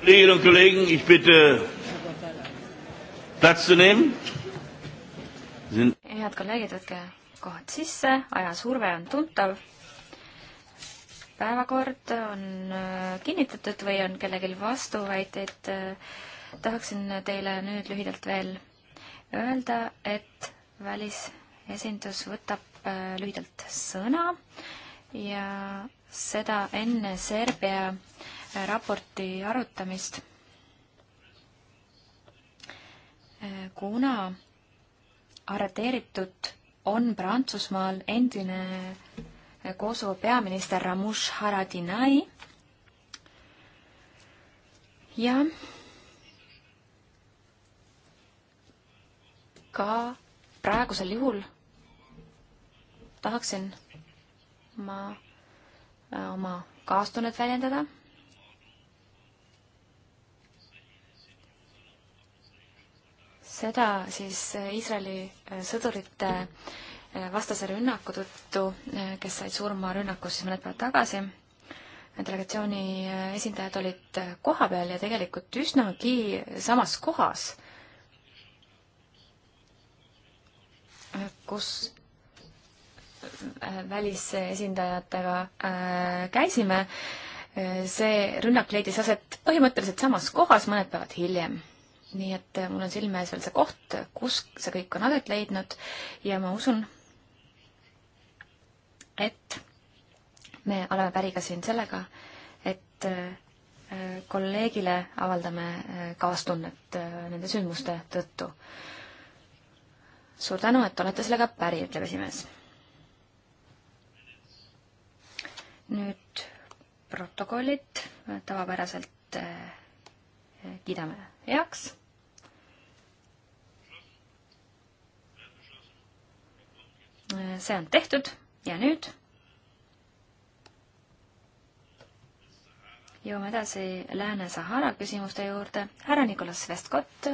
Kolleginnen und Kollegen, ich bitte Platz zu nehmen. Sind head kolleegid, võtke kohad sisse, ajasurve on tuntav. päevakord on äh, kinnitatud või on kellelgi vastuväiteid. tahaksin teile nüüd lühidalt veel öelda, et välisesindus võtab äh, lühidalt sõna ja seda enne Serbia äh, raporti arutamist, kuna arreteeritud on Prantsusmaal endine Kosovo peaminister Ramush Haradinaj ja ka praegusel juhul tahaksin ma äh, oma kaastunnet väljendada seda siis äh, Iisraeli äh, sõdurite äh, vastase rünnaku tõttu, kes said surma rünnakus siis mõned päevad tagasi. delegatsiooni esindajad olid kohapeal ja tegelikult üsnagi samas kohas, kus välisesindajatega käisime. see rünnak leidis aset põhimõtteliselt samas kohas mõned päevad hiljem nii et äh, mul on silme ees veel see koht, kus see kõik on aset leidnud ja ma usun, et me oleme päri ka siin sellega, et äh, kolleegile avaldame äh, kaastunnet nende sündmuste tõttu. suur tänu, et olete sellega päri, ütleb esimees. nüüd protokollid tavapäraselt kiidame heaks see on tehtud ja nüüd jõuame edasi Lääne-Sahara küsimuste juurde. härra Nicolas Vestkott,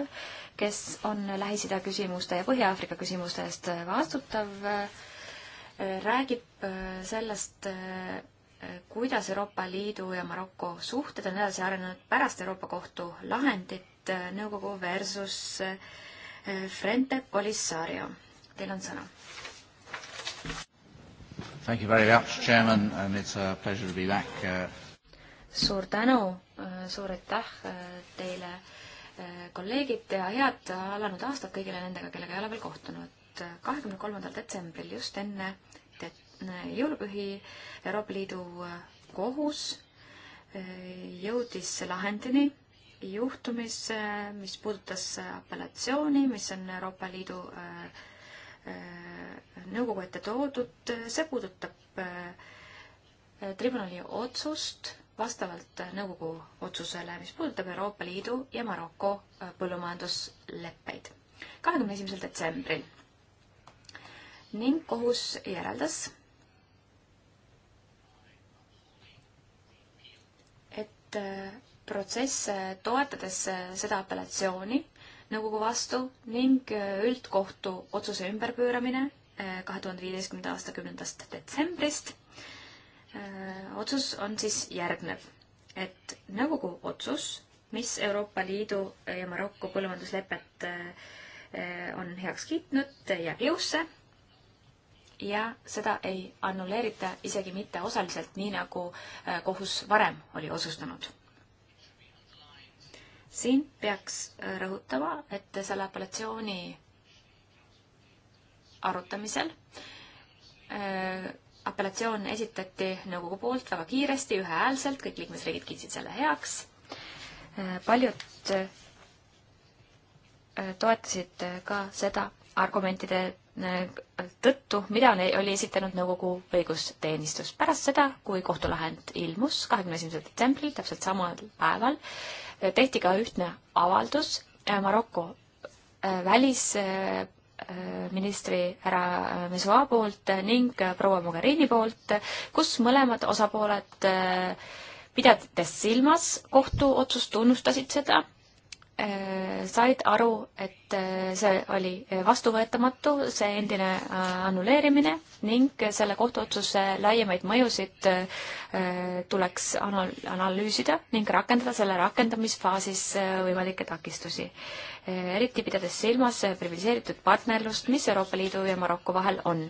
kes on Lähis-Ida küsimuste ja Põhja-Aafrika küsimuste eest vastutav, räägib äh, sellest, äh, kuidas Euroopa Liidu ja Maroko suhted on edasi arenenud pärast Euroopa Kohtu lahendit äh, nõukogu versus Frente Polisario. Teil on sõna Thank you very much, Chairman, and it's a pleasure to be back uh.... suur tänu, äh, suur aitäh äh, teile, äh, kolleegid, ja head alanud aastat kõigile nendega, kellega ei ole veel kohtunud. kahekümne kolmandal detsembril, just enne jõulupühi, Euroopa Liidu kohus jõudis lahendini juhtumis, mis puudutas apellatsiooni, mis on Euroopa Liidu äh, Äh, nõukogu ette toodud, see puudutab äh, tribunali otsust vastavalt nõukogu otsusele, mis puudutab Euroopa Liidu ja Maroko äh, põllumajandusleppeid kahekümne esimesel detsembril. ning kohus järeldas, et protsess, toetades seda apellatsiooni, nõukogu vastu ning äh, üldkohtu otsuse ümberpööramine äh, kahe tuhande viieteistkümnenda aasta kümnendast detsembrist. Äh, otsus on siis järgnev, et nõukogu otsus, mis Euroopa Liidu ja Maroko põllumajanduslepet on heaks kiitnud, jääb jõusse ja seda ei annuleerita isegi mitte osaliselt, nii nagu kohus varem oli otsustanud siin peaks äh, rõhutama, et selle apellatsiooni arutamisel äh, apellatsioon esitati nõukogu poolt väga kiiresti, ühehäälselt, kõik liikmesriigid kiitsid selle heaks. Äh, paljud toetasid ka seda argumentide tõttu, mida oli esitanud nõukogu õigusteenistus. pärast seda, kui kohtulahend ilmus kahekümne esimesel detsembril, täpselt samal päeval, tehti ka ühtne avaldus äh, Maroko äh, välisministri härra äh, Mesua poolt ning proua Mogherini poolt, kus mõlemad osapooled pidades silmas kohtuotsust, tunnustasid seda Äh, said aru, et äh, see oli äh, vastuvõetamatu, see endine annuleerimine ning selle kohtuotsuse laiemaid mõjusid tuleks anal-, analüüsida ning rakendada selle rakendamisfaasis võimalikke takistusi. eriti pidades silmas priviliseeritud partnerlust, mis Euroopa Liidu ja Maroko vahel on.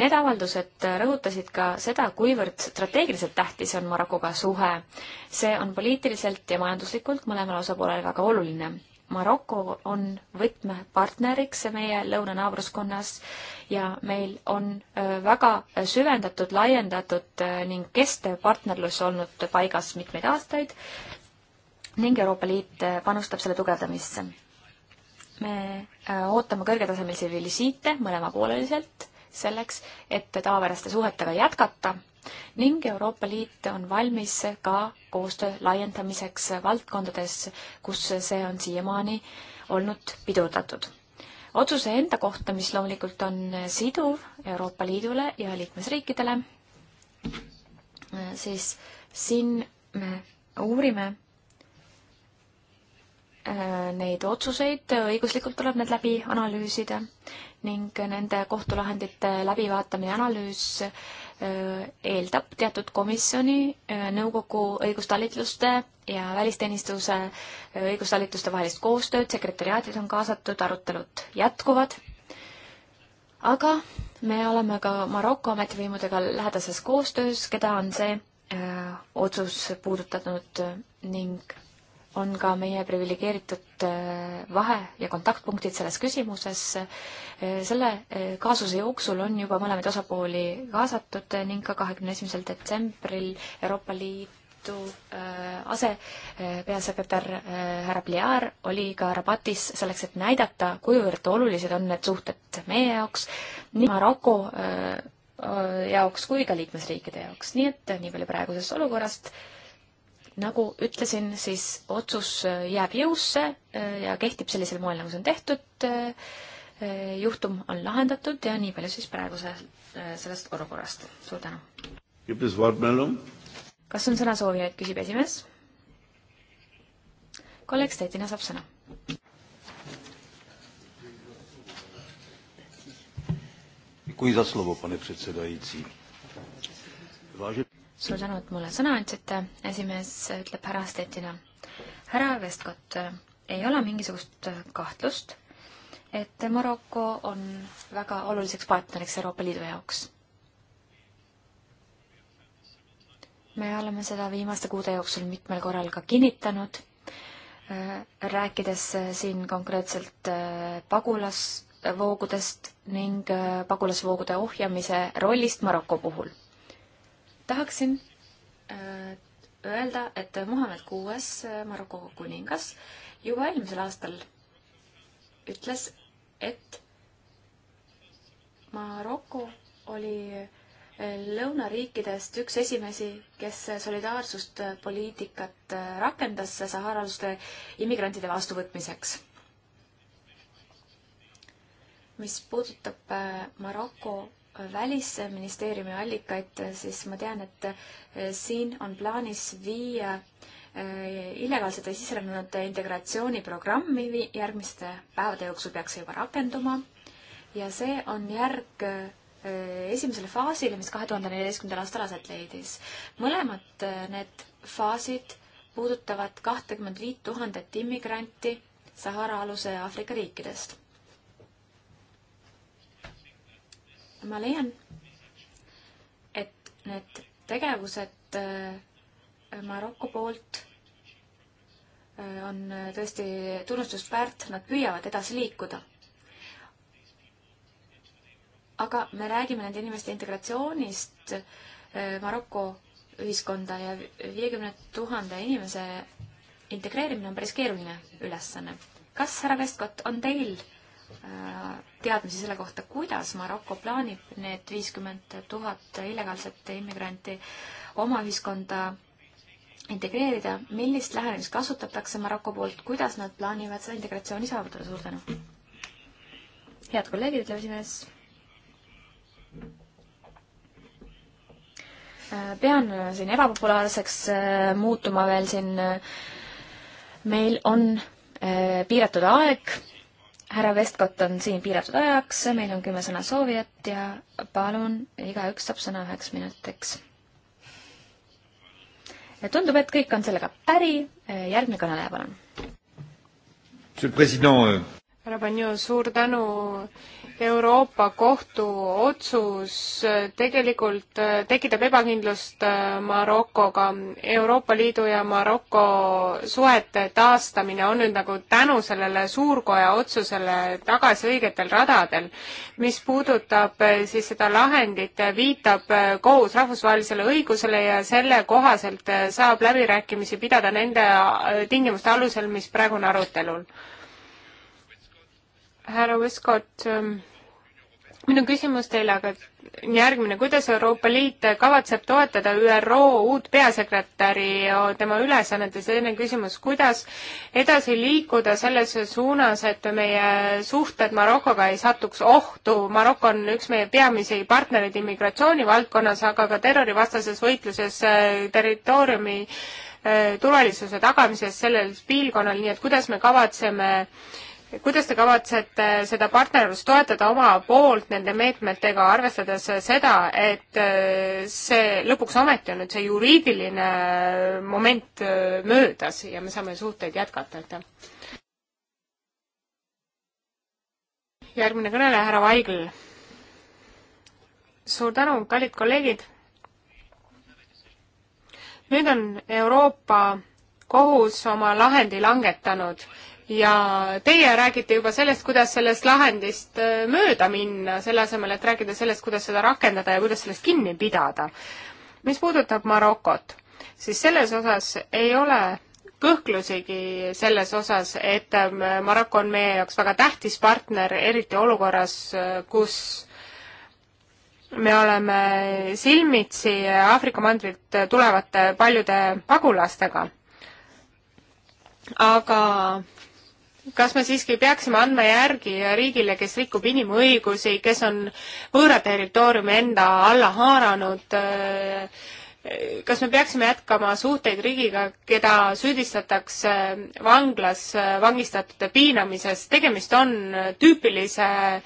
Need avaldused rõhutasid ka seda, kuivõrd strateegiliselt tähtis on Marokoga suhe. see on poliitiliselt ja majanduslikult mõlemale osapoolele väga oluline. Maroko on võtmepartneriks meie lõunanaabruskonnas ja meil on väga süvendatud, laiendatud ning kestev partnerlus olnud paigas mitmeid aastaid ning Euroopa Liit panustab selle tugevdamisse. me ootame kõrgetasemelisi visiite mõlemapooleliselt selleks, et tavapäraste suhetega jätkata ning Euroopa Liit on valmis ka koostöö laiendamiseks valdkondades, kus see on siiamaani olnud pidurdatud. otsuse enda kohta, mis loomulikult on siduv Euroopa Liidule ja liikmesriikidele, siis siin me uurime äh, neid otsuseid, õiguslikult tuleb need läbi analüüsida ning nende kohtulahendite läbivaatamine, analüüs eeldab teatud komisjoni, nõukogu õigustalitluste ja välisteenistuse õigustalituste vahelist koostööd, sekretäriaadid on kaasatud, arutelud jätkuvad. aga me oleme ka Maroko ametivõimudega lähedases koostöös, keda on see otsus puudutanud ning on ka meie priviligeeritud äh, vahe- ja kontaktpunktid selles küsimuses. Äh, selle äh, kaasuse jooksul on juba mõlemaid osapooli kaasatud ning ka kahekümne esimesel detsembril Euroopa Liidu asepeasekretär härra Pliar oli ka Rabatis selleks, et näidata, kuivõrd olulised on need suhted meie jaoks, nii Maroko jaoks kui ka liikmesriikide jaoks, nii et nii palju praegusest olukorrast nagu ütlesin, siis otsus äh, jääb jõusse äh, ja kehtib sellisel moel, nagu see on tehtud. Äh, juhtum on lahendatud ja nii palju siis praeguse, sellest olukorrast. suur tänu. kas on sõnasoovijaid, küsib esimees. kolleeg Stettina saab sõna. Děkuji za slovo, pane předsedající. Vážený suur tänu, et mulle sõna andsite, esimees ütleb härra Stettina. härra Vestkott, ei ole mingisugust kahtlust, et Maroko on väga oluliseks partneriks Euroopa Liidu jaoks me oleme seda viimaste kuude jooksul mitmel korral ka kinnitanud, äh, rääkides siin konkreetselt äh, pagulasvoogudest ning äh, pagulasvoogude ohjamise rollist Maroko puhul tahaksin äh, öelda, et Muhamed kuues äh, Maroko kuningas juba eelmisel aastal ütles, et Maroko oli äh, lõunariikidest üks esimesi, kes solidaarsust poliitikat rakendas saharaluste immigrantide vastuvõtmiseks. mis puudutab Maroko välisministeeriumi allikaid, siis ma tean, et eh, siin on plaanis viia eh, illegaalsete sisserännanute integratsiooniprogrammi järgmiste päevade jooksul peaks see juba rakenduma ja see on järg eh, esimesele faasile, mis kahe tuhande neljateistkümnendal aastal aset leidis. mõlemad need faasid puudutavad kahtekümmet viit tuhandet immigranti Sahara aluse Aafrika riikidest. ma leian, et need tegevused äh, Maroko poolt äh, on äh, tõesti tunnustust väärt, nad püüavad edasi liikuda. aga me räägime nende inimeste integratsioonist Maroko ühiskonda ja viiekümne tuhande inimese integreerimine on päris keeruline ülesanne. kas, härra Vestkott, on teil teadmisi selle kohta, kuidas Maroko plaanib need viiskümmend tuhat illegaalset immigranti oma ühiskonda integreerida, millist lähenemist kasutatakse Maroko poolt, kuidas nad plaanivad seda integratsiooni saavutada, suur tänu! head kolleegid, ütleme esimees. pean siin ebapopulaarseks eh, muutuma veel siin. meil on eh, piiratud aeg härra Vestkott on siin piiratud ajaks, meil on kümme sõna soovijat ja palun, igaüks saab sõna üheks minutiks. tundub, et kõik on sellega päri, järgmine kõneleja, palun härra Panju, suur tänu. Euroopa Kohtu otsus äh, tegelikult äh, tekitab ebakindlust äh, Marokoga. Euroopa Liidu ja Maroko suhete taastamine on nüüd nagu tänu sellele suurkoja otsusele tagasi õigetel radadel. mis puudutab siis seda lahendit, viitab kohus rahvusvahelisele õigusele ja selle kohaselt saab läbirääkimisi pidada nende tingimuste alusel, mis praegu on arutelul härra Westcott, ähm, minu küsimus teile aga on järgmine, kuidas Euroopa Liit kavatseb toetada ÜRO uut peasekretäri tema ülesannetes, teine küsimus, kuidas edasi liikuda selles suunas, et meie suhted Marokoga ei satuks ohtu, Maroko on üks meie peamisi partnereid immigratsioonivaldkonnas, aga ka terrorivastases võitluses äh, territooriumi äh, turvalisuse tagamises sellel piirkonnal, nii et kuidas me kavatseme äh, kuidas te kavatsete seda partnerlust toetada oma poolt nende meetmetega, arvestades seda, et äh, see lõpuks ometi on nüüd see juriidiline äh, moment äh, möödas ja me saame suhteid jätkata, aitäh. järgmine kõneleja, härra Vaigel. suur tänu, kallid kolleegid. nüüd on Euroopa kohus oma lahendi langetanud ja teie räägite juba sellest, kuidas sellest lahendist äh, mööda minna, selle asemel, et rääkida sellest, kuidas seda rakendada ja kuidas sellest kinni pidada. mis puudutab Marokot, siis selles osas ei ole kõhklusigi selles osas, et ähm, Maroko on meie jaoks väga tähtis partner, eriti olukorras, äh, kus me oleme silmitsi Aafrika mandrilt tulevate paljude pagulastega. aga kas me siiski peaksime andma järgi riigile, kes rikub inimõigusi, kes on võõra territooriumi enda alla haaranud äh, kas me peaksime jätkama suhteid riigiga, keda süüdistatakse vanglas vangistatute piinamises, tegemist on tüüpilise äh,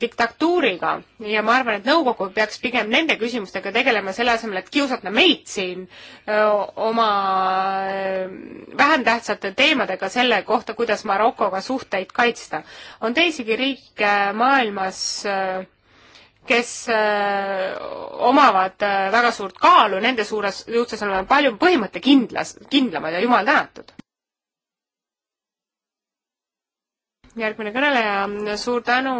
diktatuuriga ja ma arvan, et nõukogu peaks pigem nende küsimustega tegelema, selle asemel, et kiusata meid siin öö, äh, oma äh, vähem tähtsate teemadega selle kohta, kuidas Marokoga suhteid kaitsta. on teisigi riike maailmas öö, kes äh, omavad äh, väga suurt kaalu, nende suures, suhtes oleme palju põhimõttekindlas, kindlamad ja jumal tänatud. järgmine kõneleja, suur tänu,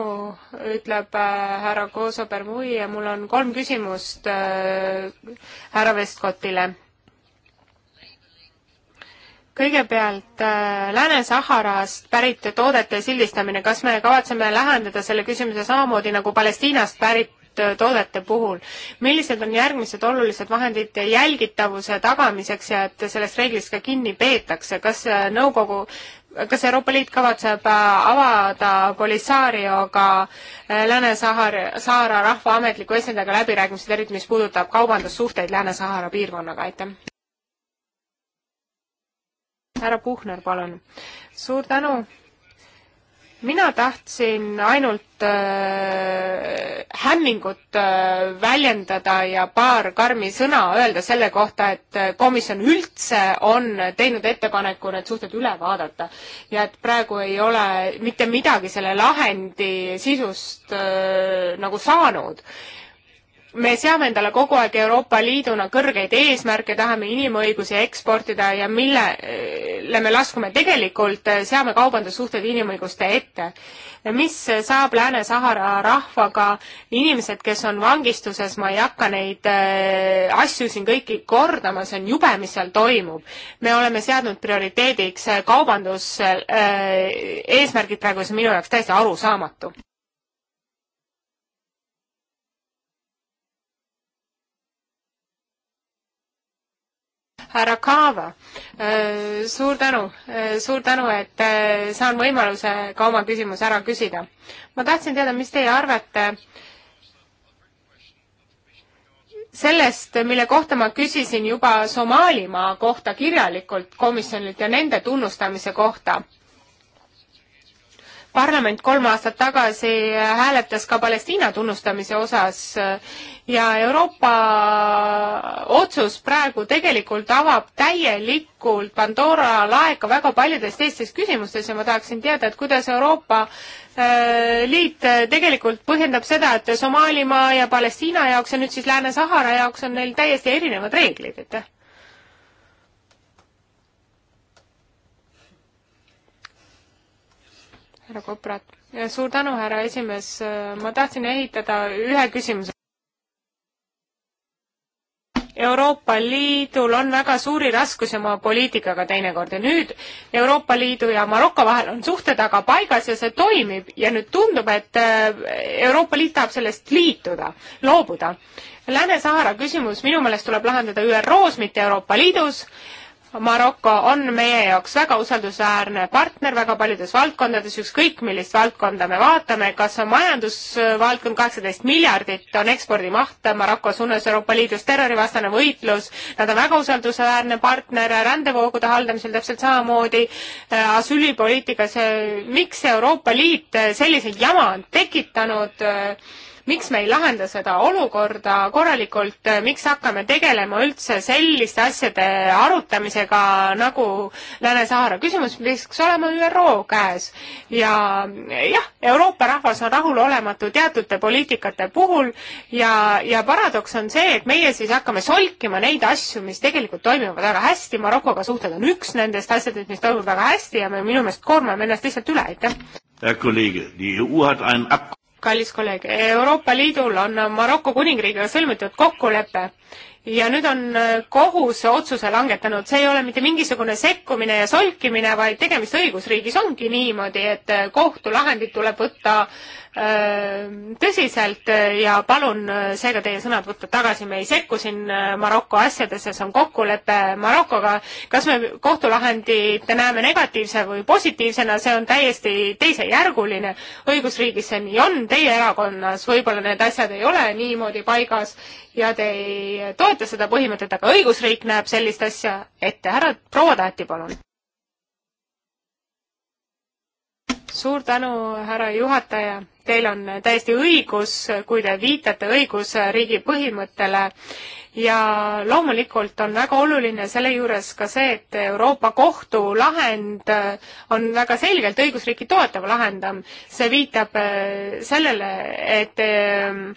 ütleb äh, härra Kooso Bermui ja mul on kolm küsimust härra Vestkotile kõigepealt äh, Lääne-Saharast pärit toodete sildistamine, kas me kavatseme lahendada selle küsimuse samamoodi nagu Palestiinast pärit äh, toodete puhul. millised on järgmised olulised vahendid jälgitavuse tagamiseks ja et sellest reeglist ka kinni peetakse, kas äh, nõukogu kas Euroopa Liit kavatseb äh, avada Polisarioga Lääne-Sahara rahva ametliku esindajaga läbirääkimised, eriti mis puudutab kaubandussuhteid Lääne-Sahara piirkonnaga, aitäh! härra Puhner, palun. suur tänu. mina tahtsin ainult äh, hämmingut äh, väljendada ja paar karmi sõna öelda selle kohta, et äh, komisjon üldse on teinud ettepaneku need suhted üle vaadata ja et praegu ei ole mitte midagi selle lahendi sisust äh, nagu saanud äh, me seame endale kogu aeg Euroopa Liiduna kõrgeid eesmärke, tahame inimõigusi eksportida ja millele me laskume tegelikult, eh, seame kaubandussuhted inimõiguste ette. mis saab Lääne-Sahara rahvaga, inimesed, kes on vangistuses, ma ei hakka neid eh, asju siin kõiki kordama, see on jube, mis seal toimub. me oleme seadnud prioriteediks kaubandus eh, eesmärgid praegu, see on minu jaoks täiesti arusaamatu. härra Kaava, äh, suur tänu, äh, suur tänu, et äh, saan võimaluse ka oma küsimuse ära küsida. ma tahtsin teada, mis teie arvate sellest, mille kohta ma küsisin juba Somaalimaa kohta kirjalikult komisjonilt ja nende tunnustamise kohta parlament kolm aastat tagasi hääletas ka Palestiina tunnustamise osas ja Euroopa otsus praegu tegelikult avab täielikult Pandora laeka väga paljudes teistes küsimustes ja ma tahaksin teada, et kuidas Euroopa äh, Liit äh, tegelikult põhjendab seda, et Somaalimaa ja Palestiina jaoks ja nüüd siis Lääne-Sahara jaoks on neil täiesti erinevad reeglid, aitäh? härra Koprat. suur tänu, härra esimees, ma tahtsin ehitada ühe küsimuse. Euroopa Liidul on väga suuri raskusi oma poliitikaga teinekord ja nüüd Euroopa Liidu ja Maroko vahel on suhted aga paigas ja see toimib ja nüüd tundub, et äh, Euroopa Liit tahab sellest liituda, loobuda. Lääne-Sahara küsimus minu meelest tuleb lahendada ÜRO-s, mitte Euroopa Liidus Maroko on meie jaoks väga usaldusväärne partner väga paljudes valdkondades, ükskõik millist valdkonda me vaatame, kas on majandusvaldkond, kaheksateist miljardit on ekspordimaht Maroko suunas Euroopa Liidus, terrorivastane võitlus, nad on väga usaldusväärne partner rändevoogude haldamisel täpselt samamoodi, äh, asüülipoliitikas, äh, miks Euroopa Liit äh, sellise jama on tekitanud äh, miks me ei lahenda seda olukorda korralikult, äh, miks hakkame tegelema üldse selliste asjade arutamisega nagu Lääne-Sahara küsimus peaks olema ÜRO käes. ja jah, Euroopa rahvas on rahulolematu teatud poliitikate puhul ja, ja paradoks on see, et meie siis hakkame solkima neid asju, mis tegelikult toimivad väga hästi, Marokoga suhted on üks nendest asjadest, mis toimub väga hästi ja me minu meelest koormame ennast lihtsalt üle, aitäh. Herr Kollege, die EU hat einen Ab- kallis kolleeg, Euroopa Liidul on Maroko kuningriigiga sõlmitud kokkulepe ja nüüd on äh, kohus otsuse langetanud, see ei ole mitte mingisugune sekkumine ja solkimine, vaid tegemist õigusriigis ongi niimoodi, et äh, kohtulahendid tuleb võtta Äh, tõsiselt äh, ja palun äh, seega teie sõnad võtta tagasi, me ei sekku siin Maroko asjadesse, see on kokkulepe Marokoga. kas me kohtulahendit näeme negatiivse või positiivsena, see on täiesti teisejärguline. õigusriigis see nii on, teie erakonnas võib-olla need asjad ei ole niimoodi paigas ja te ei toeta seda põhimõtet, aga õigusriik näeb sellist asja ette. härra proua Taati, palun. suur tänu, härra juhataja teil on täiesti õigus, kui te viitate õigusriigi põhimõttele ja loomulikult on väga oluline selle juures ka see, et Euroopa Kohtu lahend äh, on väga selgelt õigusriiki toetav lahend. see viitab äh, sellele, et äh,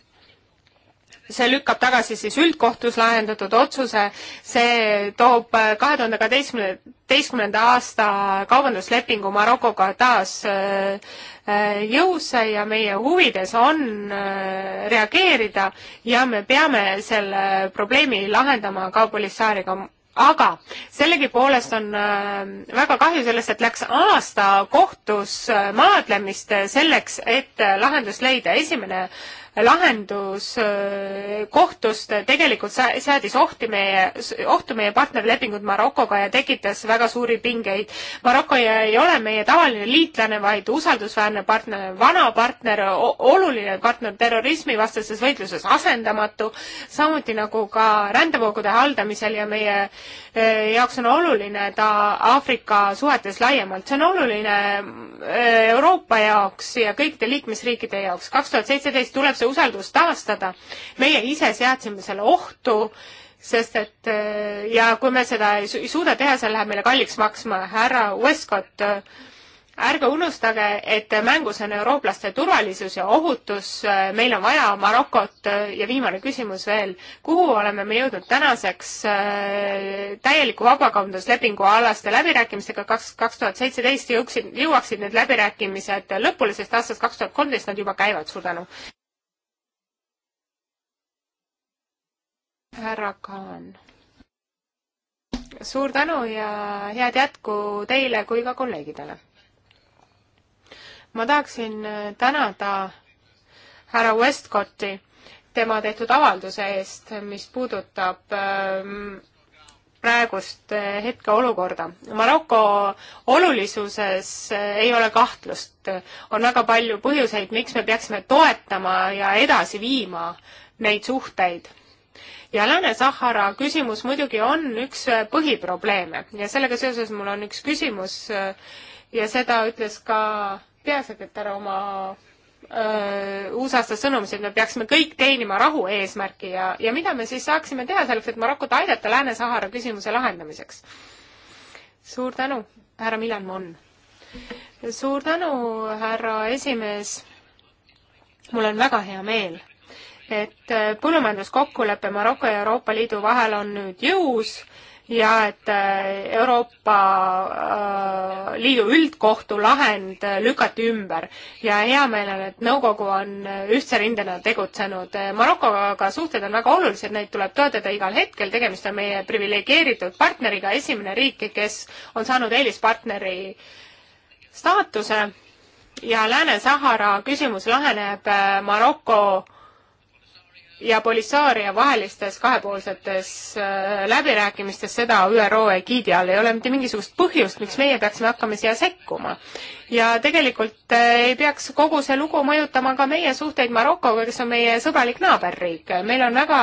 see lükkab tagasi siis üldkohtus lahendatud otsuse, see toob kahe äh, tuhande kaheteistkümnenda aasta kaubanduslepingu Marokoga taas äh, äh, jõusse ja meie huvides on reageerida ja me peame selle probleemi lahendama ka Polisaariga aga sellegipoolest on väga kahju sellest, et läks aasta kohtus maadlemist selleks, et lahendust leida. esimene äh, lahendus äh, kohtust äh, tegelikult seadis ohti meie, ohtu meie partnerlepingud Marokoga ja tekitas väga suuri pingeid. Maroko ei ole meie tavaline liitlane, vaid usaldusväärne partner, vana partner, oluline partner terrorismivastases võitluses, asendamatu, samuti nagu ka rändevoogude haldamisel ja meie äh, jaoks on oluline ta Aafrika suhetes laiemalt. see on oluline Euroopa jaoks ja kõikide liikmesriikide jaoks. kaks tuhat seitseteist tuleb see usaldus taastada. meie ise seadsime selle ohtu, sest et äh, ja kui me seda ei suuda teha, see läheb meile kalliks maksma. härra Westcott, äh, ärge unustage, et mängus on eurooplaste turvalisus ja ohutus, äh, meil on vaja Marokot ja viimane küsimus veel, kuhu oleme me jõudnud tänaseks täieliku vabakaubanduslepingu alaste läbirääkimistega, kaks, kaks tuhat seitseteist jõuaksid, jõuaksid need läbirääkimised lõpule, sest aastast kaks tuhat kolmteist nad juba käivad, suur tänu. härra Kaan. suur tänu ja head jätku teile kui ka kolleegidele. ma tahaksin tänada härra Westcotti tema tehtud avalduse eest, mis puudutab ähm, praegust äh, hetkeolukorda. Maroko olulisuses äh, ei ole kahtlust. on väga palju põhjuseid, miks me peaksime toetama ja edasi viima neid suhteid ja Lääne-Sahara küsimus muidugi on üks äh, põhiprobleeme ja sellega seoses mul on üks küsimus äh, ja seda ütles ka peasekretär oma äh, uusaasta sõnumis, et me peaksime kõik teenima rahu eesmärki ja, ja mida me siis saaksime teha selleks, et Marokot aidata Lääne-Sahara küsimuse lahendamiseks? suur tänu, härra Milan Mon. suur tänu, härra esimees. mul on väga hea meel et äh, põllumajanduskokkulepe Maroko ja Euroopa Liidu vahel on nüüd jõus ja et äh, Euroopa äh, Liidu üldkohtu lahend lükati ümber ja hea meel on, et nõukogu on ühtse rindena tegutsenud. Marokoga suhted on väga olulised, neid tuleb toetada igal hetkel, tegemist on meie priviligeeritud partneriga, esimene riik, kes on saanud eelispartneri staatuse ja Lääne-Sahara küsimus laheneb Maroko ja Polissaaria vahelistes kahepoolsetes äh, läbirääkimistes seda ÜRO egiidi all ei ole mitte mingisugust põhjust, miks meie peaksime hakkama siia sekkuma ja tegelikult eh, ei peaks kogu see lugu mõjutama ka meie suhteid Marokoga, kes on meie sõbralik naaberriik. meil on väga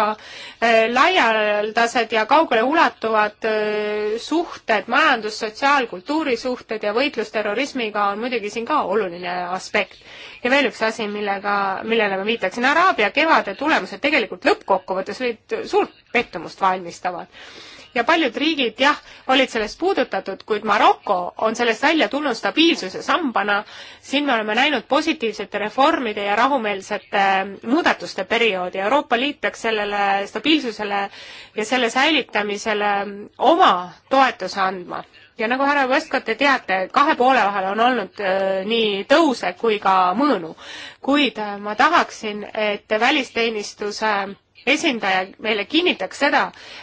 eh, laialdased ja kaugeleulatuvad eh, suhted, majandus, sotsiaal, kultuurisuhted ja võitlus terrorismiga on muidugi siin ka oluline aspekt. ja veel üks asi, millega, millele ma viitaksin, Araabia kevade tulemused tegelikult lõppkokkuvõttes olid suurt pettumust valmistavad ja paljud riigid jah, olid sellest puudutatud, kuid Maroko on sellest välja tulnud stabiilsuse sambana. siin me oleme näinud positiivsete reformide ja rahumeelsete muudatuste perioodi. Euroopa Liit peaks sellele stabiilsusele ja selle säilitamisele oma toetuse andma. ja nagu härra Vestkot te teate, kahe poole vahel on olnud äh, nii tõuse kui ka mõõnu. kuid äh, ma tahaksin, et välisteenistuse äh, esindaja meile kinnitaks seda,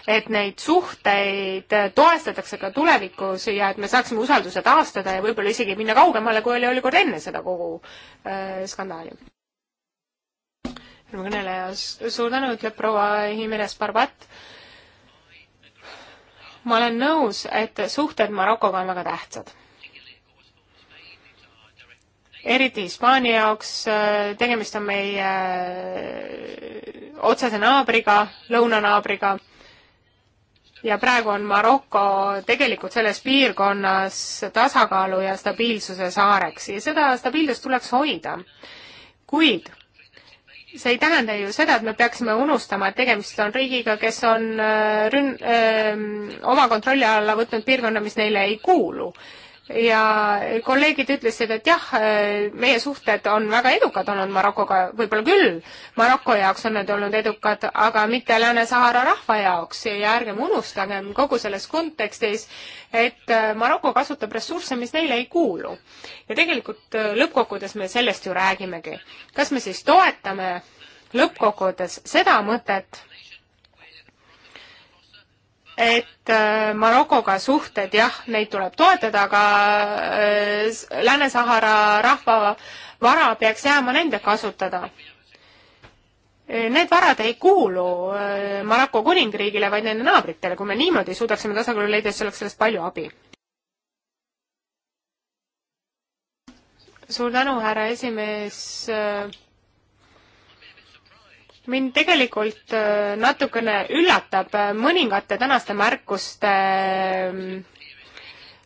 et neid suhteid toestatakse ka tulevikus ja et me saaksime usalduse taastada ja võib-olla isegi minna kaugemale, kui oli olukord enne seda kogu äh, skandaali. järgmine kõneleja, suur tänu, ütleb proua Jimenez Barbat. ma olen nõus, et suhted Marokoga on väga tähtsad eriti Hispaania jaoks, äh, tegemist on meie äh, otsese naabriga, lõunanaabriga, ja praegu on Maroko tegelikult selles piirkonnas tasakaalu ja stabiilsuse saareks ja seda stabiilsust tuleks hoida. kuid see ei tähenda ju seda, et me peaksime unustama, et tegemist on riigiga, kes on äh, rün-, öö, oma kontrolli alla võtnud piirkonna, mis neile ei kuulu ja kolleegid ütlesid, et jah, meie suhted on väga edukad olnud Marokoga, võib-olla küll, Maroko jaoks on need olnud edukad, aga mitte Lääne-Sahara rahva jaoks ja ärgem unustagem kogu selles kontekstis, et Maroko kasutab ressursse, mis neile ei kuulu. ja tegelikult lõppkokkuvõttes me sellest ju räägimegi. kas me siis toetame lõppkokkuvõttes seda mõtet, et äh, Marokoga suhted, jah, neid tuleb toetada, aga äh, Lääne-Sahara rahva vara peaks jääma nende kasutada. Need varad ei kuulu äh, Maroko kuningriigile, vaid nende naabritele. kui me niimoodi suudaksime tasakaalu leida, siis oleks sellest palju abi. suur tänu, härra esimees mind tegelikult äh, natukene üllatab äh, mõningate tänaste märkuste ähm,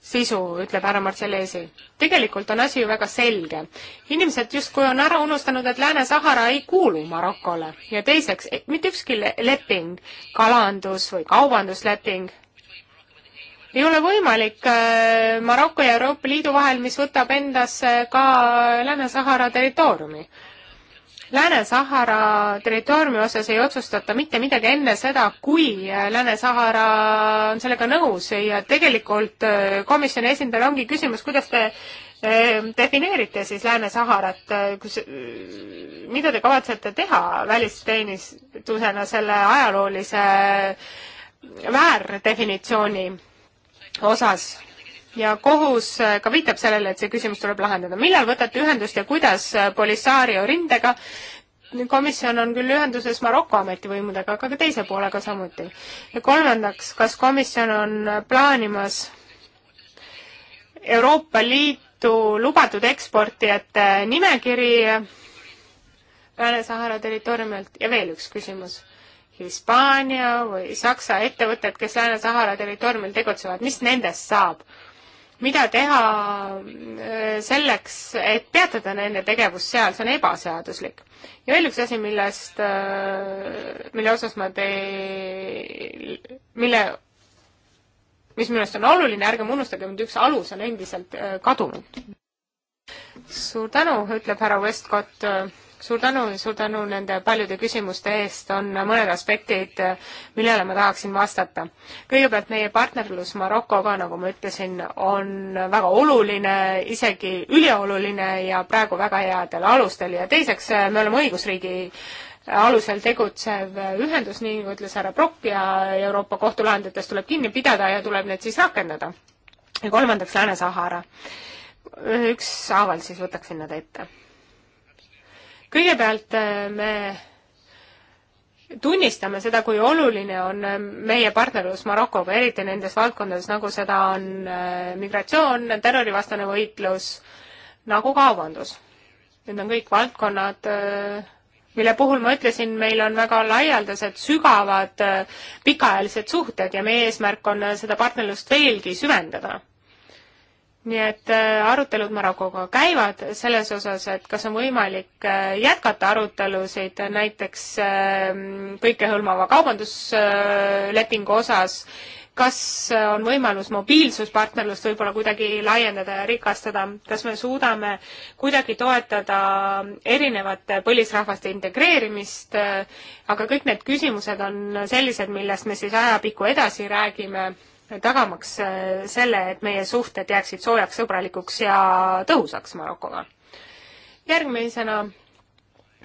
sisu, ütleb härra Marcellesi. tegelikult on asi ju väga selge. inimesed justkui on ära unustanud, et Lääne-Sahara ei kuulu Marokole ja teiseks, e, mitte ükski leping, kalandus- või kaubandusleping, ei ole võimalik äh, Maroko ja Euroopa Liidu vahel, mis võtab endasse ka Lääne-Sahara territooriumi. Lääne-Sahara territooriumi osas ei otsustata mitte midagi enne seda, kui äh, Lääne-Sahara on sellega nõus ja tegelikult äh, komisjoni esindajal ongi küsimus, kuidas te äh, defineerite siis Lääne-Saharat, kus, mida te kavatsete teha välisteenistusena selle ajaloolise väärdefinitsiooni osas? ja kohus äh, ka viitab sellele, et see küsimus tuleb lahendada. millal võtate ühendust ja kuidas äh, Polisario rindega? komisjon on küll ühenduses Maroko ametivõimudega, aga ka teise poolega samuti. ja kolmandaks, kas komisjon on äh, plaanimas Euroopa Liitu lubatud eksportijate nimekiri Lääne-Sahara territooriumilt ja veel üks küsimus Hispaania või Saksa ettevõtted, kes Lääne-Sahara territooriumil tegutsevad, mis nendest saab? mida teha äh, selleks, et peatada nende tegevus seal, see on ebaseaduslik. ja veel üks asi, millest, äh, mille osas ma tei-, mille, mis minu arust on oluline, ärgem unustagem, et üks alus on endiselt äh, kadunud. suur tänu, ütleb härra Westcott suur tänu, suur tänu nende paljude küsimuste eest, on mõned aspektid, millele ma tahaksin vastata. kõigepealt meie partnerlus Marokoga, nagu ma ütlesin, on väga oluline, isegi ülioluline ja praegu väga headel alustel ja teiseks, me oleme õigusriigi alusel tegutsev ühendus, nii nagu ütles härra Brock ja Euroopa Kohtu lahenditest tuleb kinni pidada ja tuleb need siis rakendada. ja kolmandaks Lääne-Sahara. ükshaaval siis võtaksin nad ette kõigepealt äh, me tunnistame seda, kui oluline on äh, meie partnerlus Marokoga, eriti nendes valdkondades, nagu seda on äh, migratsioon, terrorivastane võitlus, nagu kaubandus. Need on kõik valdkonnad, mille puhul ma ütlesin, meil on väga laialdased, sügavad, pikaajalised suhted ja meie eesmärk on seda partnerlust veelgi süvendada nii et äh, arutelud Marokoga käivad selles osas, et kas on võimalik äh, jätkata arutelusid näiteks ähm, kõikehõlmava kaubanduslepingu osas, kas äh, on võimalus mobiilsuspartnerlust võib-olla kuidagi laiendada ja rikastada, kas me suudame kuidagi toetada erinevate põlisrahvaste integreerimist, aga kõik need küsimused on sellised, millest me siis ajapikku edasi räägime tagamaks äh, selle, et meie suhted jääksid soojaks, sõbralikuks ja tõhusaks Marokoga. järgmisena,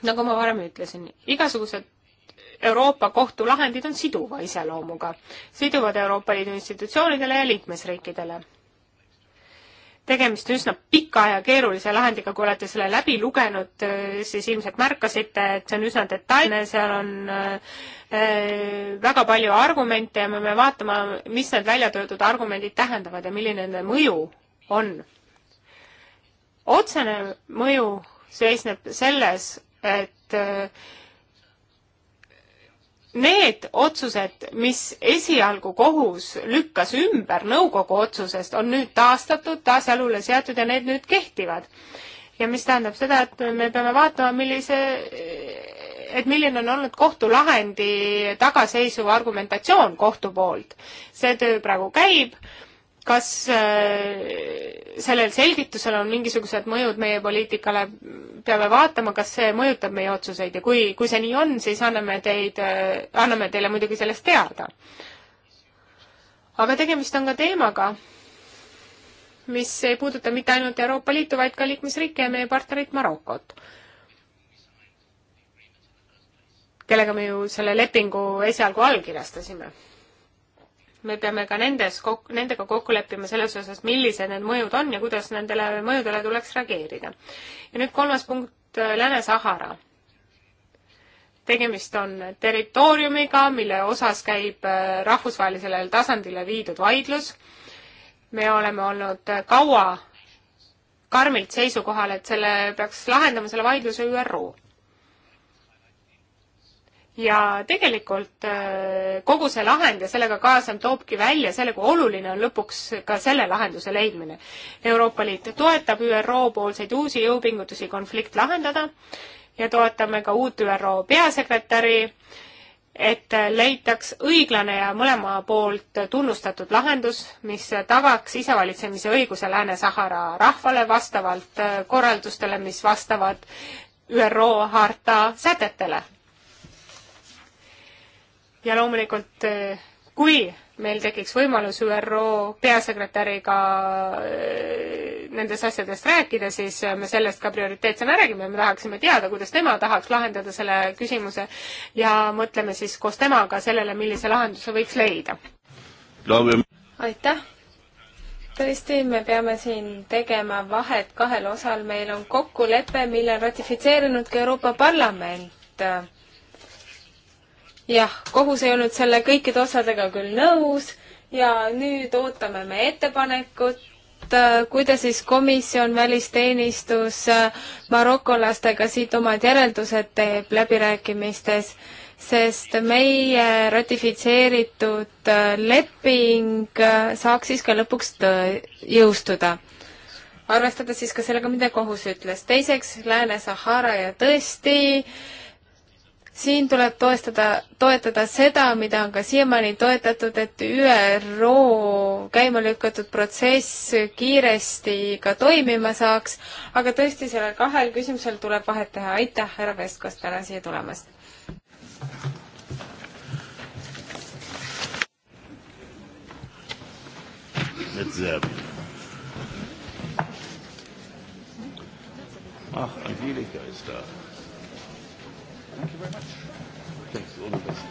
nagu ma varem ütlesin, igasugused Euroopa Kohtu lahendid on siduva iseloomuga, siduvad Euroopa Liidu institutsioonidele ja liikmesriikidele tegemist on üsna pika ja keerulise lahendiga, kui olete selle läbi lugenud, äh, siis ilmselt märkasite, et see on üsna detailne, seal on äh, äh, väga palju argumente ja me peame vaatama, mis need välja toodud argumendid tähendavad ja milline nende mõju on. otsene mõju seisneb selles, et äh, need otsused, mis esialgu kohus lükkas ümber nõukogu otsusest, on nüüd taastatud, taas jalule seatud ja need nüüd kehtivad. ja mis tähendab seda, et me peame vaatama, millise, et milline on olnud kohtulahendi tagaseisuv argumentatsioon kohtu poolt. see töö praegu käib kas äh, sellel selgitusel on mingisugused mõjud meie poliitikale, peame vaatama, kas see mõjutab meie otsuseid ja kui, kui see nii on, siis anname teid, äh, anname teile muidugi sellest teada. aga tegemist on ka teemaga, mis ei puuduta mitte ainult Euroopa Liitu, vaid ka liikmesriike ja meie partnerit Marokot, kellega me ju selle lepingu esialgu allkirjastasime me peame ka nendes, nendega kokku leppima selles osas, millised need mõjud on ja kuidas nendele mõjudele tuleks reageerida. ja nüüd kolmas punkt, äh, Lääne-Sahara. tegemist on territooriumiga, mille osas käib äh, rahvusvahelisele tasandile viidud vaidlus. me oleme olnud äh, kaua karmilt seisukohal, et selle peaks lahendama, selle vaidluse ÜRO ja tegelikult äh, kogu see lahend ja sellega kaasnev toobki välja selle, kui oluline on lõpuks ka selle lahenduse leidmine. Euroopa Liit toetab ÜRO poolseid uusi jõupingutusi konflikt lahendada ja toetame ka uut ÜRO peasekretäri, et leitaks õiglane ja mõlema poolt tunnustatud lahendus, mis tagaks isevalitsemise õiguse Lääne-Sahara rahvale vastavalt äh, korraldustele, mis vastavad ÜRO harta sätetele ja loomulikult eh, kui meil tekiks võimalus ÜRO peasekretäriga eh, nendest asjadest rääkida, siis me sellest ka prioriteetsena räägime, me tahaksime teada, kuidas tema tahaks lahendada selle küsimuse ja mõtleme siis koos temaga sellele, millise lahenduse võiks leida. aitäh! tõesti, me peame siin tegema vahet kahel osal, meil on kokkulepe, mille on ratifitseerinud ka Euroopa Parlament jah, kohus ei olnud selle kõikide osadega küll nõus ja nüüd ootame me ettepanekut, äh, kuidas siis komisjon, välisteenistus äh, marokolastega siit omad järeldused teeb läbirääkimistes, sest meie ratifitseeritud äh, leping saaks siis ka lõpuks jõustuda arvestades siis ka sellega, mida kohus ütles. teiseks Lääne-Sahara ja tõesti äh, siin tuleb toestada, toetada seda, mida on ka siiamaani toetatud, et ÜRO käima lükatud protsess kiiresti ka toimima saaks, aga tõesti, sellel kahel küsimusel tuleb vahet teha. aitäh, härra Vestkos, täna siia tulemast! Mit Serbien. Ach, Angelika ist da. Thank you very much. Thanks. All the best.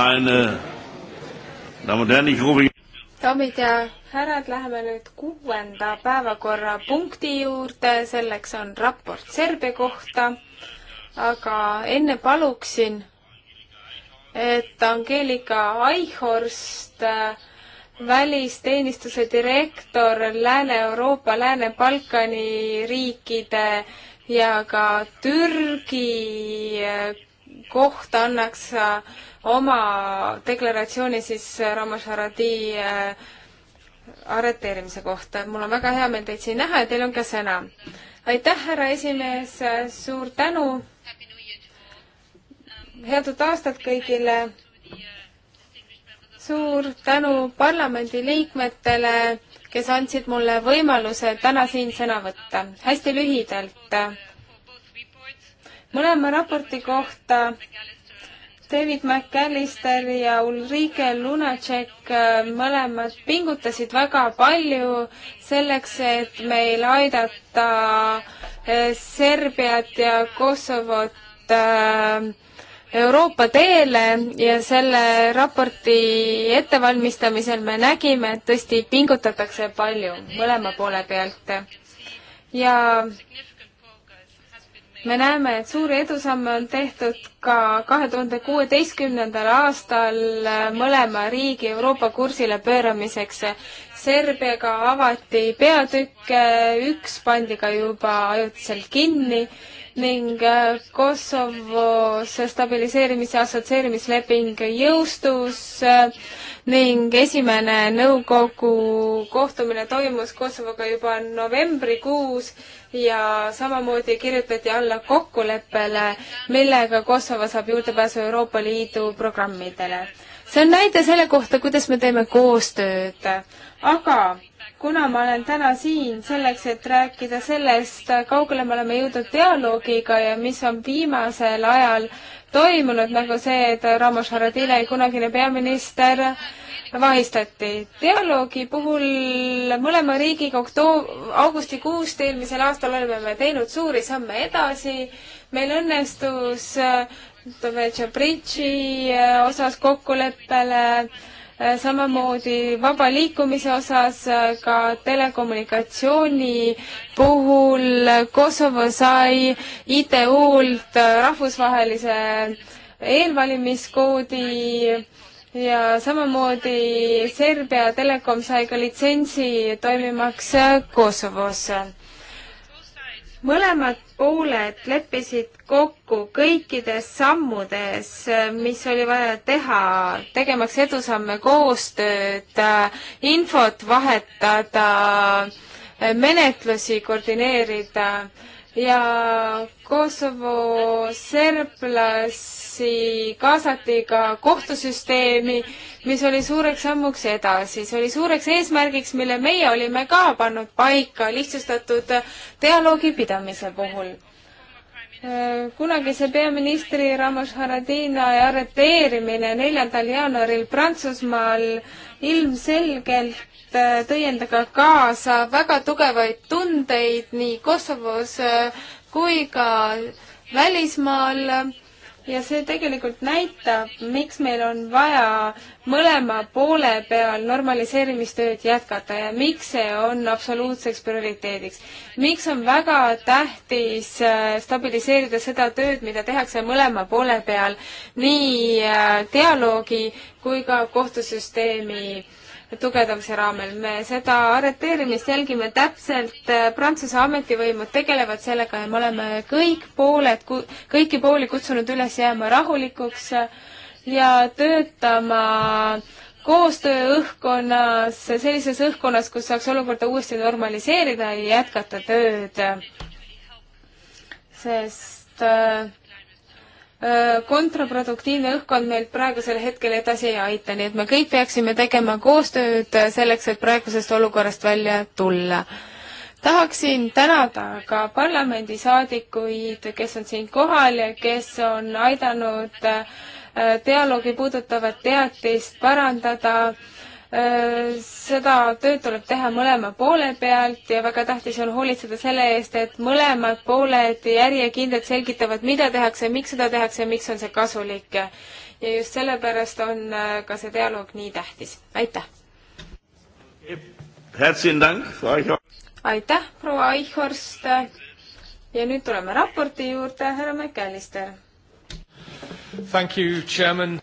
meine Damen und Herren, ich rufe daamid ja härrad, läheme nüüd kuuenda päevakorrapunkti juurde, selleks on raport Serbia kohta. aga enne paluksin, et Angeelika Aihorst, välisteenistuse direktor Lääne-Euroopa, Lääne-Balkani riikide ja ka Türgi kohta annaks äh, oma deklaratsiooni siis äh, Ramos Haradi äh, arreteerimise kohta. mul on väga hea meel teid siin näha ja teil on ka sõna. aitäh, härra esimees, suur tänu. head uut aastat kõigile. suur tänu parlamendi liikmetele, kes andsid mulle võimaluse täna siin sõna võtta. hästi lühidalt mõlema raporti kohta David McAllister ja Ulrike Lunacek äh, mõlemad pingutasid väga palju selleks, et meil aidata äh, Serbiat ja Kosovot äh, Euroopa teele ja selle raporti ettevalmistamisel me nägime, et tõesti pingutatakse palju mõlema poole pealt. ja me näeme, et suuri edusamme on tehtud ka kahe tuhande kuueteistkümnendal aastal mõlema riigi Euroopa kursile pööramiseks. Serbiaga avati peatükke, üks pandi ka juba ajutiselt kinni ning äh, Kosovos stabiliseerimise assotsieerimisleping jõustus äh, ning esimene nõukogu kohtumine toimus Kosovoga juba novembrikuus ja samamoodi kirjutati alla kokkuleppele, millega Kosovo saab juurdepääsu Euroopa Liidu programmidele. see on näide selle kohta, kuidas me teeme koostööd, aga kuna ma olen täna siin selleks, et rääkida sellest, kaugele me oleme jõudnud dialoogiga ja mis on viimasel ajal äh, toimunud, nagu see, et Ramos Haradile, kunagine peaminister, vahistati. dialoogi puhul mõlema riigiga oktoo-, augustikuust eelmisel aastal oleme me teinud suuri samme edasi, meil õnnestus äh, Dovetšo Bridži äh, osas kokkuleppele äh, Äh, samamoodi vaba liikumise osas, äh, ka telekommunikatsiooni puhul Kosovo sai ITU-lt äh, rahvusvahelise eelvalimiskoodi ja samamoodi Serbia Telekom sai ka litsentsi toimimaks Kosovos. mõlemad pooled leppisid kokku kõikides sammudes, mis oli vaja teha, tegemaks edusamme, koostööd, infot vahetada, menetlusi koordineerida ja Kosovo serblas inimesi kaasati ka kohtusüsteemi, mis oli suureks sammuks edasi. see oli suureks eesmärgiks, mille meie olime ka pannud paika lihtsustatud dialoogi pidamise puhul. kunagise peaministri Ramos Haradina arreteerimine neljandal jaanuaril Prantsusmaal ilmselgelt äh, tõi endaga kaasa väga tugevaid tundeid nii Kosovos äh, kui ka välismaal ja see tegelikult näitab, miks meil on vaja mõlema poole peal normaliseerimistööd jätkata ja miks see on absoluutseks prioriteediks. miks on väga tähtis äh, stabiliseerida seda tööd, mida tehakse mõlema poole peal, nii äh, dialoogi kui ka kohtusüsteemi tugevdamise raamel. me seda arreteerimist jälgime täpselt, Prantsuse ametivõimud tegelevad sellega ja me oleme kõik pooled, kõiki pooli kutsunud üles jääma rahulikuks ja töötama koostööõhkkonnas, sellises õhkkonnas, kus saaks olukorda uuesti normaliseerida ja jätkata tööd. sest äh, Äh, kontraproduktiivne õhkkond meilt praegusel hetkel edasi ei aita, nii et me kõik peaksime tegema koostööd äh, selleks, et praegusest olukorrast välja tulla. tahaksin tänada ka parlamendisaadikuid, kes on siin kohal ja kes on aidanud äh, dialoogi puudutavat teatist parandada äh, Äh, seda tööd tuleb teha mõlema poole pealt ja väga tähtis on hoolitseda selle eest, et mõlemad pooled järjekindlalt selgitavad, mida tehakse, miks seda tehakse ja miks on see kasulik. ja just sellepärast on äh, ka see dialoog nii tähtis. aitäh! aitäh, proua Aihorst! ja nüüd tuleme raporti juurde, härra McAllister. Thank you, chairman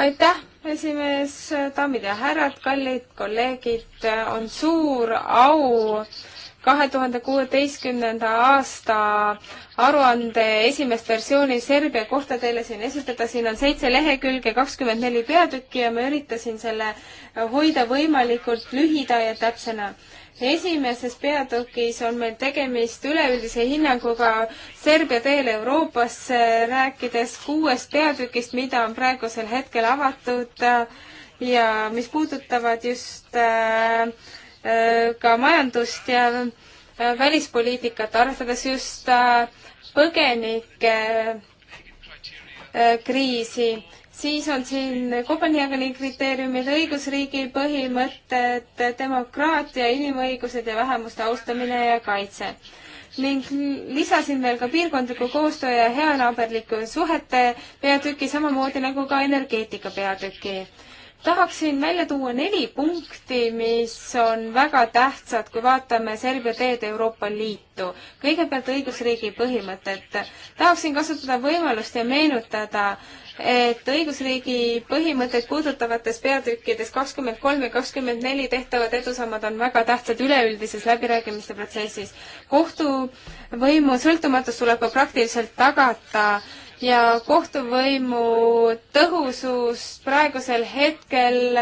aitäh, esimees, daamid ja härrad, kallid kolleegid, on suur au kahe tuhande kuueteistkümnenda aasta aruande esimest versiooni Serbia kohta teile siin esitada. siin on seitse lehekülge, kakskümmend neli peatükki ja ma üritasin selle hoida võimalikult lühida ja täpsena esimeses peatükis on meil tegemist üleüldise hinnanguga Serbia teel Euroopasse, rääkides kuuest peatükist, mida on praegusel hetkel avatud äh, ja mis puudutavad just äh, äh, ka majandust ja välispoliitikat, arvestades just põgenike kriisi siis on siin Kopenhaageni kriteeriumid, õigusriigi põhimõtted, demokraatia, inimõigused ja vähemuste austamine ja kaitse. ning lisasin veel ka piirkondliku koostöö ja heanaaberlike suhete peatüki, samamoodi nagu ka energeetika peatüki tahaksin välja tuua neli punkti, mis on väga tähtsad, kui vaatame Serbia teed Euroopa Liitu. kõigepealt õigusriigi põhimõtet. tahaksin kasutada võimalust ja meenutada, et õigusriigi põhimõtteid puudutavates peatükkides kakskümmend kolm ja kakskümmend neli tehtavad edusammad on väga tähtsad üleüldises läbirääkimiste protsessis. kohtuvõimu sõltumatus tuleb ka praktiliselt tagata äh, ja kohtuvõimu tõhusust praegusel hetkel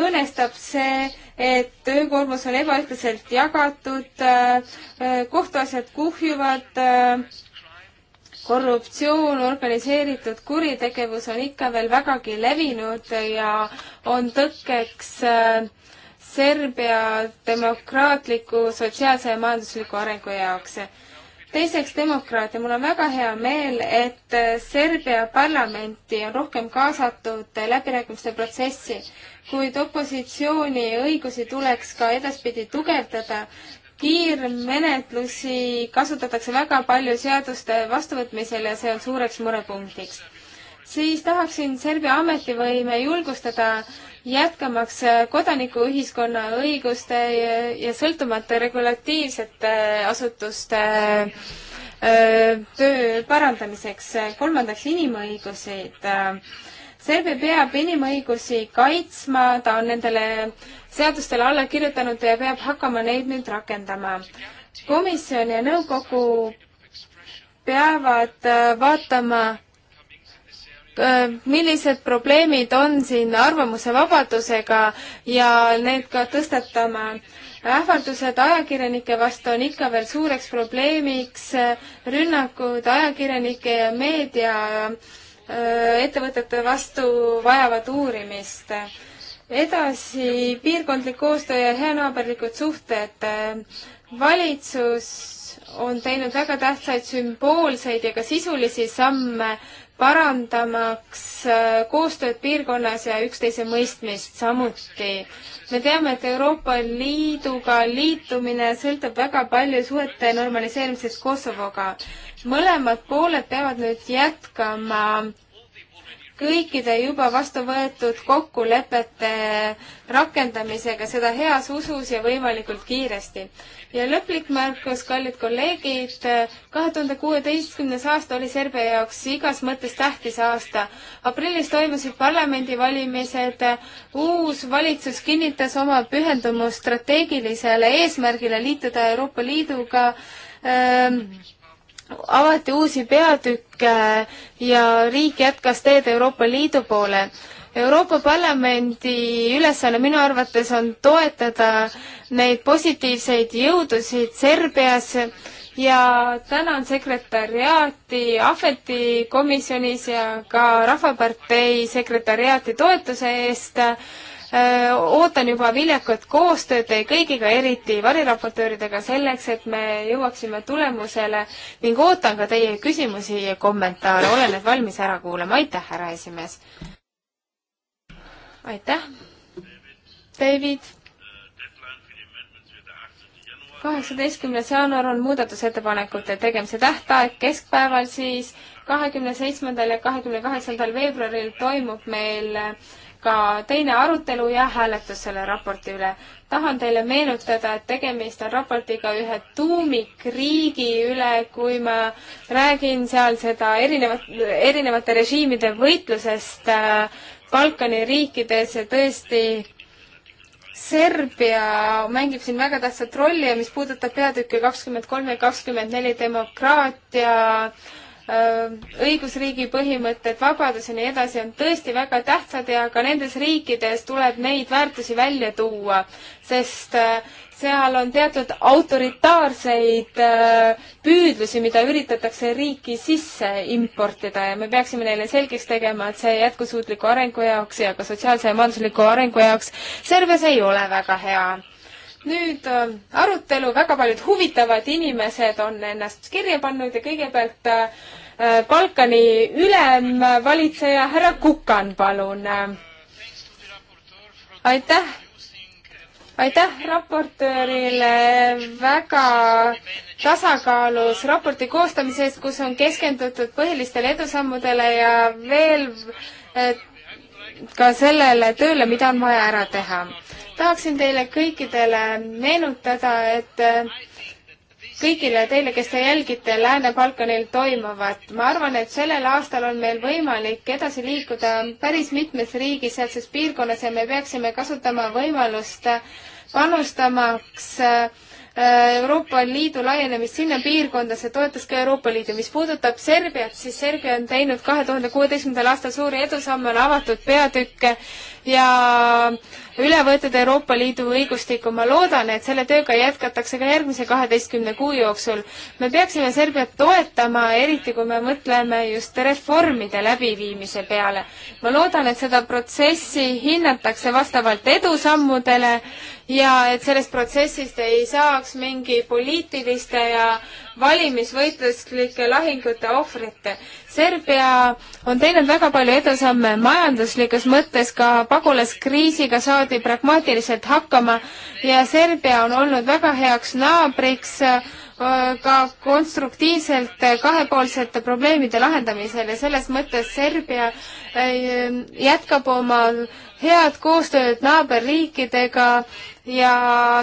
õõnestab see, et töökoormus on ebaühtlaselt jagatud, äh, kohtuasjad kuhjuvad, äh, korruptsioon, organiseeritud kuritegevus on ikka veel vägagi levinud ja on tõkkeks äh, Serbia demokraatliku sotsiaalse ja majandusliku arengu jaoks teiseks demokraatia, mul on väga hea meel, et äh, Serbia parlamenti on rohkem kaasatud äh, läbirääkimiste protsessi, kuid opositsiooni õigusi tuleks ka edaspidi tugevdada. kiirmenetlusi kasutatakse väga palju seaduste vastuvõtmisel ja see on suureks murepunktiks siis tahaksin Serbia ametivõime julgustada jätkamaks kodanikuühiskonna õiguste ja sõltumata regulatiivsete asutuste töö parandamiseks. kolmandaks, inimõigusid. Serbia peab inimõigusi kaitsma, ta on nendele seadustele alla kirjutanud ja peab hakkama neid nüüd rakendama. komisjon ja nõukogu peavad äh, vaatama Äh, millised probleemid on siin arvamuse vabadusega ja need ka tõstatama. ähvardused ajakirjanike vastu on ikka veel suureks probleemiks, rünnakud ajakirjanike ja meedia äh, ettevõtete vastu vajavad uurimist edasi piirkondlik koostöö ja heanaaberlikud suhted. valitsus on teinud väga tähtsaid sümboolseid ja ka sisulisi samme parandamaks äh, koostööd piirkonnas ja üksteise mõistmist samuti. me teame, et Euroopa Liiduga liitumine sõltub väga palju suhete normaliseerimisest Kosovoga. mõlemad pooled peavad nüüd jätkama kõikide juba vastu võetud kokkulepete rakendamisega, seda heas usus ja võimalikult kiiresti ja lõplik märkus, kallid kolleegid, kahe tuhande kuueteistkümnes aasta oli Serbia jaoks igas mõttes tähtis aasta. aprillis toimusid parlamendivalimised, uus valitsus kinnitas oma pühendumust strateegilisele eesmärgile liituda Euroopa Liiduga ähm, avati uusi peatükke ja riik jätkas teed Euroopa Liidu poole. Euroopa Parlamendi ülesanne minu arvates on toetada neid positiivseid jõudusid Serbias ja tänan sekretäriaati Ahveti komisjonis ja ka Rahvapartei sekretäriaati toetuse eest. ootan juba viljakat koostööd teie kõigiga, eriti variraportööridega, selleks et me jõuaksime tulemusele ning ootan ka teie küsimusi ja kommentaare, olen need valmis ära kuulama, aitäh, härra esimees! aitäh, David. kaheksateistkümnes jaanuar on muudatusettepanekute tegemise tähtaeg keskpäeval, siis kahekümne seitsmendal ja kahekümne kaheksandal veebruaril toimub meil ka teine arutelu ja hääletus selle raporti üle. tahan teile meenutada, et tegemist on raportiga ühe tuumikriigi üle, kui ma räägin seal seda erinevat, erinevate režiimide võitlusest äh, Balkani riikides ja tõesti Serbia mängib siin väga tähtsat rolli ja mis puudutab peatükki kakskümmend kolm ja kakskümmend neli demokraatia, Äh, õigusriigi põhimõtted, vabadus ja nii edasi on tõesti väga tähtsad ja ka nendes riikides tuleb neid väärtusi välja tuua, sest äh, seal on teatud autoritaarseid äh, püüdlusi, mida üritatakse riiki sisse importida ja me peaksime neile selgeks tegema, et see jätkusuutliku arengu jaoks ja ka sotsiaalse ja majandusliku arengu jaoks Serbias ei ole väga hea nüüd äh, arutelu, väga paljud huvitavad inimesed on ennast kirja pannud ja kõigepealt äh, Balkani ülemvalitseja härra Kukan, palun. aitäh, aitäh raportöörile väga tasakaalus raporti koostamise eest, kus on keskendutud põhilistele edusammudele ja veel et ka sellele tööle, mida on vaja ära teha. tahaksin teile kõikidele meenutada, et äh, kõigile teile, kes te jälgite Lääne-Balkanil toimuvat, ma arvan, et sellel aastal on meil võimalik edasi liikuda päris mitmes riigis sealses piirkonnas ja me peaksime kasutama võimalust panustamaks äh, Äh, Euroopa Liidu laienemist sinna piirkonda, see toetas ka Euroopa Liidu. mis puudutab Serbiat, siis Serbia on teinud kahe tuhande kuueteistkümnendal aastal suuri edusamme, on avatud peatükke ja üle võetud Euroopa Liidu õigustikku. ma loodan, et selle tööga jätkatakse ka järgmise kaheteistkümne kuu jooksul. me peaksime Serbiat toetama, eriti kui me mõtleme just reformide läbiviimise peale. ma loodan, et seda protsessi hinnatakse vastavalt edusammudele ja et sellest protsessist ei saaks mingi poliitiliste ja valimisvõitluslike lahingute ohvrite. Serbia on teinud väga palju edusamme majanduslikus mõttes, ka pagulaskriisiga saadi pragmaatiliselt hakkama ja Serbia on olnud väga heaks naabriks äh, ka konstruktiivselt kahepoolsete probleemide lahendamisel ja selles mõttes Serbia äh, jätkab oma head koostööd naaberriikidega ja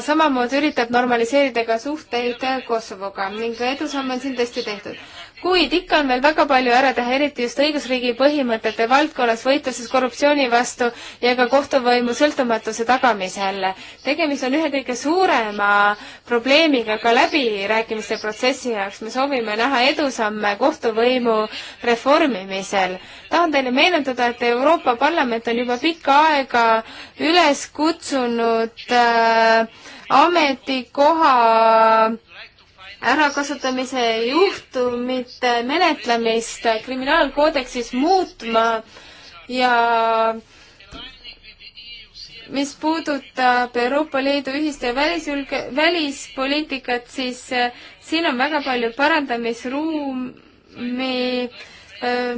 samamoodi üritab normaliseerida ka suhteid Kosovoga ning edusamme on siin tõesti tehtud kuid ikka on veel väga palju ära teha, eriti just õigusriigi põhimõtete valdkonnas võitluses korruptsiooni vastu ja ka kohtuvõimu sõltumatuse tagamisel. tegemist on ühe kõige suurema probleemiga ka läbirääkimiste protsessi jaoks. me soovime näha edusamme kohtuvõimu reformimisel. tahan teile meenutada, et Euroopa Parlament on juba pikka aega üles kutsunud äh, ametikoha ärakasutamise juhtumite menetlemist kriminaalkoodeksis muutma ja mis puudutab Euroopa Liidu ühist ja välisjulge, välispoliitikat, siis äh, siin on väga palju parandamisruumi. Äh,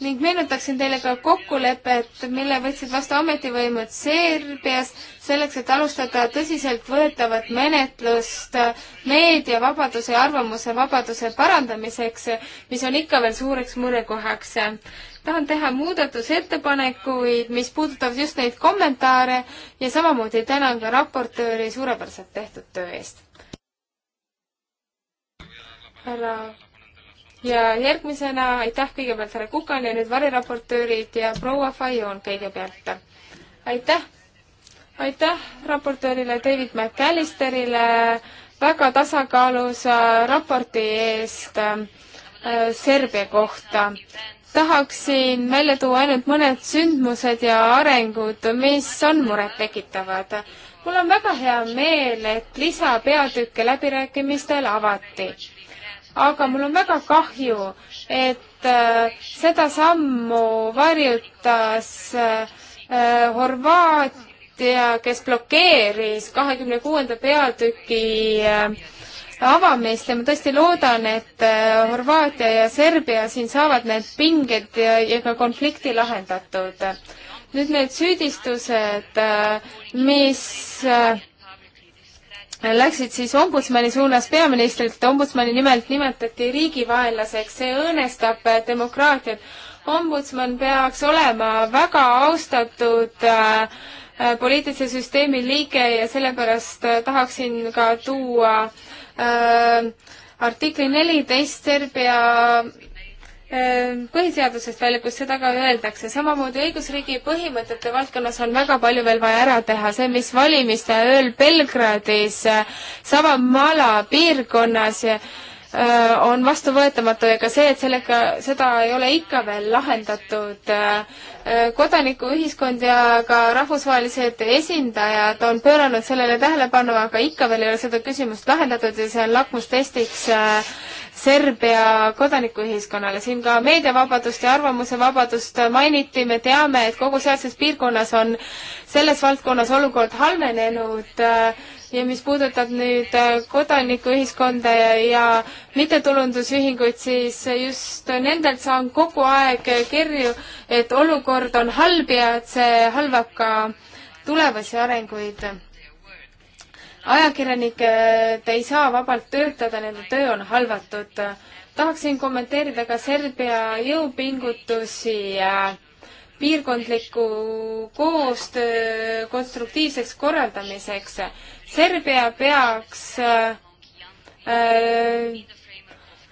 ning meenutaksin teile ka kokkulepet, mille võtsid vastu ametivõimud Serbias selleks, et alustada tõsiseltvõetavat menetlust meediavabaduse ja arvamusevabaduse parandamiseks, mis on ikka veel suureks murekohaks. tahan teha muudatusettepanekuid, mis puudutavad just neid kommentaare ja samamoodi tänan ka raportööri suurepäraselt tehtud töö eest. härra ja järgmisena aitäh kõigepealt härra Kukan ja nüüd variraportöörid ja proua Fajon kõigepealt. aitäh! aitäh raportöörile David McAllisterile väga tasakaalus äh, raporti eest äh, Serbia kohta. tahaksin välja tuua ainult mõned sündmused ja arengud, mis on murettekitavad. mul on väga hea meel, et lisapeatükke läbirääkimistel avati aga mul on väga kahju, et äh, seda sammu varjutas äh, Horvaatia, kes blokeeris kahekümne kuuenda peatüki äh, avamist ja ma tõesti loodan, et Horvaatia ja Serbia siin saavad need pinged ja, ja ka konflikti lahendatud. nüüd need süüdistused, mis läksid siis ombudsmani suunas peaministrilt, ombudsmani nimelt nimetati riigivaenlaseks, see õõnestab demokraatiat. ombudsman peaks olema väga austatud äh, poliitilise süsteemi liige ja sellepärast äh, tahaksin ka tuua äh, artikli neliteist Serbia Ehm, põhiseadusest välja, kus seda ka öeldakse, samamoodi õigusriigi põhimõtete valdkonnas on väga palju veel vaja ära teha, see, mis valimiste ööl Belgradis, äh, Savamala piirkonnas äh, on vastuvõetamatu ja ka see, et sellega, seda ei ole ikka veel lahendatud. Äh, kodanikuühiskond ja ka rahvusvahelised esindajad on pööranud sellele tähelepanu, aga ikka veel ei ole seda küsimust lahendatud ja see on lakmustestiks Serbia kodanikuühiskonnale. siin ka meediavabadust ja arvamusevabadust mainiti, me teame, et kogu sealses piirkonnas on selles valdkonnas olukord halvenenud ja mis puudutab nüüd kodanikuühiskonda ja, ja mittetulundusühinguid, siis just nendelt saan kogu aeg kirju, et olukord on halb ja et see halvab ka tulevasi arenguid ajakirjanikud ei saa vabalt töötada, nende töö on halvatud. tahaksin kommenteerida ka Serbia jõupingutusi piirkondliku koostöö konstruktiivseks korraldamiseks. Serbia peaks äh, äh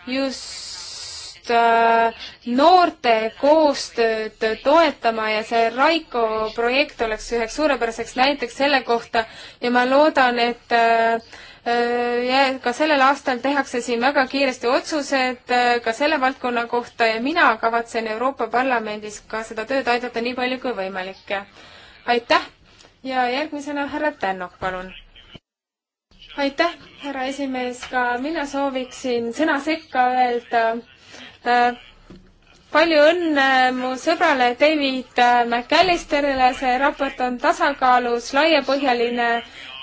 just just äh, noorte koostööd toetama ja see Raiko projekt oleks üheks suurepäraseks näiteks selle kohta ja ma loodan, et äh, äh, ka sellel aastal tehakse siin väga kiiresti otsused ka selle valdkonna kohta ja mina kavatsen Euroopa Parlamendis ka seda tööd aidata nii palju kui võimalik. aitäh ja järgmisena härra Tännok, palun aitäh, härra esimees, ka mina sooviksin sõna sekka öelda Äh, palju õnne mu sõbrale David äh, McAllisterile, see raport on tasakaalus, laiapõhjaline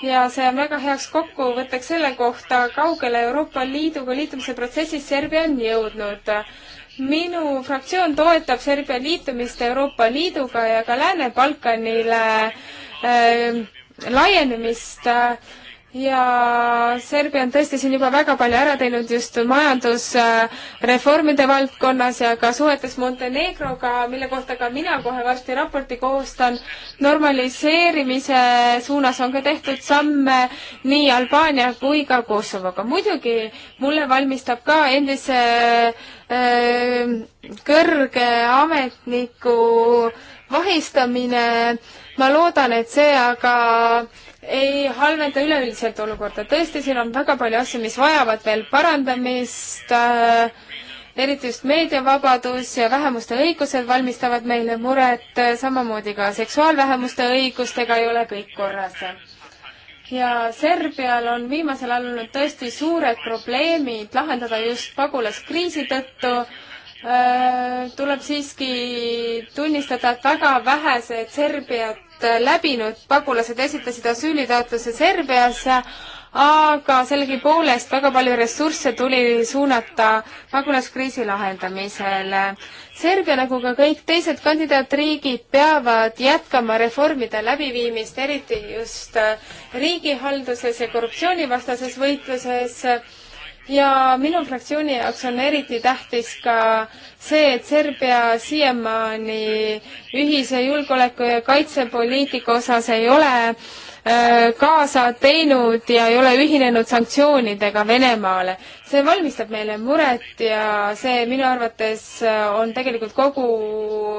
ja see on väga heaks kokkuvõtteks selle kohta, kaugele Euroopa Liiduga liitumise protsessis Serbia on jõudnud minu fraktsioon toetab Serbia liitumist Euroopa Liiduga ja ka Lääne-Balkanile äh, laienemist äh, ja Serbia on tõesti siin juba väga palju ära teinud just majandusreformide valdkonnas ja ka suhetes Montenegroga, mille kohta ka mina kohe varsti raporti koostan. normaliseerimise suunas on ka tehtud samme nii Albaania kui ka Kosovoga. muidugi mulle valmistab ka endise äh, kõrge ametniku vahistamine. ma loodan, et see aga äh, ei halvenda üleüldiselt olukorda. tõesti, siin on väga palju asju, mis vajavad veel parandamist äh,, eriti just meediavabadus ja vähemuste õigused valmistavad meile muret, äh, samamoodi ka seksuaalvähemuste õigustega ei ole kõik korras. ja Serbial on viimasel ajal olnud tõesti suured probleemid lahendada just pagulaskriisi tõttu äh,, tuleb siiski tunnistada, et väga vähesed Serbiat Äh, läbinud pagulased esitasid asüülitaotluse Serbiasse, aga sellegipoolest väga palju ressursse tuli suunata pagulaskriisi lahendamisele. Serbia, nagu ka kõik teised kandidaatriigid, peavad jätkama reformide läbiviimist, eriti just äh, riigihalduses ja korruptsioonivastases võitluses ja minu fraktsiooni jaoks on eriti tähtis ka see, et Serbia siiamaani ühise julgeoleku ja kaitsepoliitika osas ei ole äh, kaasa teinud ja ei ole ühinenud sanktsioonidega Venemaale. see valmistab meile muret ja see minu arvates äh, on tegelikult kogu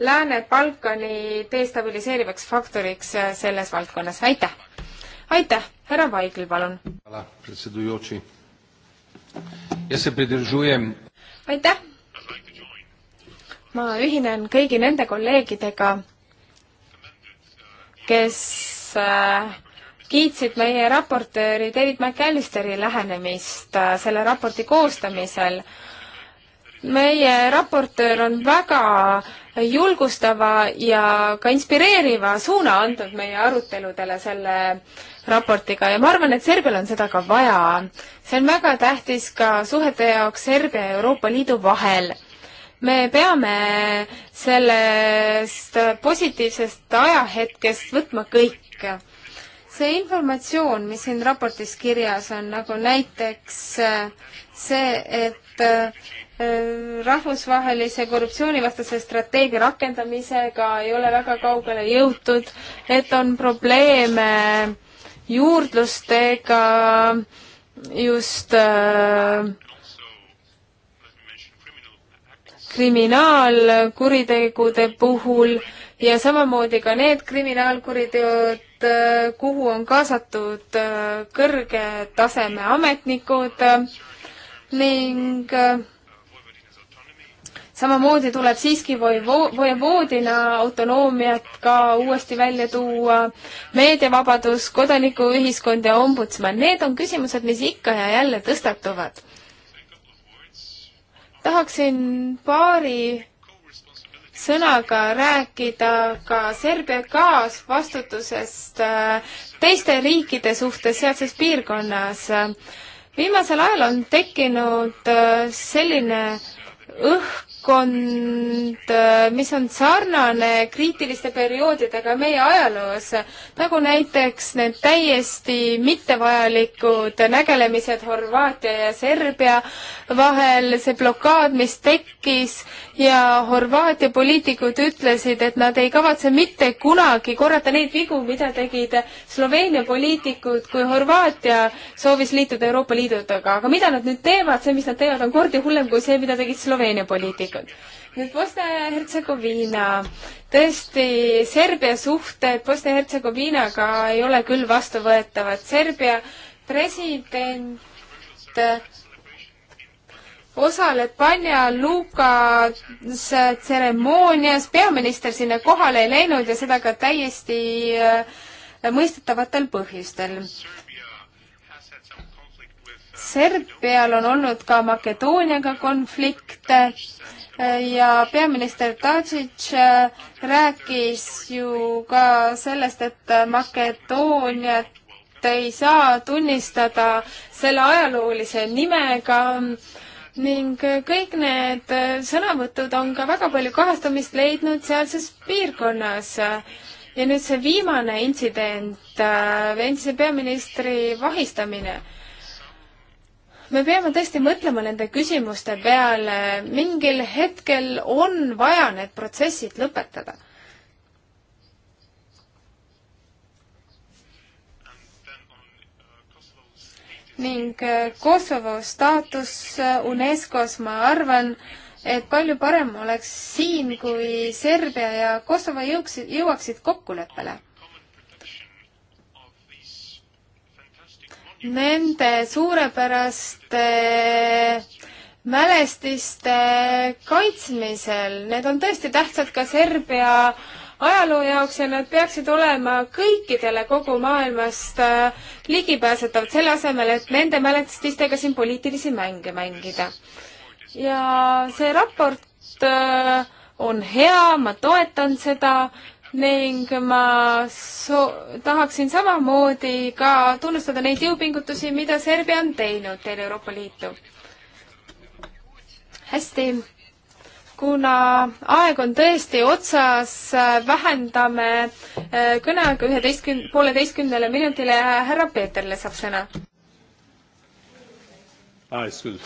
Lääne-Balkani destabiliseerivaks faktoriks äh, selles valdkonnas. aitäh! aitäh, härra Vaigel, palun! aitäh! ma ühinen kõigi nende kolleegidega, kes äh, kiitsid meie raportööri David McAllisteri lähenemist äh, selle raporti koostamisel meie raportöör on väga julgustava ja ka inspireeriva suuna andnud meie aruteludele selle raportiga ja ma arvan, et Serbial on seda ka vaja. see on väga tähtis ka suhete jaoks Serbia ja Euroopa Liidu vahel me peame sellest positiivsest ajahetkest võtma kõik. see informatsioon, mis siin raportis kirjas on, nagu näiteks see, et rahvusvahelise korruptsioonivastase strateegia rakendamisega ei ole väga kaugele jõutud, et on probleeme juurdlustega just äh, kriminaalkuritegude puhul ja samamoodi ka need kriminaalkuriteod, äh, kuhu on kaasatud äh, kõrge taseme ametnikud äh, ning äh, samamoodi tuleb siiski või voodina autonoomiat ka uuesti välja tuua, meediavabadus, kodanikuühiskond ja ombudsman, need on küsimused, mis ikka ja jälle tõstatuvad. tahaksin paari sõnaga rääkida ka Serbia kaasvastutusest äh, teiste riikide suhtes sealses piirkonnas. viimasel ajal on tekkinud äh, selline õhk, valdkond, äh, mis on sarnane kriitiliste perioodidega meie ajaloos, nagu näiteks need täiesti mittevajalikud nägelemised Horvaatia ja Serbia vahel, see blokaad, mis tekkis ja Horvaatia poliitikud ütlesid, et nad ei kavatse mitte kunagi korrata neid vigu, mida tegid Sloveenia poliitikud, kui Horvaatia soovis liituda Euroopa Liiduga, aga mida nad nüüd teevad, see, mis nad teevad, on kordi hullem kui see, mida tegid Sloveenia poliitikud kodanikud. nüüd Bosnia-Hertsegoviina. tõesti, Serbia suhted Bosnia-Hertsegoviinaga ei ole küll vastuvõetavad. Serbia president osaleb Panja Lukas tseremoonias, peaminister sinna kohale ei läinud ja seda ka täiesti äh, mõistetavatel põhjustel. Serbial on olnud ka Makedooniaga konflikte ja peaminister Tadžič äh, rääkis ju ka sellest, et Makedooniat ei saa tunnistada selle ajaloolise nimega ning kõik need sõnavõtud on ka väga palju kahastamist leidnud sealses piirkonnas. ja nüüd see viimane intsident, äh, endise peaministri vahistamine me peame tõesti mõtlema nende küsimuste peale, mingil hetkel on vaja need protsessid lõpetada. ning äh, Kosovo staatus äh, UNESCO-s, ma arvan, et palju parem oleks siin, kui Serbia ja Kosovo jõuks, jõuaksid kokkuleppele nende suurepäraste mälestiste kaitsmisel, need on tõesti tähtsad ka Serbia ajaloo jaoks ja nad peaksid olema kõikidele kogu maailmast äh, ligipääsetavad, selle asemel, et nende mälestistega siin poliitilisi mänge mängida. ja see raport äh, on hea, ma toetan seda, ning ma so-, tahaksin samamoodi ka tunnustada neid jõupingutusi, mida Serbia on teinud teile Euroopa Liitu. hästi, kuna aeg on tõesti otsas, vähendame äh, kõneaega üheteistküm-, pooleteistkümnele minutile, härra Peeterle saab sõna. Ah, it's good.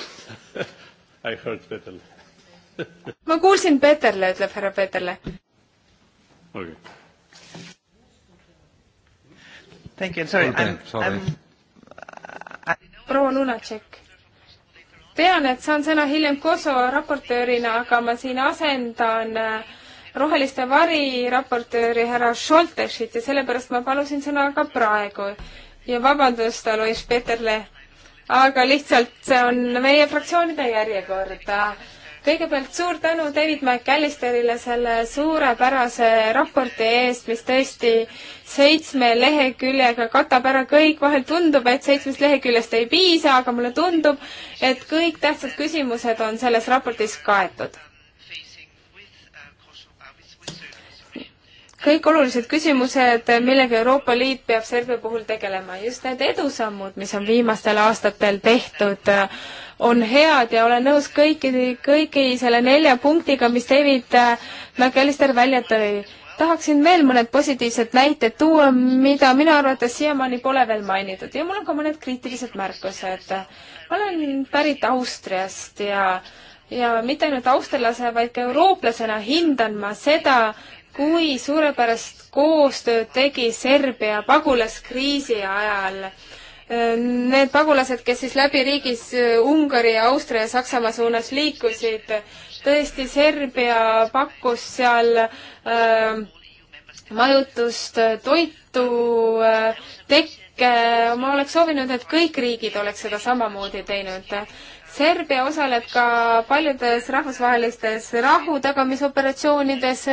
I heard Peterle ma kuulsin Peeterle, ütleb härra Peeterle Okay. Thank you. Sorry. Okay, I'm, sorry. I'm, I... proua Lunatšek. tean, et saan sõna hiljem Kosovo raportöörina, aga ma siin asendan äh, roheliste variraportööri härra Šoltešit ja sellepärast ma palusin sõna ka praegu. ja vabandust, Alois Peterle, aga lihtsalt see on meie fraktsioonide järjekord kõigepealt suur tänu David McAllisterile selle suurepärase raporti eest, mis tõesti seitsme leheküljega katab ära kõik, vahel tundub, et seitsmest leheküljest ei piisa, aga mulle tundub, et kõik tähtsad küsimused on selles raportis kaetud. kõik olulised küsimused, millega Euroopa Liit peab Serbia puhul tegelema, just need edusammud, mis on viimastel aastatel tehtud, on head ja olen nõus kõikide, kõigi selle nelja punktiga, mis David McAllister välja tõi. tahaksin veel mõned positiivsed näited tuua, mida minu arvates siiamaani pole veel mainitud ja mul on ka mõned kriitilised märkused. ma olen pärit Austriast ja ja mitte ainult austerlase, vaid ka eurooplasena hindan ma seda, kui suurepärast koostööd tegi Serbia pagulaskriisi ajal. Need pagulased, kes siis läbi riigis Ungari, Austria ja Saksamaa suunas liikusid, tõesti Serbia pakkus seal äh, majutust, toitu äh,, tekke, ma oleks soovinud, et kõik riigid oleks seda samamoodi teinud Serbia osaleb ka paljudes rahvusvahelistes rahutagamisoperatsioonides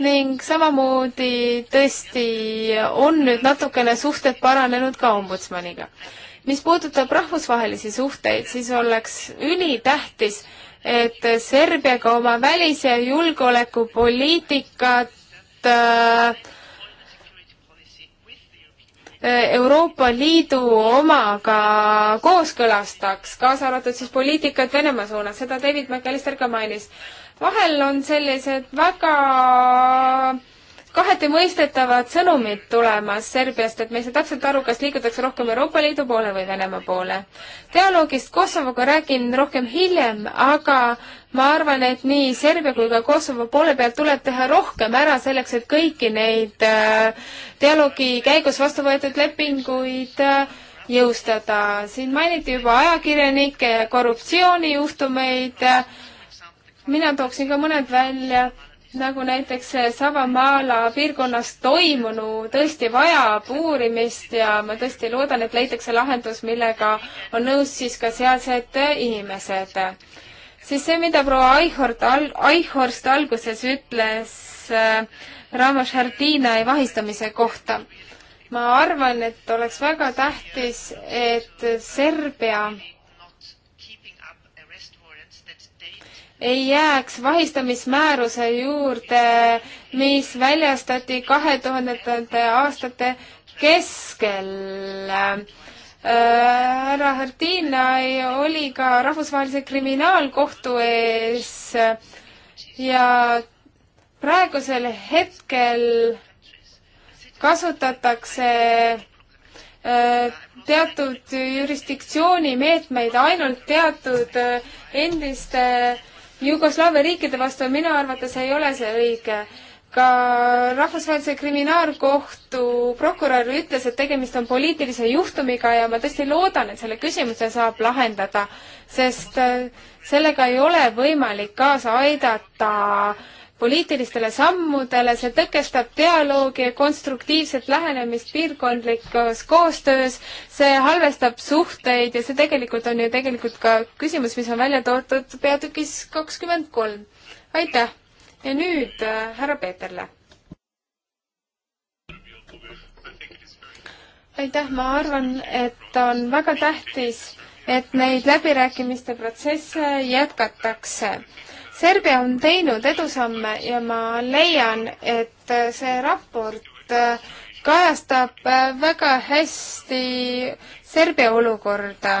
ning samamoodi tõesti on nüüd natukene suhted paranenud ka ombudsmaniga. mis puudutab rahvusvahelisi suhteid, siis oleks ülitähtis, et Serbiaga oma välis- ja julgeolekupoliitikat äh, äh Euroopa Liidu omaga kooskõlastaks, kaasa arvatud siis poliitikat Venemaa suunas, seda David McAllister ka mainis vahel on sellised väga kahetimõistetavad sõnumid tulemas Serbiast, et me ei saa täpselt aru, kas liigutakse rohkem Euroopa Liidu poole või Venemaa poole. dialoogist Kosovoga räägin rohkem hiljem, aga ma arvan, et nii Serbia kui ka Kosovo poole pealt tuleb teha rohkem ära selleks, et kõiki neid äh, dialoogi käigus vastu võetud lepinguid äh, jõustada. siin mainiti juba ajakirjanikke ja korruptsioonijuhtumeid äh,, mina tooksin ka mõned välja, nagu näiteks Savamaala piirkonnas toimunu tõesti vajab uurimist ja ma tõesti loodan, et leitakse lahendus, millega on nõus siis ka sealsed inimesed. siis see, mida proua Aihort al-, Aihorst alguses ütles äh, Ramos Hardinai vahistamise kohta ma arvan, et oleks väga tähtis, et Serbia ei jääks vahistamismääruse juurde, mis väljastati kahe tuhandendate aastate keskel äh,. härra Hardinai oli ka rahvusvahelise kriminaalkohtu ees ja praegusel hetkel kasutatakse äh, teatud jurisdiktsiooni meetmeid ainult teatud äh, endiste Jugoslaavia riikide vastu ja minu arvates ei ole see õige. ka Rahvusvahelise Kriminaalkohtu prokurör ütles, et tegemist on poliitilise juhtumiga ja ma tõesti loodan, et selle küsimuse saab lahendada, sest äh, sellega ei ole võimalik kaasa aidata äh, poliitilistele sammudele, see tõkestab dialoogi ja konstruktiivset lähenemist piirkondlikus koostöös, see halvestab suhteid ja see tegelikult on ju tegelikult ka küsimus, mis on välja toodud peatükis kakskümmend kolm. aitäh! ja nüüd äh, härra Peeterle. aitäh, ma arvan, et on väga tähtis, et neid läbirääkimiste protsesse jätkatakse Serbia on teinud edusamme ja ma leian, et see raport äh, kajastab äh, väga hästi Serbia olukorda.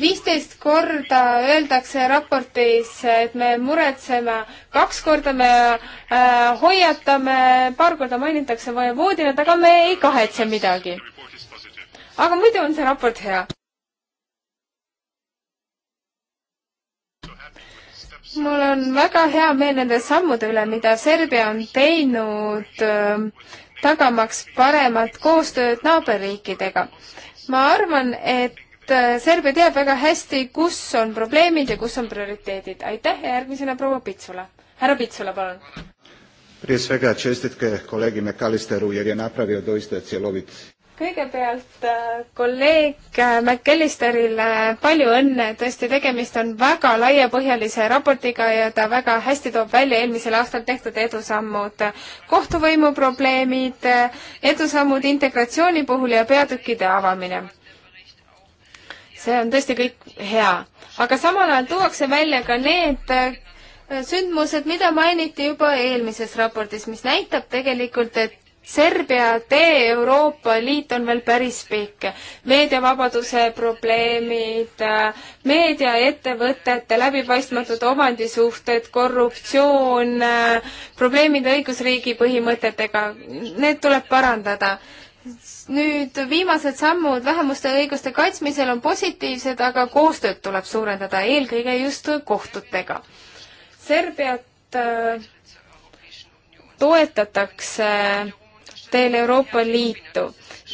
viisteist korda öeldakse raportis, et me muretseme, kaks korda me äh, hoiatame, paar korda mainitakse voevoodinat, aga me ei kahetse midagi. aga muidu on see raport hea mul on väga hea meel nende sammude üle, mida Serbia on teinud ähm, tagamaks paremat koostööd naaberriikidega. ma arvan, et äh, Serbia teab väga hästi, kus on probleemid ja kus on prioriteedid. aitäh ja järgmisena proua Pitsula. härra Pitsula, palun. Prije svega čestitke kolegi Mekalisteru jer je napravio doista cjelovit kõigepealt äh, kolleeg äh, McAllisterile palju õnne, tõesti tegemist on väga laiapõhjalise raportiga ja ta väga hästi toob välja eelmisel aastal tehtud edusammud, kohtuvõimu probleemid, äh, edusammud integratsiooni puhul ja peatükkide avamine. see on tõesti kõik hea, aga samal ajal tuuakse välja ka need sündmused, mida mainiti juba eelmises raportis, mis näitab tegelikult, et Serbia tee Euroopa Liit on veel päris pikk. meediavabaduse probleemid, meediaettevõtete läbipaistmatud omandisuhted, korruptsioon, probleemid õigusriigi põhimõtetega, need tuleb parandada nüüd viimased sammud vähemuste õiguste kaitsmisel on positiivsed, aga koostööd tuleb suurendada, eelkõige just kohtutega. Serbiat äh, toetatakse teel Euroopa Liitu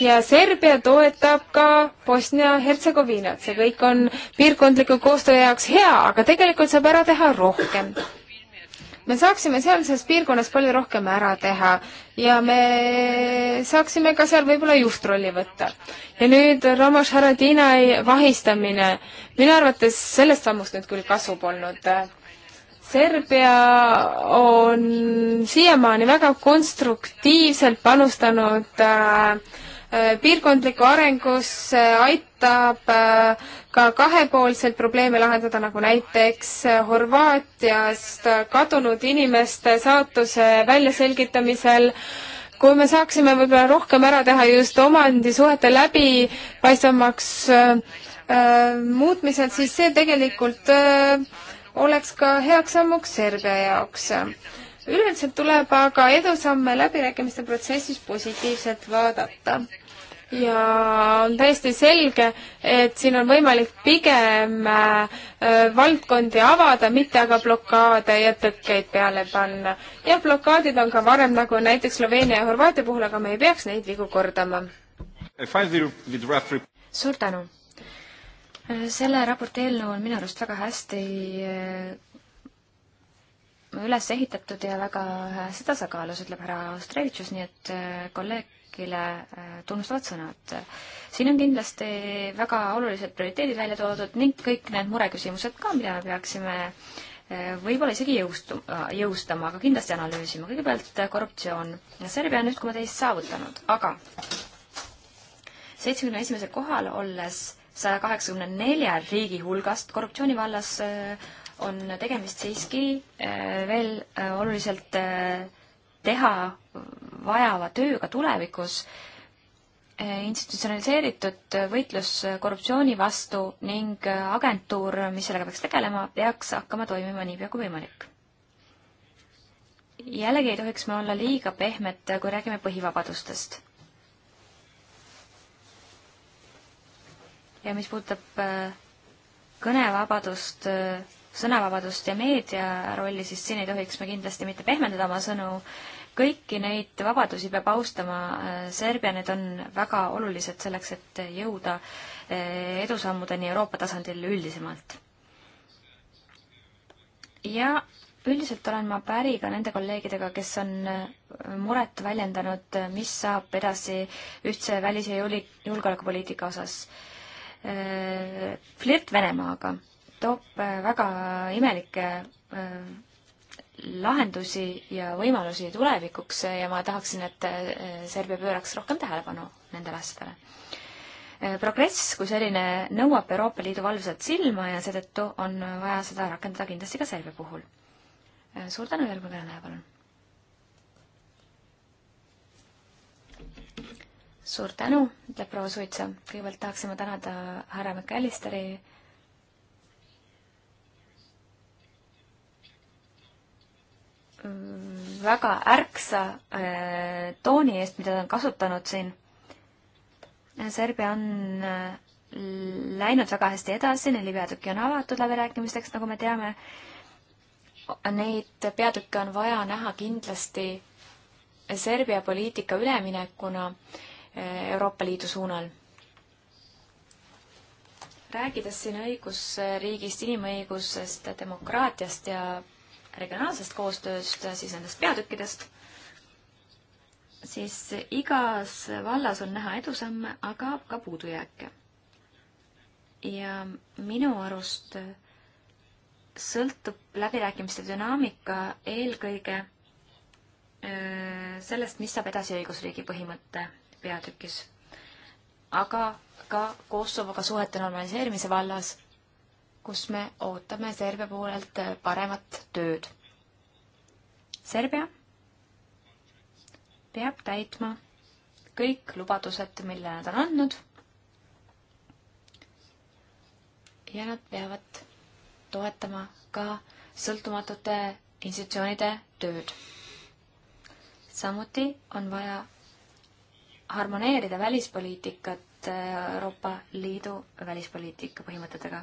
ja Serbia toetab ka Bosnia-Hertsegoviinat, see kõik on piirkondliku koostöö jaoks hea, aga tegelikult saab ära teha rohkem. me saaksime sealses piirkonnas palju rohkem ära teha ja me saaksime ka seal võib-olla juhtrolli võtta. ja nüüd Ramos Haradinai vahistamine, minu arvates sellest sammust nüüd küll kasu polnud Serbia on siiamaani väga konstruktiivselt panustanud äh, äh, piirkondlikku arengusse, aitab äh, ka kahepoolselt probleeme lahendada, nagu näiteks äh, Horvaatiast kadunud inimeste saatuse väljaselgitamisel kui me saaksime võib-olla rohkem ära teha just omandisuhete läbipaistvamaks äh, äh muutmisel, siis see tegelikult äh, oleks ka heaks sammuks Serbia jaoks. üldiselt tuleb aga edusamme läbirääkimiste protsessis positiivselt vaadata ja on täiesti selge, et siin on võimalik pigem äh, valdkondi avada, mitte aga blokaade ja tõkkeid peale panna. jah, blokaadid on ka varem, nagu näiteks Sloveenia ja Horvaatia puhul, aga me ei peaks neid vigu kordama. suur tänu! selle raporti eelnõu on minu arust väga hästi äh, üles ehitatud ja väga äh, hästi tasakaalus, ütleb härra Ostrevitšus, nii et äh, kolleegile tunnustavad sõnad. siin on kindlasti väga olulised prioriteedid välja toodud ning kõik need mureküsimused ka, mida me peaksime võib-olla isegi jõustu-, jõustama, aga kindlasti analüüsima. kõigepealt korruptsioon. Serbia on üht koma teist saavutanud, aga seitsmekümne esimesel kohal olles saja kaheksakümne nelja riigi hulgast. korruptsiooni vallas äh, on tegemist siiski äh, veel äh, oluliselt teha vajava tööga tulevikus. institutsionaliseeritud võitlus korruptsiooni vastu ning agentuur, mis sellega peaks tegelema, peaks hakkama toimima niipea kui võimalik jällegi ei tohiks me olla liiga pehmed, kui räägime põhivabadustest ja mis puudutab äh, kõnevabadust, äh, sõnavabadust ja meedia rolli, siis siin ei tohiks me kindlasti mitte pehmendada oma sõnu. kõiki neid vabadusi peab austama äh, Serbia, need on väga olulised selleks, et jõuda edusammudeni Euroopa tasandil üldisemalt. ja üldiselt olen ma päri ka nende kolleegidega, kes on muret väljendanud, mis saab edasi ühtse välis- ja julgeolekupoliitika osas Äh, flirt Venemaaga toob äh, väga imelikke äh, lahendusi ja võimalusi tulevikuks ja ma tahaksin, et Serbia pööraks rohkem tähelepanu nendele asjadele. progress kui selline nõuab Euroopa Liidu valvsat silma ja seetõttu on vaja seda rakendada kindlasti ka Serbia puhul. suur tänu, järgmine kõneleja, palun suur tänu, ütleb proua Suitsa. kõigepealt tahaksime tänada härra McAllisteri väga ärksa äh, tooni eest, mida ta on kasutanud siin. Serbia on äh, läinud väga hästi edasi, neli peatükki on avatud läbirääkimisteks, nagu me teame. Neid peatükke on vaja näha kindlasti Serbia poliitika üleminekuna äh, Euroopa Liidu suunal. rääkides siin õigusriigist, inimõigusest, demokraatiast ja regionaalsest koostööst, siis nendest peatükkidest, siis igas vallas on näha edusamme, aga ka puudujääke. ja minu arust sõltub läbirääkimiste dünaamika eelkõige äh, sellest, mis saab edasi õigusriigi põhimõtte peatükis. aga ka Kosovoga suhete normaliseerimise vallas, kus me ootame Serbia poolelt paremat tööd. Serbia peab täitma kõik lubadused, mille nad on andnud. ja nad peavad toetama ka sõltumatute institutsioonide tööd. samuti on vaja harmoneerida välispoliitikat äh, Euroopa Liidu välispoliitika põhimõtetega.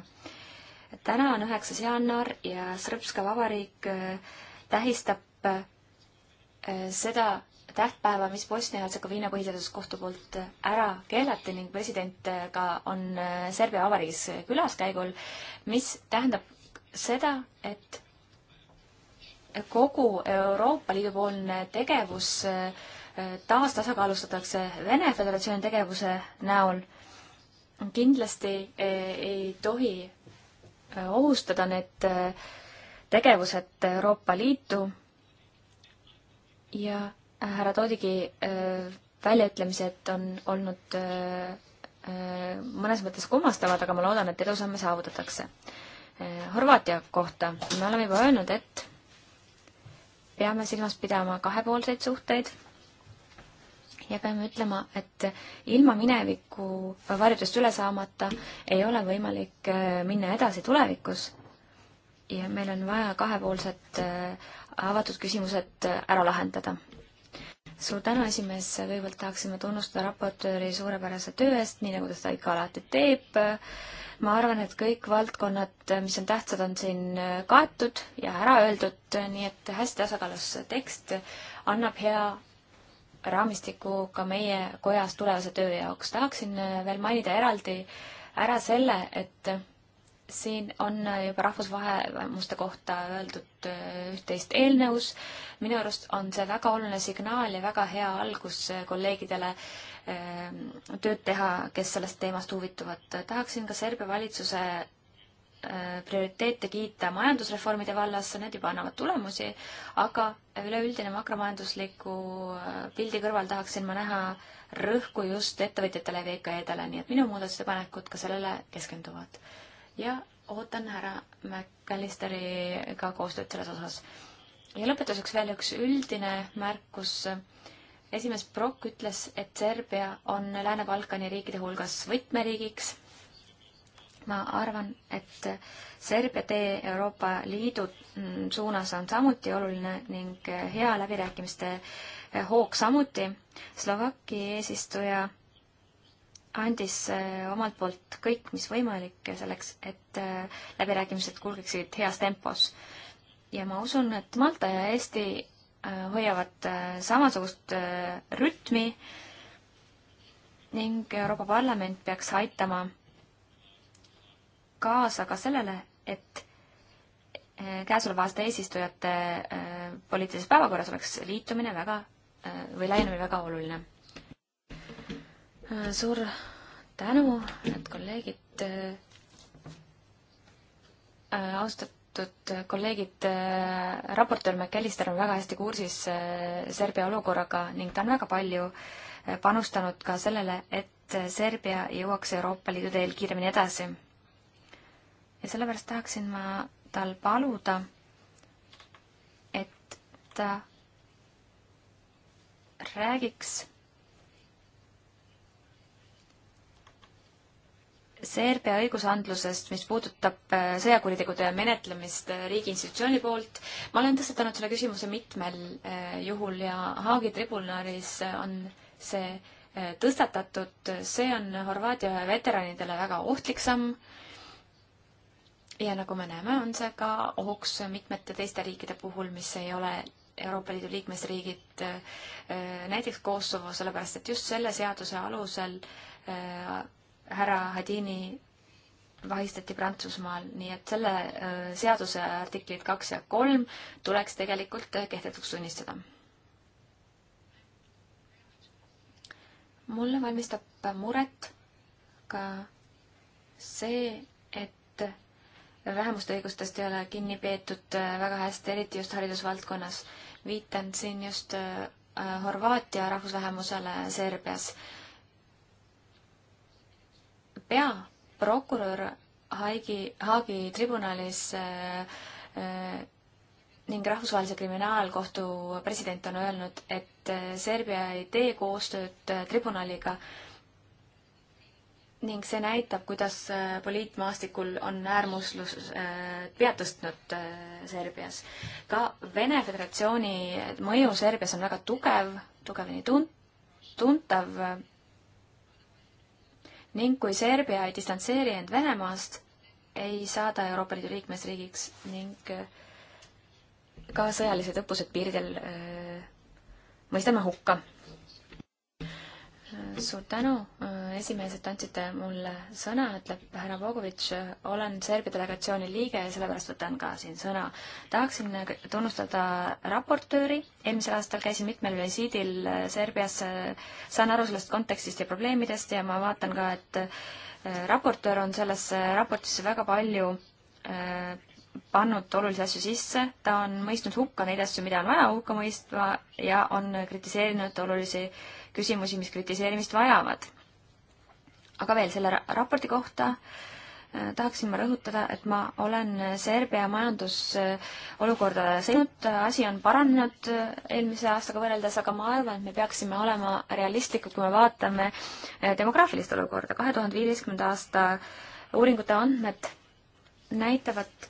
täna on üheksas jaanuar ja Srpska Vabariik äh, tähistab äh, seda tähtpäeva, mis Bosnia-Hertsegoviina põhiseaduskohtu poolt ära keelati ning president ka on Serbia Vabariigis külaskäigul, mis tähendab seda, et kogu Euroopa Liidu poolne tegevus äh, taastasakaalustatakse Vene Föderatsiooni tegevuse näol, kindlasti e, ei tohi e, ohustada need e, tegevused Euroopa Liitu ja härra Toodigi väljaütlemised on olnud mõnes mõttes kummastavad, aga ma loodan, et edusamme saavutatakse. Horvaatia kohta me oleme juba öelnud, et peame silmas pidama kahepoolseid suhteid ja peame ütlema, et ilma mineviku varjudest üle saamata ei ole võimalik äh, minna edasi tulevikus. ja meil on vaja kahepoolsed äh, avatud küsimused äh, ära lahendada. suur tänu, esimees, kõigepealt tahaksime tunnustada raportööri suurepärase töö eest, nii nagu ta seda ikka alati teeb. ma arvan, et kõik valdkonnad, mis on tähtsad, on siin kaetud ja ära öeldud, nii et hästi tasakaalus tekst annab hea raamistiku ka meie kojas tulevase töö jaoks. tahaksin äh, veel mainida eraldi ära selle, et siin on äh, juba rahvusvahemuste kohta öeldud äh, üht-teist eelnõus. minu arust on see väga oluline signaal ja väga hea algus kolleegidele ähm, tööd teha, kes sellest teemast huvituvad. tahaksin ka Serbia valitsuse prioriteete kiita majandusreformide vallas, need juba annavad tulemusi, aga üleüldine makromajandusliku äh, pildi kõrval tahaksin ma näha rõhku just ettevõtjatele ja VKE-dele, nii et minu muudatusettepanekud ka sellele keskenduvad. ja ootan härra McAllisteriga koostööd selles osas. ja lõpetuseks veel üks üldine märkus esimees Brock ütles, et Serbia on Lääne-Balkani riikide hulgas võtmeriigiks ma arvan, et Serbia tee Euroopa Liidu mm, suunas on samuti oluline ning hea läbirääkimiste hoog samuti. Slovakki eesistuja andis eh, omalt poolt kõik, mis võimalik selleks, et eh, läbirääkimised kulgeksid heas tempos. ja ma usun, et Malta ja Eesti eh, hoiavad samasugust rütmi ning Euroopa Parlament peaks aitama kaasa ka sellele, et eh, käesoleva aasta eesistujate eh, poliitilises päevakorras oleks liitumine väga eh, või laienemine väga oluline. suur tänu, head kolleegid. austatud kolleegid, raportöör McAllister on väga hästi kursis Serbia olukorraga ning ta on väga palju panustanud ka sellele, et Serbia jõuaks Euroopa Liidu teel kiiremini edasi ja sellepärast tahaksin ma tal paluda, et ta räägiks CRP õigusandlusest, mis puudutab äh, sõjakuritegude menetlemist äh, riigi institutsiooni poolt. ma olen tõstatanud selle küsimuse mitmel äh, juhul ja Haagi tribunalis on see tõstatatud, see on Horvaatia veteranidele väga ohtlik samm ja nagu me näeme, on see ka ohuks mitmete teiste riikide puhul, mis ei ole Euroopa Liidu liikmesriigid, äh, näiteks Kosovo, sellepärast et just selle seaduse alusel äh, härra Hadini vahistati Prantsusmaal, nii et selle äh, seaduse artiklid kaks ja kolm tuleks tegelikult kehtetuks tunnistada. mulle valmistab muret ka see, vähemuste õigustest ei ole kinni peetud äh, väga hästi, eriti just haridusvaldkonnas. viitan siin just äh, äh, Horvaatia rahvusvähemusele Serbias. peaprokurör Haigi, Haagi tribunalis ning Rahvusvahelise Kriminaalkohtu president on öelnud, et Serbia ei tee koostööd tribunaliga äh, ning see näitab, kuidas äh, poliitmaastikul on äärmuslus äh, pead tõstnud äh, Serbias. ka Vene Föderatsiooni mõju Serbias on väga tugev, tugevini tun-, tuntav ning kui Serbia ei distantseeri end Venemaast, ei saa ta Euroopa Liidu liikmesriigiks ning ka sõjalised õppused piiridel mõistame hukka suur tänu, äh, esimees, et andsite mulle sõna, ütleb härra Vogovitš. olen Serbia delegatsiooni liige ja sellepärast võtan ka siin sõna. tahaksin tunnustada raportööri. eelmisel aastal käisin mitmel visiidil Serbiasse, saan aru sellest kontekstist ja probleemidest ja ma vaatan ka, et äh, raportöör on sellesse raportisse väga palju äh, pannud olulisi asju sisse, ta on mõistnud hukka neid asju, mida on vaja hukka mõistma ja on kritiseerinud olulisi äh, küsimusi, mis kritiseerimist vajavad. aga veel selle raporti kohta äh, tahaksin ma rõhutada, et ma olen Serbia majandusolukorda sõitnud, asi on paranenud äh, eelmise aastaga võrreldes, aga ma arvan, et me peaksime olema realistlikud, kui me vaatame äh, demograafilist olukorda. kahe tuhande viieteistkümnenda aasta uuringute andmed näitavad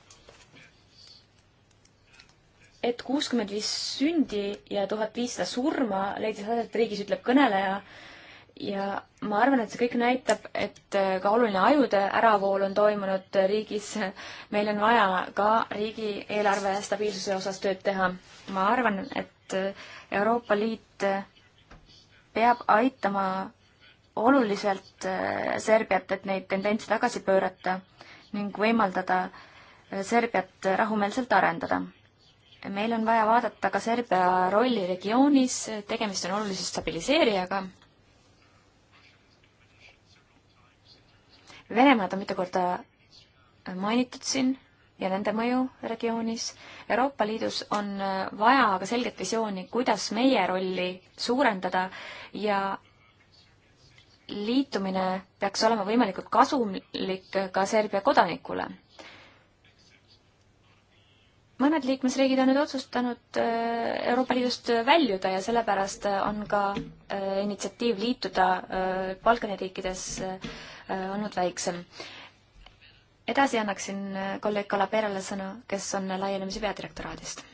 et kuuskümmend viis sündi ja tuhat viissada surma leidis aset riigis, ütleb kõneleja. ja ma arvan, et see kõik näitab, et äh, ka oluline ajude äravool on toimunud riigis. meil on vaja ka riigieelarve stabiilsuse osas tööd teha. ma arvan, et äh, Euroopa Liit äh, peab aitama oluliselt Serbiat, et neid tendentse tagasi pöörata ning võimaldada Serbiat rahumeelselt arendada meil on vaja vaadata ka Serbia rolli regioonis, tegemist on olulise stabiliseerijaga. Venemaad on mitu korda mainitud siin ja nende mõju regioonis. Euroopa Liidus on vaja aga selget visiooni, kuidas meie rolli suurendada ja liitumine peaks olema võimalikult kasumlik ka Serbia kodanikule mõned liikmesriigid on nüüd otsustanud äh, Euroopa Liidust väljuda ja sellepärast äh, on ka äh, initsiatiiv liituda Balkani riikides olnud väiksem. edasi annaksin kolleeg Kalaperale sõna, kes on laienemise peadirektoraadist.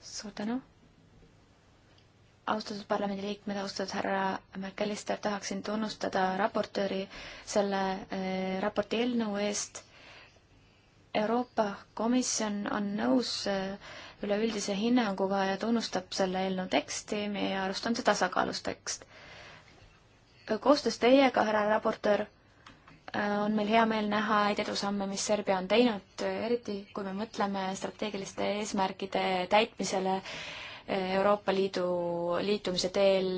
suur tänu. austatud parlamendiliikmed, austatud härra McAllister, tahaksin tunnustada raportööri selle raporti eelnõu eest Euroopa Komisjon on nõus äh, üleüldise hinnanguga ja tunnustab selle eelnõu teksti, meie arust on see tasakaalus tekst. Äh, koostöös teiega, härra raportöör, äh, on meil hea meel näha häid edusamme, mis Serbia on teinud, eriti kui me mõtleme strateegiliste eesmärkide täitmisele Euroopa Liidu liitumise teel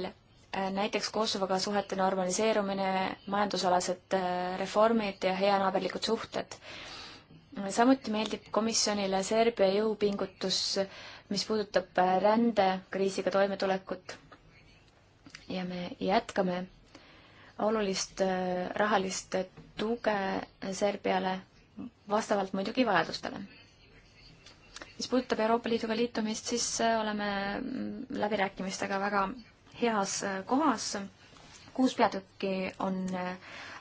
näiteks Kosovoga suhete normaliseerumine, majandusalased reformid ja heanaaberlikud suhted samuti meeldib komisjonile Serbia jõupingutus, mis puudutab äh, rändekriisiga toimetulekut. ja me jätkame olulist äh, rahalist tuge Serbiale vastavalt muidugi vajadustele. mis puudutab Euroopa Liiduga liitumist, siis äh, oleme mm, läbirääkimistega väga heas kohas kuus peatükki on äh,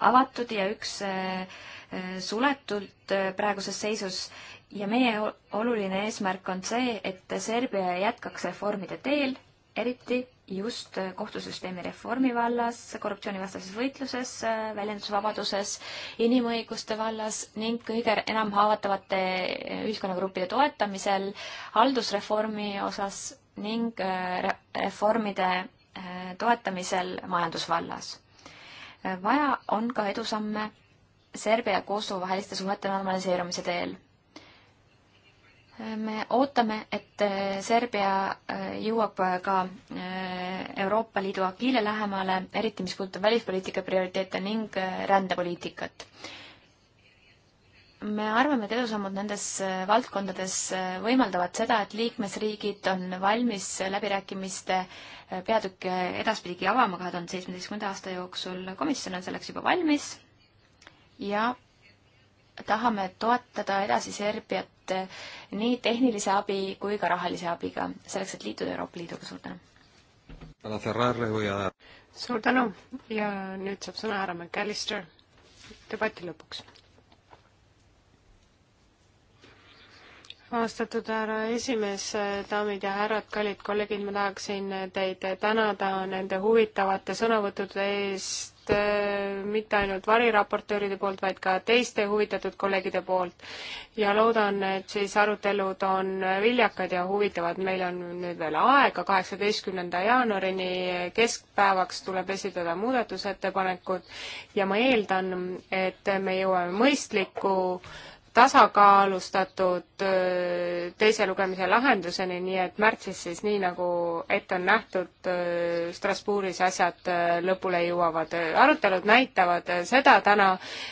avatud ja üks äh, äh, suletult praeguses seisus ja meie oluline eesmärk on see, et Serbia jätkaks reformide teel, eriti just kohtusüsteemi reformi vallas, korruptsioonivastases võitluses, väljendusvabaduses, inimõiguste vallas ning kõige enam haavatavate ühiskonnagruppide toetamisel, haldusreformi osas ning reformide toetamisel majandusvallas. vaja on ka edusamme Serbia ja Kosovo vaheliste suhete normaliseerumise teel. me ootame, et Serbia äh, jõuab ka äh, Euroopa Liidu agiile lähemale, eriti mis puudutab välispoliitika prioriteete ning äh, rändepoliitikat me arvame, et edusammud nendes äh, valdkondades äh, võimaldavad seda, et liikmesriigid on valmis läbirääkimiste äh, peatükk edaspidigi avama kahe tuhande seitsmeteistkümnenda aasta jooksul. komisjon on selleks juba valmis ja tahame toetada edasi Serbiat nii tehnilise abi kui ka rahalise abiga, selleks et liituda Euroopa Liiduga. suur tänu! suur tänu ja nüüd saab sõna härra McAllister debati lõpuks austatud härra esimees, daamid ja härrad, kallid kolleegid, ma tahaksin teid tänada nende huvitavate sõnavõttude eest, mitte ainult variraportööride poolt, vaid ka teiste huvitatud kolleegide poolt. ja loodan, et siis arutelud on viljakad ja huvitavad. meil on nüüd veel aega, kaheksateistkümnenda jaanuarini keskpäevaks tuleb esitada muudatusettepanekud ja ma eeldan, et me jõuame mõistliku äh, tasakaalustatud teise lugemise lahenduseni, nii et märtsis siis nii, nagu ette on nähtud, Strasbourgis asjad lõpule jõuavad. arutelud näitavad seda täna,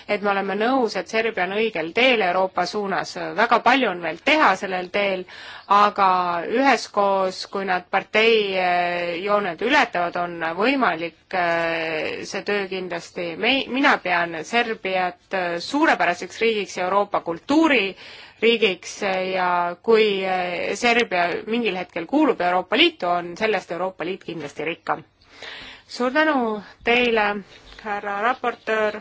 et me oleme nõus, et Serbia on õigel teel Euroopa suunas. väga palju on veel teha sellel teel, aga üheskoos, kui nad parteijooned ületavad, on võimalik see töö kindlasti. me, mina pean Serbiat suurepäraseks riigiks Euroopa kultuuris kultuuririigiks eh, ja kui eh, Serbia mingil hetkel kuulub Euroopa Liitu, on sellest Euroopa Liit kindlasti rikkam. suur tänu teile, härra raportöör.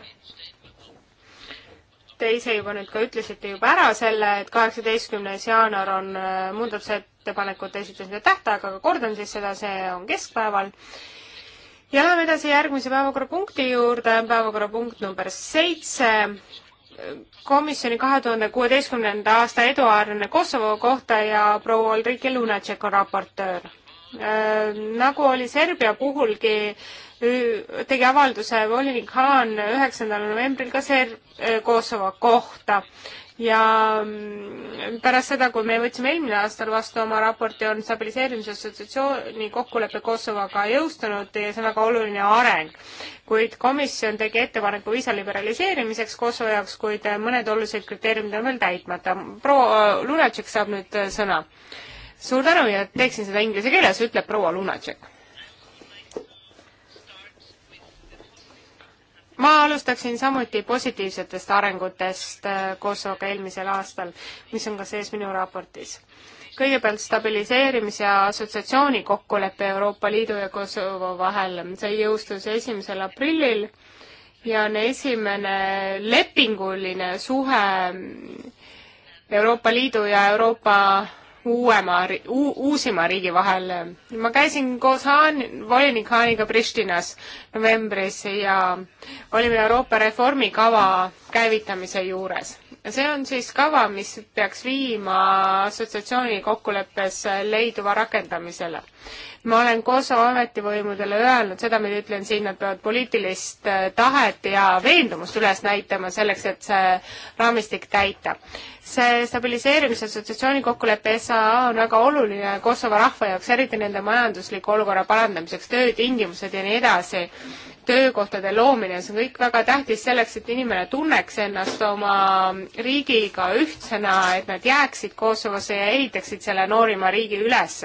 Te ise juba nüüd ka ütlesite juba ära selle, et kaheksateistkümnes jaanuar on eh, muudatusettepanekute esitamise tähtaeg, aga kordan siis seda, see on keskpäeval ja läheme edasi järgmise päevakorrapunkti juurde, päevakorrapunkt number seitse, komisjoni kahe tuhande kuueteistkümnenda aasta eduaarne Kosovo kohta ja proua Ulrike Lunatšek on raportöör. Äh, nagu oli Serbia puhulgi, tegi avalduse volinik Haan üheksandal novembril ka Ser-, äh, Kosovo kohta ja mm, pärast seda, kui me võtsime eelmine aastal vastu oma raporti, on stabiliseerimise assotsiatsiooni kokkulepe Kosovoga jõustunud ja see on väga oluline areng. kuid komisjon tegi ettepaneku viisa liberaliseerimiseks Kosovo jaoks, kuid mõned olulised kriteeriumid on veel täitmata. proua äh, Lunatšek saab nüüd äh, sõna. suur tänu ja teeksin seda inglise keeles, ütleb proua Lunatšek ma alustaksin samuti positiivsetest arengutest äh, Kosovoga eelmisel aastal, mis on ka sees minu raportis. kõigepealt stabiliseerimis- ja assotsiatsiooni kokkulepe Euroopa Liidu ja Kosovo vahel, see jõustus esimesel aprillil ja on esimene lepinguline suhe Euroopa Liidu ja Euroopa uuema, uusima riigi vahel. ma käisin koos Haan, volinik Haaniga Pristinas novembris ja olime Euroopa reformikava käivitamise juures ja see on siis kava, mis peaks viima assotsiatsiooni kokkuleppes leiduva rakendamisele. ma olen Kosovo ametivõimudele öelnud, seda ma ütlen siin, nad peavad poliitilist äh, tahet ja veendumust üles näitama selleks, et see raamistik täita. see stabiliseerimisassotsiatsiooni kokkulepe SAA on väga oluline Kosovo rahva jaoks, eriti nende majandusliku olukorra parandamiseks, töötingimused ja nii edasi töökohtade loomine, see on kõik väga tähtis selleks, et inimene tunneks ennast oma riigiga ühtsena, et nad jääksid Kosovosse ja ehitaksid selle noorima riigi üles.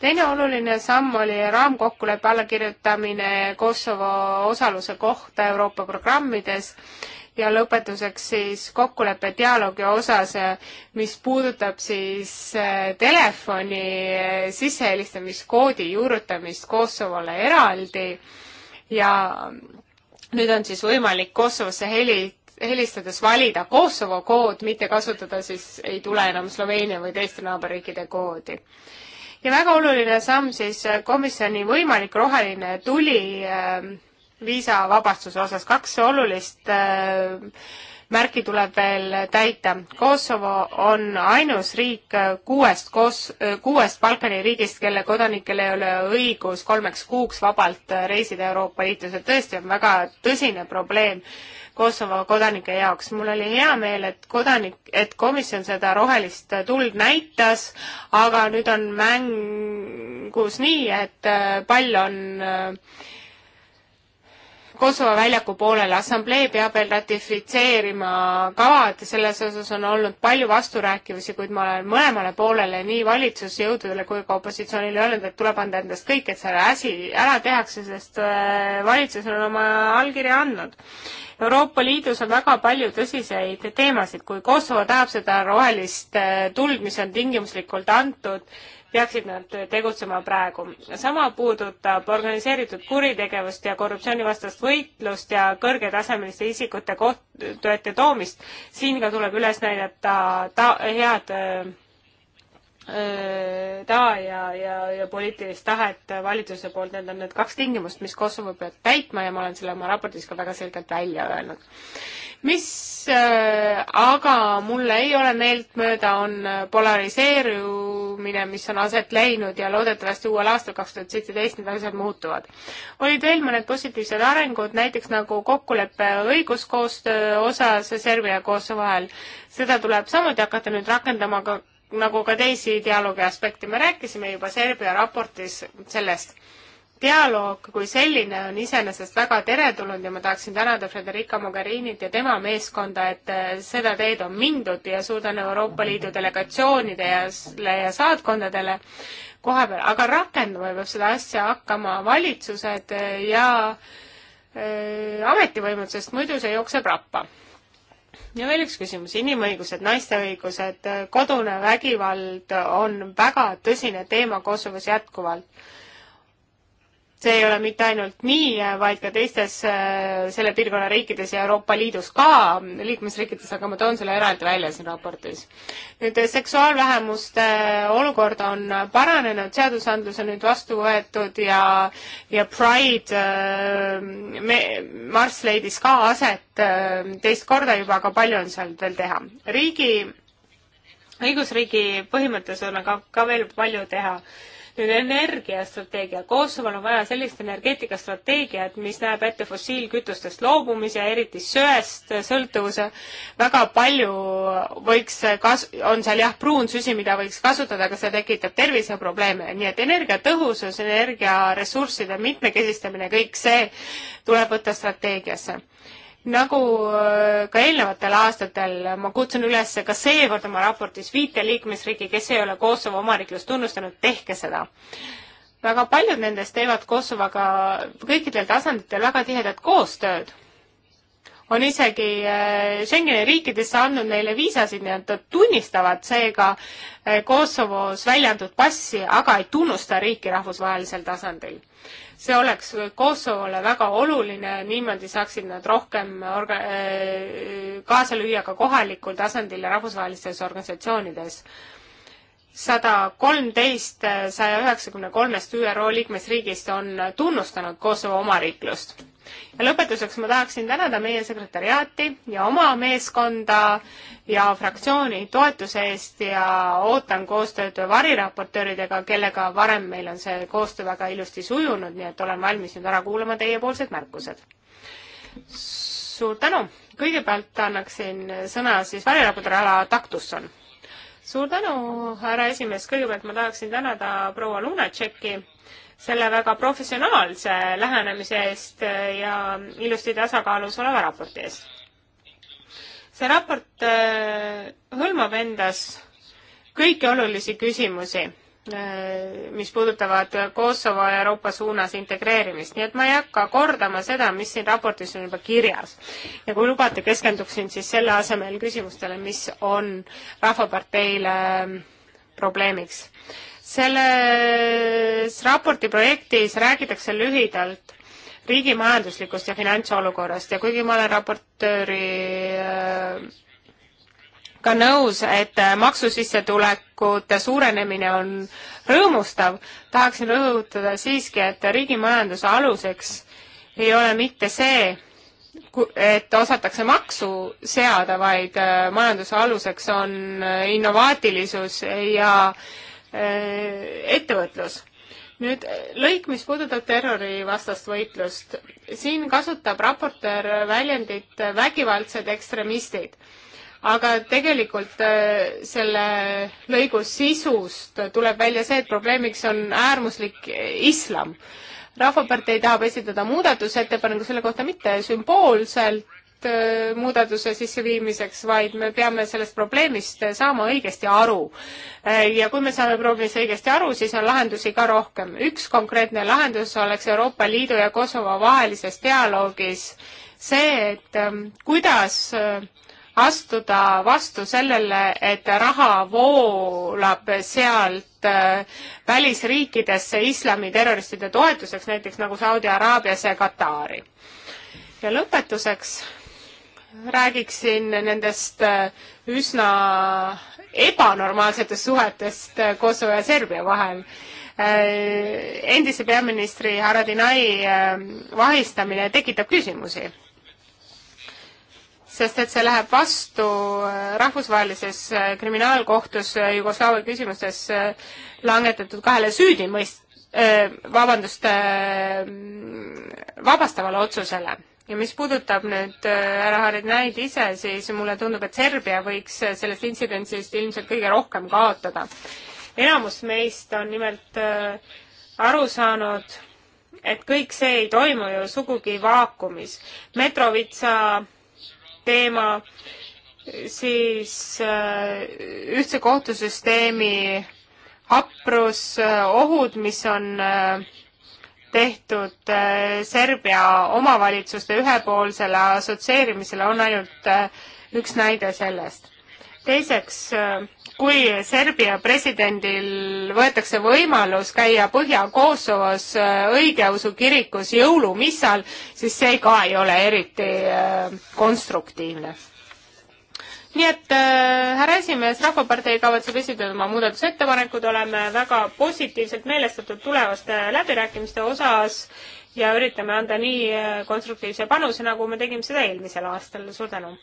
teine oluline samm oli raamkokkuleppe allakirjutamine Kosovo osaluse kohta Euroopa programmides ja lõpetuseks siis kokkulepe dialoogi osas, mis puudutab siis eh, telefoni eh, sissehelistamiskoodi juurutamist Kosovole eraldi ja nüüd on siis võimalik Kosovosse heli, helistades valida Kosovo kood, mitte kasutada siis, ei tule enam Sloveenia või teiste naaberriikide koodi. ja väga oluline samm siis äh, komisjoni võimalik roheline tuli äh, viisavabastuse osas, kaks olulist äh, märki tuleb veel täita. Kosovo on ainus riik kuuest koos, kuuest Balkani riigist, kelle kodanikel ei ole õigus kolmeks kuuks vabalt reisida Euroopa Liitu, see tõesti on väga tõsine probleem Kosovo kodanike jaoks. mul oli hea meel, et kodanik, et komisjon seda rohelist tuld näitas, aga nüüd on mängus nii, et pall on äh, Kosovo väljaku poolele. assamblee peab veel ratifitseerima kavad, selles osas on olnud palju vasturääkivusi, kuid ma olen mõlemale poolele, nii valitsusjõududele kui ka opositsioonile öelnud, et tuleb anda endast kõik, et selle asi ära tehakse, sest äh, valitsus on oma allkirja andnud. Euroopa Liidus on väga palju tõsiseid teemasid, kui Kosovo tahab seda rohelist äh, tuld, mis on tingimuslikult antud, peaksid nad tegutsema praegu. sama puudutab organiseeritud kuritegevust ja korruptsioonivastast võitlust ja kõrgetasemeliste isikute kohtuette toomist. siin ka tuleb üles näidata ta-, head äh, Äh, taha ja, ja, ja poliitilist tahet valitsuse poolt, need on need kaks tingimust, mis Kosovo peab täitma ja ma olen selle oma raportis ka väga selgelt välja öelnud. mis äh, aga mulle ei ole meeltmööda, on äh, polariseerumine, mis on aset leidnud ja loodetavasti uuel aastal, kaks tuhat seitseteist, need asjad muutuvad. olid veel mõned positiivsed arengud, näiteks nagu kokkulepe õiguskoostöö osas Serbia ja Kosovo vahel. seda tuleb samuti hakata nüüd rakendama ka nagu ka teisi dialoogi aspekte, me rääkisime juba Serbia raportis sellest. dialoog kui selline on iseenesest väga teretulnud ja ma tahaksin tänada Frederica Mogherinit ja tema meeskonda, et eh, seda teed on mindud ja suur tänu Euroopa Liidu delegatsioonidele ja saatkondadele koha peal, aga rakendama peab seda asja hakkama valitsused ja äh, ametivõimud, sest muidu see jookseb rappa ja veel üks küsimus, inimõigused, naiste õigused, kodune vägivald on väga tõsine teema Kosovos jätkuvalt see ei ole mitte ainult nii, vaid ka teistes äh, selle piirkonna riikides ja Euroopa Liidus ka liikmesriikides, aga ma toon selle eraldi välja siin raportis. nüüd äh, seksuaalvähemuste äh, olukord on paranenud, seadusandlus on nüüd vastu võetud ja, ja Pride me, marss leidis ka aset teist korda juba, aga palju on seal veel teha. riigi, õigusriigi põhimõttes on aga ka, ka veel palju teha nüüd energiastrateegia. Kosovol on vaja sellist energeetikastrateegiat, mis näeb ette fossiilkütustest loobumise, eriti söest sõltuvuse. väga palju võiks kas-, on seal jah, pruunsüsi, mida võiks kasutada, aga see tekitab terviseprobleeme, nii et energiatõhusus, energiaressursside mitmekesistamine, kõik see tuleb võtta strateegiasse nagu äh, ka eelnevatel aastatel, ma kutsun üles ka seekord oma raportis viite liikmesriiki, kes ei ole Kosovo omariiklust tunnustanud, tehke seda. väga paljud nendest teevad Kosovoga kõikidel tasanditel väga tihedat koostööd. on isegi äh, Schengeni riikidesse andnud neile viisasid, nii et nad tunnistavad seega äh, Kosovos välja antud passi, aga ei tunnusta riiki rahvusvahelisel tasandil see oleks Kosovole väga oluline, niimoodi saaksid nad rohkem orga-, äh, kaasa lüüa ka kohalikul tasandil ja rahvusvahelistes organisatsioonides sada kolmteist saja üheksakümne kolmest ÜRO liikmesriigist on tunnustanud Kosovo omariiklust ja lõpetuseks ma tahaksin tänada meie sekretäriaati ja oma meeskonda ja fraktsiooni toetuse eest ja ootan koostööd variraportööridega, kellega varem meil on see koostöö väga ilusti sujunud, nii et olen valmis nüüd ära kuulama teiepoolsed märkused. suur tänu! kõigepealt annaksin sõna siis variraportööri ala Taktusson. suur tänu, härra esimees, kõigepealt ma tahaksin tänada proua Lunatšeki selle väga professionaalse lähenemise eest ja ilusti tasakaalus oleva raporti eest. see raport äh, hõlmab endas kõiki olulisi küsimusi, äh, mis puudutavad Kosovo ja Euroopa suunas integreerimist, nii et ma ei hakka kordama seda, mis siin raportis on juba kirjas. ja kui lubate, keskenduksin siis selle asemel küsimustele, mis on Rahvaparteile probleemiks selles raporti projektis räägitakse lühidalt riigi majanduslikust ja finantsolukorrast ja kuigi ma olen raportööri äh, ka nõus, et äh, maksusissetulekute suurenemine on rõõmustav, tahaksin rõhutada siiski, et riigi majanduse aluseks ei ole mitte see, et osatakse maksu seada, vaid äh, majanduse aluseks on innovaatilisus ja äh, Äh, ettevõtlus. nüüd lõik, mis puudutab terrorivastast võitlust. siin kasutab raportöör väljendit vägivaldsed ekstremistid. aga tegelikult äh, selle lõigu sisust tuleb välja see, et probleemiks on äärmuslik islam rahvapartei tahab esitada muudatusettepaneku selle kohta mitte sümboolselt, Äh, muudatuse sisseviimiseks, vaid me peame sellest probleemist saama õigesti aru. Äh, ja kui me saame probleemist õigesti aru, siis on lahendusi ka rohkem. üks konkreetne lahendus oleks Euroopa Liidu ja Kosovo vahelises dialoogis see, et ähm, kuidas äh, astuda vastu sellele, et raha voolab sealt välisriikidesse islamiterroristide toetuseks, näiteks nagu Saudi Araabiasse ja Katari. ja lõpetuseks räägiksin nendest äh, üsna ebanormaalsetest suhetest äh, Kosovo ja Serbia vahel. Äh, endise peaministri Haradinai vahistamine tekitab küsimusi, sest et see läheb vastu rahvusvahelises kriminaalkohtus Jugoslaavia küsimuses langetatud kahele süüdimõist-, vabandust, vabastavale otsusele ja mis puudutab nüüd äh, härra Haridnaid ise, siis mulle tundub, et Serbia võiks äh, sellest intsidendist ilmselt kõige rohkem kaotada. enamus meist on nimelt äh, aru saanud, et kõik see ei toimu ju sugugi vaakumis. Metrovitsa teema, siis ühtse kohtusüsteemi haprus, ohud, mis on äh, tehtud äh, Serbia omavalitsuste ühepoolsele assotsieerimisele on ainult äh, üks näide sellest. teiseks, äh, kui Serbia presidendil võetakse võimalus käia Põhja-Kosovos õigeusu kirikus jõulumissal, siis see ka ei ole eriti konstruktiivne nii et äh, härra esimees, Rahvapartei kavatseb esitada oma muudatusettepanekud, oleme väga positiivselt meelestatud tulevaste läbirääkimiste osas ja üritame anda nii äh, konstruktiivse panuse, nagu me tegime seda eelmisel aastal, suur tänu.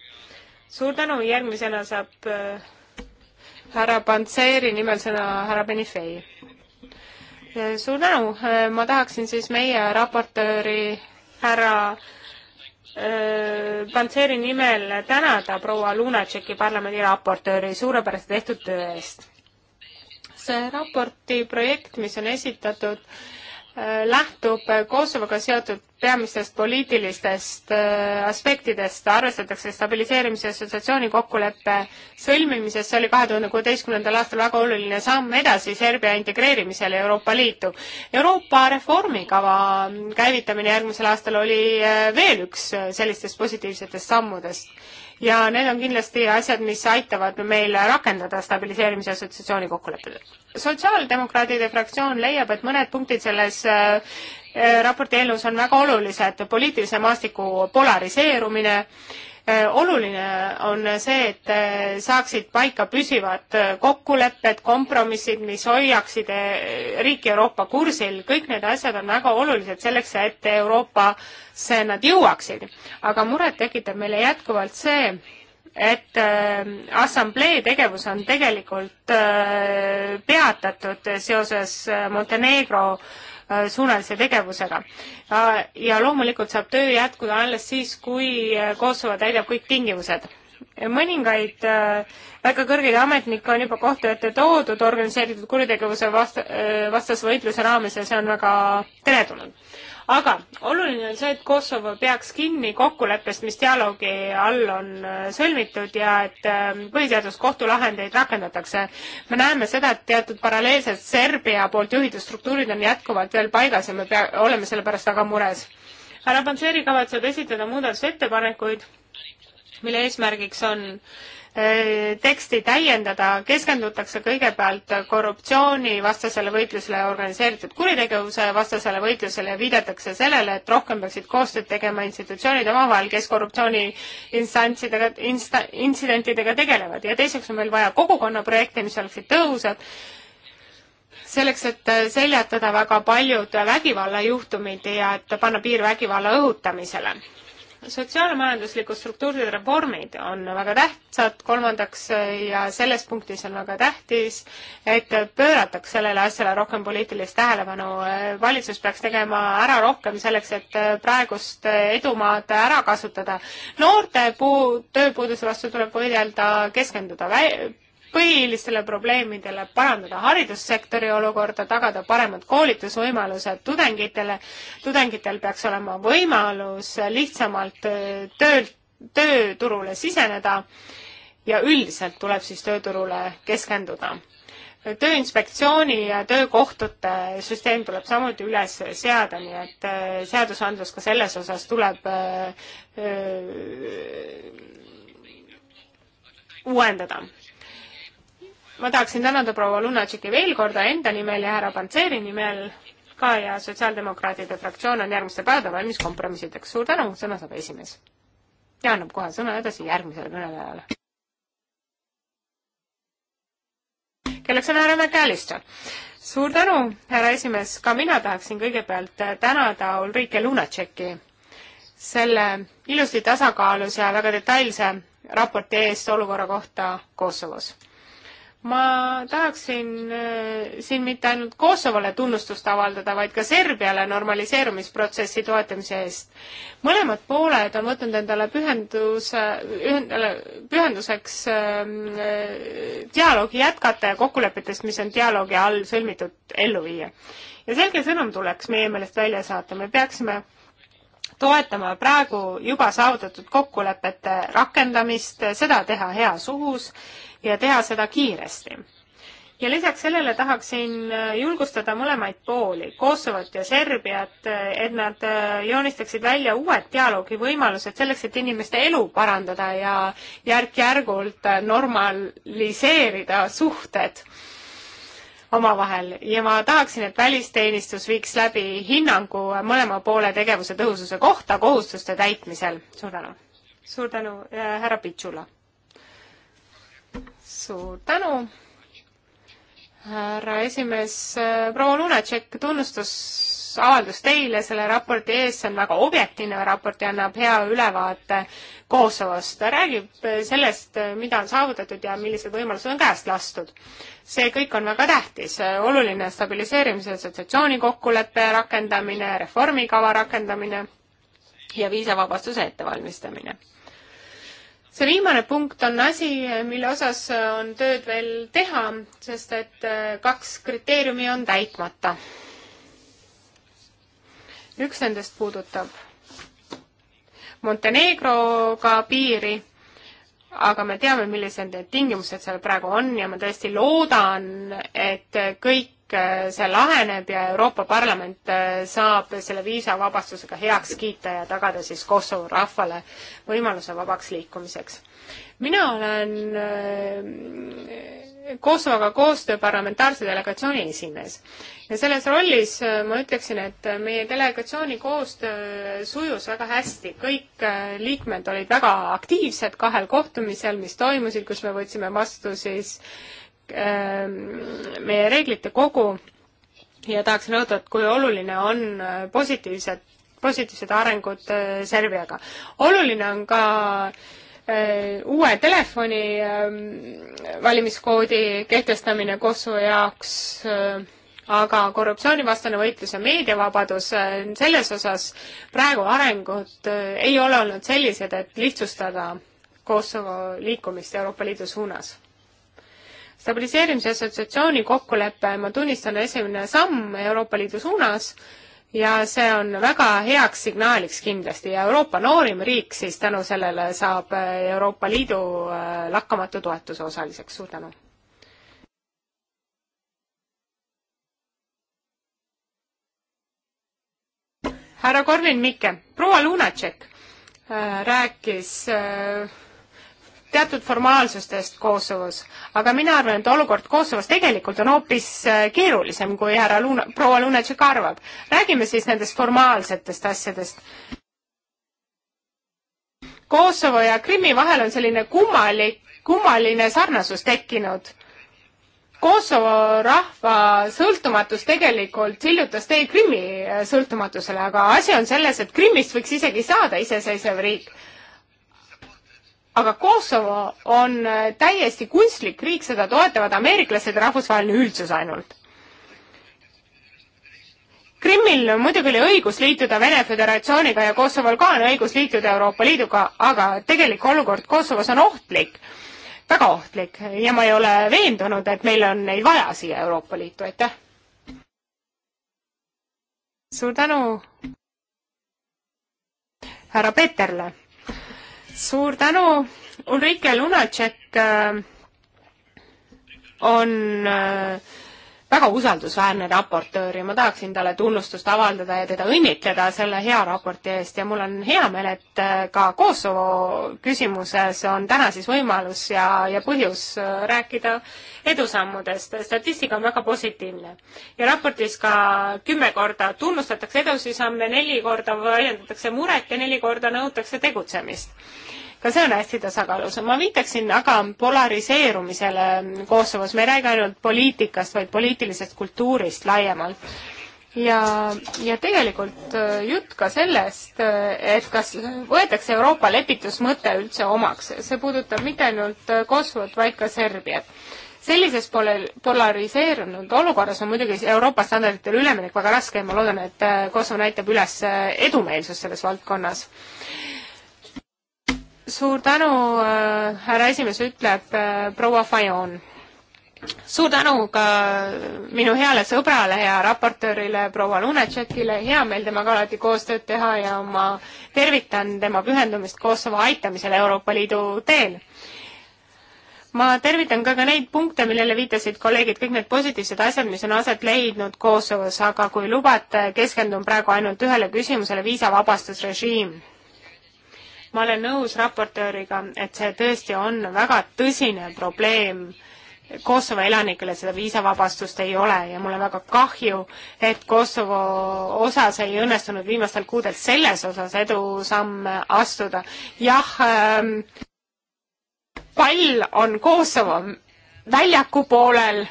suur tänu, järgmisena saab äh, härra Pantseri nimel sõna härra Benifei. Äh, suur tänu, äh, ma tahaksin siis meie raportööri härra äh, Äh, Panseri nimel tänada proua Lunatšeki parlamendi raportööri suurepärase tehtud töö eest. see raporti projekt, mis on esitatud, Äh, lähtub äh, Kosovoga seotud peamistest poliitilistest äh, aspektidest, arvestatakse stabiliseerimise assotsiatsiooni kokkuleppe sõlmimises, see oli kahe tuhande kuueteistkümnendal aastal väga oluline samm edasi Serbia integreerimisel Euroopa Liitu. Euroopa reformikava käivitamine järgmisel aastal oli veel üks sellistest positiivsetest sammudest ja need on kindlasti asjad, mis aitavad meil rakendada stabiliseerimise assotsiatsiooni kokkulepet sotsiaaldemokraadide fraktsioon leiab, et mõned punktid selles äh, äh, raporti eelnõus on väga olulised, poliitilise maastiku polariseerumine, äh, oluline on see, et saaksid paika püsivad kokkulepped, kompromissid, mis hoiaksid riiki Euroopa kursil, kõik need asjad on väga olulised selleks, et Euroopasse nad jõuaksid. aga muret tekitab meile jätkuvalt see, et äh, assamblee tegevus on tegelikult äh, peatatud seoses äh, Montenegro suunalise tegevusega. ja loomulikult saab töö jätkuda alles siis, kui Kosovo täidab kõik tingimused. mõningaid väga kõrgeid ametnikke on juba kohtu ette toodud organiseeritud kuritegevuse vast-, vastase võitluse raames ja see on väga teretulnud aga oluline on see, et Kosovo peaks kinni kokkuleppest, mis dialoogi all on äh, sõlmitud ja et äh, põhiseaduskohtu lahendeid rakendatakse. me näeme seda, et teatud paralleelsed Serbia poolt juhitud struktuurid on jätkuvalt veel paigas ja me pea, oleme selle pärast väga mures. härra Panseri kavatseb esitada muudatusettepanekuid, mille eesmärgiks on äh, Eh, teksti täiendada, keskendutakse kõigepealt korruptsioonivastasele võitlusele ja organiseeritud kuritegevuse vastasele võitlusele ja viidatakse sellele, et rohkem peaksid koostööd tegema institutsioonid omavahel, kes korruptsiooni instantsidega, insta-, intsidentidega tegelevad ja teiseks on meil vaja kogukonnaprojekte, mis oleksid tõhusad, selleks, et seljatada väga paljud vägivallajuhtumid ja et panna piir vägivalla õhutamisele sotsiaalmajanduslikud struktuurid ja reformid on väga tähtsad, kolmandaks äh, ja selles punktis on väga tähtis, et pöörataks sellele asjale rohkem poliitilist tähelepanu. Äh, valitsus peaks tegema ära rohkem selleks, et äh, praegust edumaad ära kasutada. noorte puu, tööpuuduse vastu tuleb võidelda, keskenduda vä-, põhilistele probleemidele, parandada haridussektori olukorda, tagada paremad koolitusvõimalused tudengitele. tudengitel peaks olema võimalus lihtsamalt äh, töölt, tööturule siseneda ja üldiselt tuleb siis tööturule keskenduda tööinspektsiooni ja töökohtute süsteem tuleb samuti üles seada, nii et äh, seadusandlus ka selles osas tuleb öö, äh, uuendada ma tahaksin tänada proua Lunatšiki veel korda enda nimel ja härra Pantseri nimel ka ja Sotsiaaldemokraatide fraktsioon on järgmiste päevade valmis kompromissideks. suur tänu, sõna saab esimees. ja annab kohe sõna edasi järgmisele kõnelejale. kelleks on härra McAllister? suur tänu, härra esimees, ka mina tahaksin kõigepealt tänada Ulrike Lunatšeki selle ilusti tasakaalus ja väga detailse raporti eest olukorra kohta Kosovos ma tahaksin äh, siin mitte ainult Kosovole tunnustust avaldada, vaid ka Serbiale normaliseerumisprotsessi toetamise eest. mõlemad pooled on võtnud endale pühenduse, ühendale, pühenduseks ähm, äh, dialoogi jätkata ja kokkulepetest, mis on dialoogi all sõlmitud, ellu viia. ja selge sõnum tuleks meie meelest välja saata, me peaksime toetama praegu juba saavutatud kokkulepete rakendamist, seda teha heas uhus ja teha seda kiiresti. ja lisaks sellele tahaksin äh, julgustada mõlemaid pooli, Kosovot ja Serbiat, äh, et nad äh, joonistaksid välja uued dialoogivõimalused selleks, et inimeste elu parandada ja järk-järgult normaliseerida suhted omavahel ja ma tahaksin, et välisteenistus viiks läbi hinnangu mõlema poole tegevuse tõhususe kohta kohustuste täitmisel. suur tänu. suur tänu, äh, härra Pitsula. suur tänu, härra esimees, äh, proua Lunatšek, tunnustus avaldus teile selle raporti eest, see on väga objektiivne raport ja annab hea ülevaate Kosovost. ta räägib sellest, mida on saavutatud ja millised võimalused on käest lastud. see kõik on väga tähtis, oluline stabiliseerimise assotsiatsiooni kokkuleppe rakendamine, reformikava rakendamine ja viisavabastuse ettevalmistamine see viimane punkt on asi, mille osas on tööd veel teha, sest et kaks kriteeriumi on täitmata üks nendest puudutab Montenegroga piiri, aga me teame, millised need tingimused seal praegu on ja ma tõesti loodan, et kõik äh, see laheneb ja Euroopa Parlament äh, saab selle viisavabastusega heaks kiita ja tagada siis Kosovo rahvale võimaluse vabaks liikumiseks. mina olen äh, Kosovoga koostöö parlamentaarse delegatsiooni esimees. ja selles rollis äh, ma ütleksin, et meie delegatsiooni koostöö sujus väga hästi, kõik äh, liikmed olid väga aktiivsed kahel kohtumisel, mis toimusid, kus me võtsime vastu siis äh, meie reeglite kogu ja tahaks rõhutada, et kui oluline on äh, positiivsed, positiivsed arengud Serbiaga. oluline on ka äh, Äh, uue telefoni ähm, valimiskoodi kehtestamine Kosovo jaoks, äh, aga korruptsioonivastane võitlus ja meediavabadus, äh, selles osas praegu arengud ei ole olnud sellised, et lihtsustada Kosovo liikumist Euroopa Liidu suunas stabiliseerimise assotsiatsiooni kokkulepe, ma tunnistan, esimene samm Euroopa Liidu suunas ja see on väga heaks signaaliks kindlasti ja Euroopa noorim riik siis tänu sellele saab äh, Euroopa Liidu äh, lakkamatu toetuse osaliseks, suur tänu! härra Korvin Mikke, proua Lunatšek äh, rääkis äh, teatud formaalsustest Kosovos, aga mina arvan, et olukord Kosovos tegelikult on hoopis äh, keerulisem, kui härra Luna, proua Lunatšik arvab. räägime siis nendest formaalsetest asjadest. Kosovo ja Krimmi vahel on selline kummalik, kummaline sarnasus tekkinud. Kosovo rahva sõltumatus tegelikult sillutas tee Krimmi äh, sõltumatusele, aga asi on selles, et Krimmist võiks isegi saada iseseisev riik aga Kosovo on äh, täiesti kunstlik riik, seda toetavad ameeriklased ja rahvusvaheline üldsus ainult. Krimmil muidugi oli õigus liituda Vene Föderatsiooniga ja Kosovol ka on õigus liituda Euroopa Liiduga, aga tegelik olukord Kosovos on ohtlik, väga ohtlik ja ma ei ole veendunud, et meil on neid vaja siia Euroopa Liitu, aitäh! suur tänu härra Peterle! suur tänu, Ulrike Lunatšek äh, on äh, väga usaldusväärne raportöör ja ma tahaksin talle tunnustust avaldada ja teda õnnitleda selle hea raporti eest ja mul on hea meel, et äh, ka Kosovo küsimuses on täna siis võimalus ja, ja põhjus äh, rääkida edusammudest. statistika on väga positiivne ja raportis ka kümme korda tunnustatakse edusamme, neli korda väljendatakse muret ja neli korda nõutakse tegutsemist ka see on hästi tasakaalus. ma viitaksin aga polariseerumisele Kosovos, me ei räägi ainult poliitikast, vaid poliitilisest kultuurist laiemalt. ja, ja tegelikult äh, jutt ka sellest, äh, et kas võetakse Euroopa lepitusmõte üldse omaks, see puudutab mitte ainult äh, Kosovot, vaid ka Serbiat sellises polariseerunud olukorras on muidugi Euroopa standarditele üleminek väga raske ja ma loodan, et Kosovo näitab üles edumeelsust selles valdkonnas suur tänu äh,, härra esimees, ütleb äh, proua Fajon. suur tänu ka minu heale sõbrale ja raportöörile proua Lunatšekile, hea meel temaga alati koostööd teha ja ma tervitan tema pühendumist Kosovo aitamisele Euroopa Liidu teel ma tervitan ka, ka neid punkte, millele viitasid kolleegid, kõik need positiivsed asjad, mis on aset leidnud Kosovos, aga kui lubate, keskendun praegu ainult ühele küsimusele, viisavabastusrežiim ma olen nõus raportööriga, et see tõesti on väga tõsine probleem Kosovo elanikele seda viisavabastust ei ole ja mul on väga kahju, et Kosovo osas ei õnnestunud viimastel kuudel selles osas edusamme astuda. jah ähm,, pall on Kosovo väljaku poolel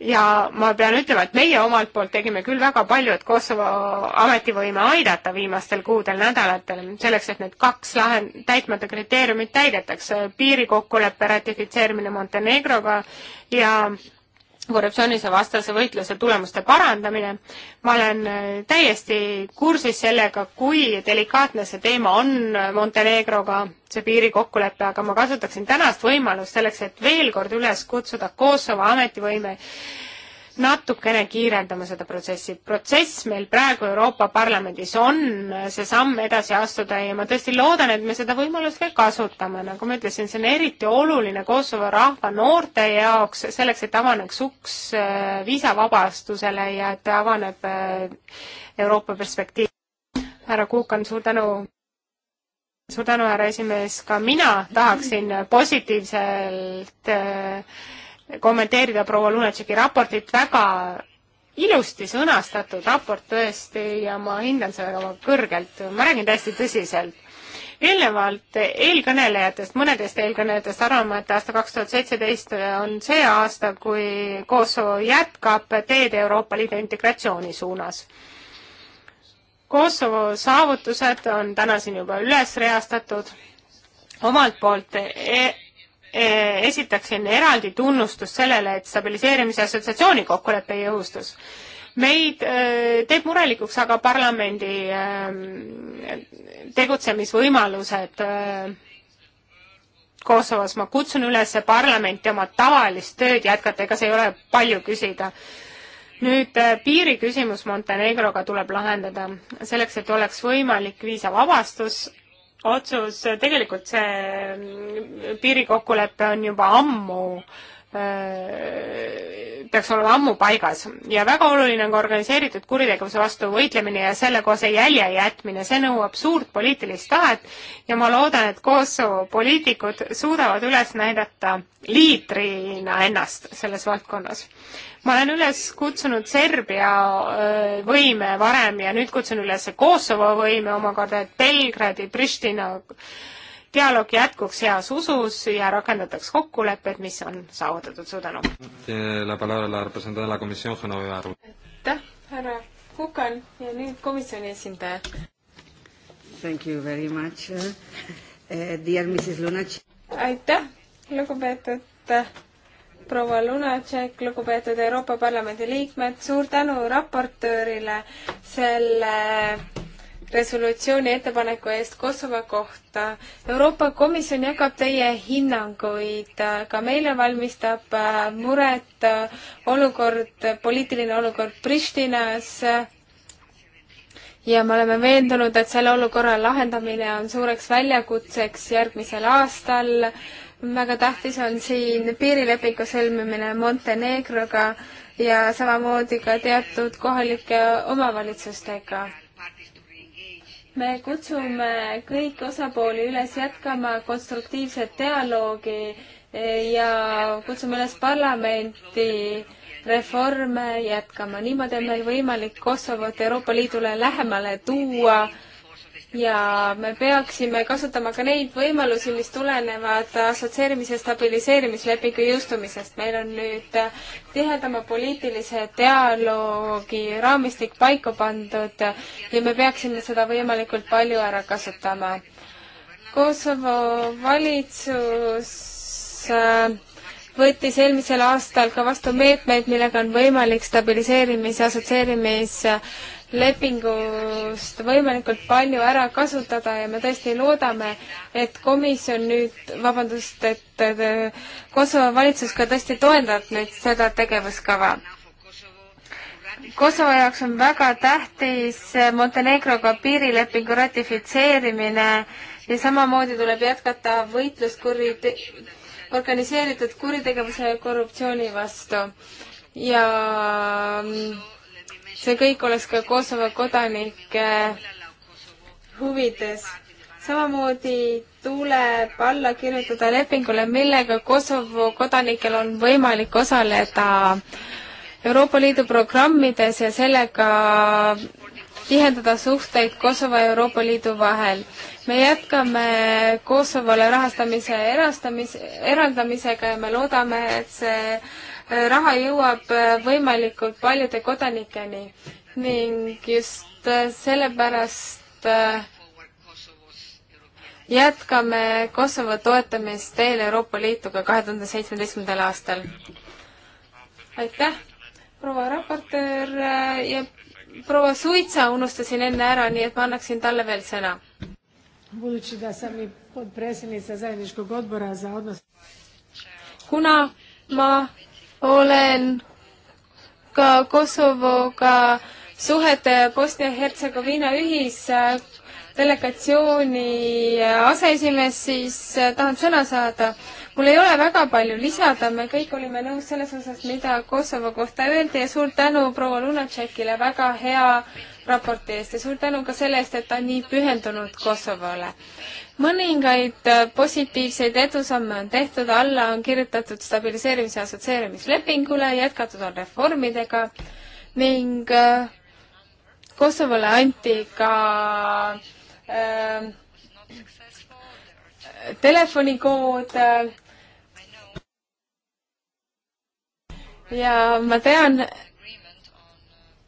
ja ma pean ütlema, et meie omalt poolt tegime küll väga palju, et Kosovo ametivõime aidata viimastel kuudel, nädalatel, selleks, et need kaks lahend-, täitmata kriteeriumit täidetakse, piirikokkuleppe ratifitseerimine Montenegroga ja korruptsioonise vastase võitluse tulemuste parandamine. ma olen äh, täiesti kursis sellega, kui delikaatne see teema on Montenegroga, see piirikokkulepe, aga ma kasutaksin tänast võimalust selleks, et veel kord üles kutsuda Kosovo ametivõime natukene kiirendama seda protsessi. protsess meil praegu Euroopa Parlamendis on see samm edasi astuda ja ma tõesti loodan, et me seda võimalust ka kasutame. nagu ma ütlesin, see on eriti oluline Kosovo rahva noorte jaoks, selleks, et avaneks uks äh, viisavabastusele ja et avaneb äh, Euroopa perspektiiv. härra Kuukan, suur tänu! suur tänu, härra esimees, ka mina tahaksin positiivselt äh, kommenteerida proua Lunatšeki raportit, väga ilusti sõnastatud raport tõesti ja ma hindan seda väga kõrgelt, ma räägin täiesti tõsiselt. eelnevalt eelkõnelejatest, mõnedest eelkõnelejatest arvame, et aasta kaks tuhat seitseteist on see aasta, kui Kosovo jätkab teed Euroopa Liidu integratsiooni suunas Kosovo saavutused on täna siin juba üles reastatud. omalt poolt e Eh, esitaksin eraldi tunnustust sellele, et stabiliseerimise assotsiatsiooni kokkulepe jõustus. meid eh, teeb murelikuks aga parlamendi eh, tegutsemisvõimalused Kosovos, ma kutsun üles parlamenti oma tavalist tööd jätkata, ega see ei ole palju küsida nüüd piiriküsimus Montenegroga tuleb lahendada selleks, et oleks võimalik viisavabastus otsus, tegelikult see mm, piirikokkulepe on juba ammu Äh, peaks olema ammu paigas ja väga oluline on ka organiseeritud kuritegevuse vastu võitlemine ja sellekohase jälje jätmine, see nõuab suurt poliitilist tahet ja ma loodan, et Kosovo poliitikud suudavad üles näidata liidrina ennast selles valdkonnas. ma olen üles kutsunud Serbia äh, võime varem ja nüüd kutsun üles Kosovo võime omakorda, et Belgradi, Pristina dialoog jätkuks heas usus ja rakendataks kokkulepped, mis on saavutatud. suur tänu! Eh, aitäh, härra Kukan ja nüüd komisjoni esindaja. Thank you very much uh,, dear Mrs Lunatš. aitäh, lugupeetud proua Lunatšek, lugupeetud Euroopa Parlamendi liikmed, suur tänu raportöörile selle resolutsiooni ettepaneku eest Kosovo kohta. Euroopa Komisjon jagab teie hinnanguid, ka meile valmistab äh, muret äh, olukord, poliitiline olukord Pristinas ja me oleme veendunud, et selle olukorra lahendamine on suureks väljakutseks järgmisel aastal. väga tähtis on siin piirilepingu sõlmimine Montenegroga ja samamoodi ka teatud kohalike omavalitsustega me kutsume kõiki osapooli üles jätkama konstruktiivset dialoogi ja kutsume üles parlamenti reforme jätkama. niimoodi on meil võimalik Kosovot Euroopa Liidule lähemale tuua ja me peaksime kasutama ka neid võimalusi, mis tulenevad assotsieerimise stabiliseerimislepingu jõustumisest. meil on nüüd tihedama poliitilise dialoogi raamistik paika pandud ja me peaksime seda võimalikult palju ära kasutama. Kosovo valitsus äh, võttis eelmisel aastal ka vastu meetmeid, millega on võimalik stabiliseerimis- ja assotsieerimis- lepingust võimalikult palju ära kasutada ja me tõesti loodame, et komisjon nüüd, vabandust, et Kosovo valitsus ka tõesti toetab nüüd seda tegevuskava. Kosovo jaoks on väga tähtis Montenegroga piirilepingu ratifitseerimine ja samamoodi tuleb jätkata võitlust kurite-, organiseeritud kuritegevuse ja korruptsiooni vastu ja mm, see kõik oleks ka Kosovo kodanike huvides. samamoodi tuleb alla kirjutada lepingule, millega Kosovo kodanikel on võimalik osaleda Euroopa Liidu programmides ja sellega tihendada suhteid Kosovo ja Euroopa Liidu vahel. me jätkame Kosovole rahastamise erastamise, eraldamisega ja me loodame, et see raha jõuab äh, võimalikult paljude kodanikeni ning just äh, sellepärast äh, jätkame Kosovo toetamist teel Euroopa Liituga kahe tuhande seitsmeteistkümnendal aastal. aitäh, proua raportöör ja proua Suitsa unustasin enne ära, nii et ma annaksin talle veel sõna. kuna ma olen ka Kosovoga suhete Bosnia-Hertsegoviina ühisdelegatsiooni aseesimees, siis eh, tahan sõna saada mul ei ole väga palju lisada, me kõik olime nõus selles osas, mida Kosovo kohta öeldi ja suur tänu proua Lunatšekile väga hea raporti eest ja suur tänu ka selle eest, et ta on nii pühendunud Kosovole. mõningaid positiivseid edusamme on tehtud, alla on kirjutatud stabiliseerimise assotsieerimislepingule, jätkatud on reformidega ning äh, Kosovole anti ka äh, telefonikood äh, ja ma tean,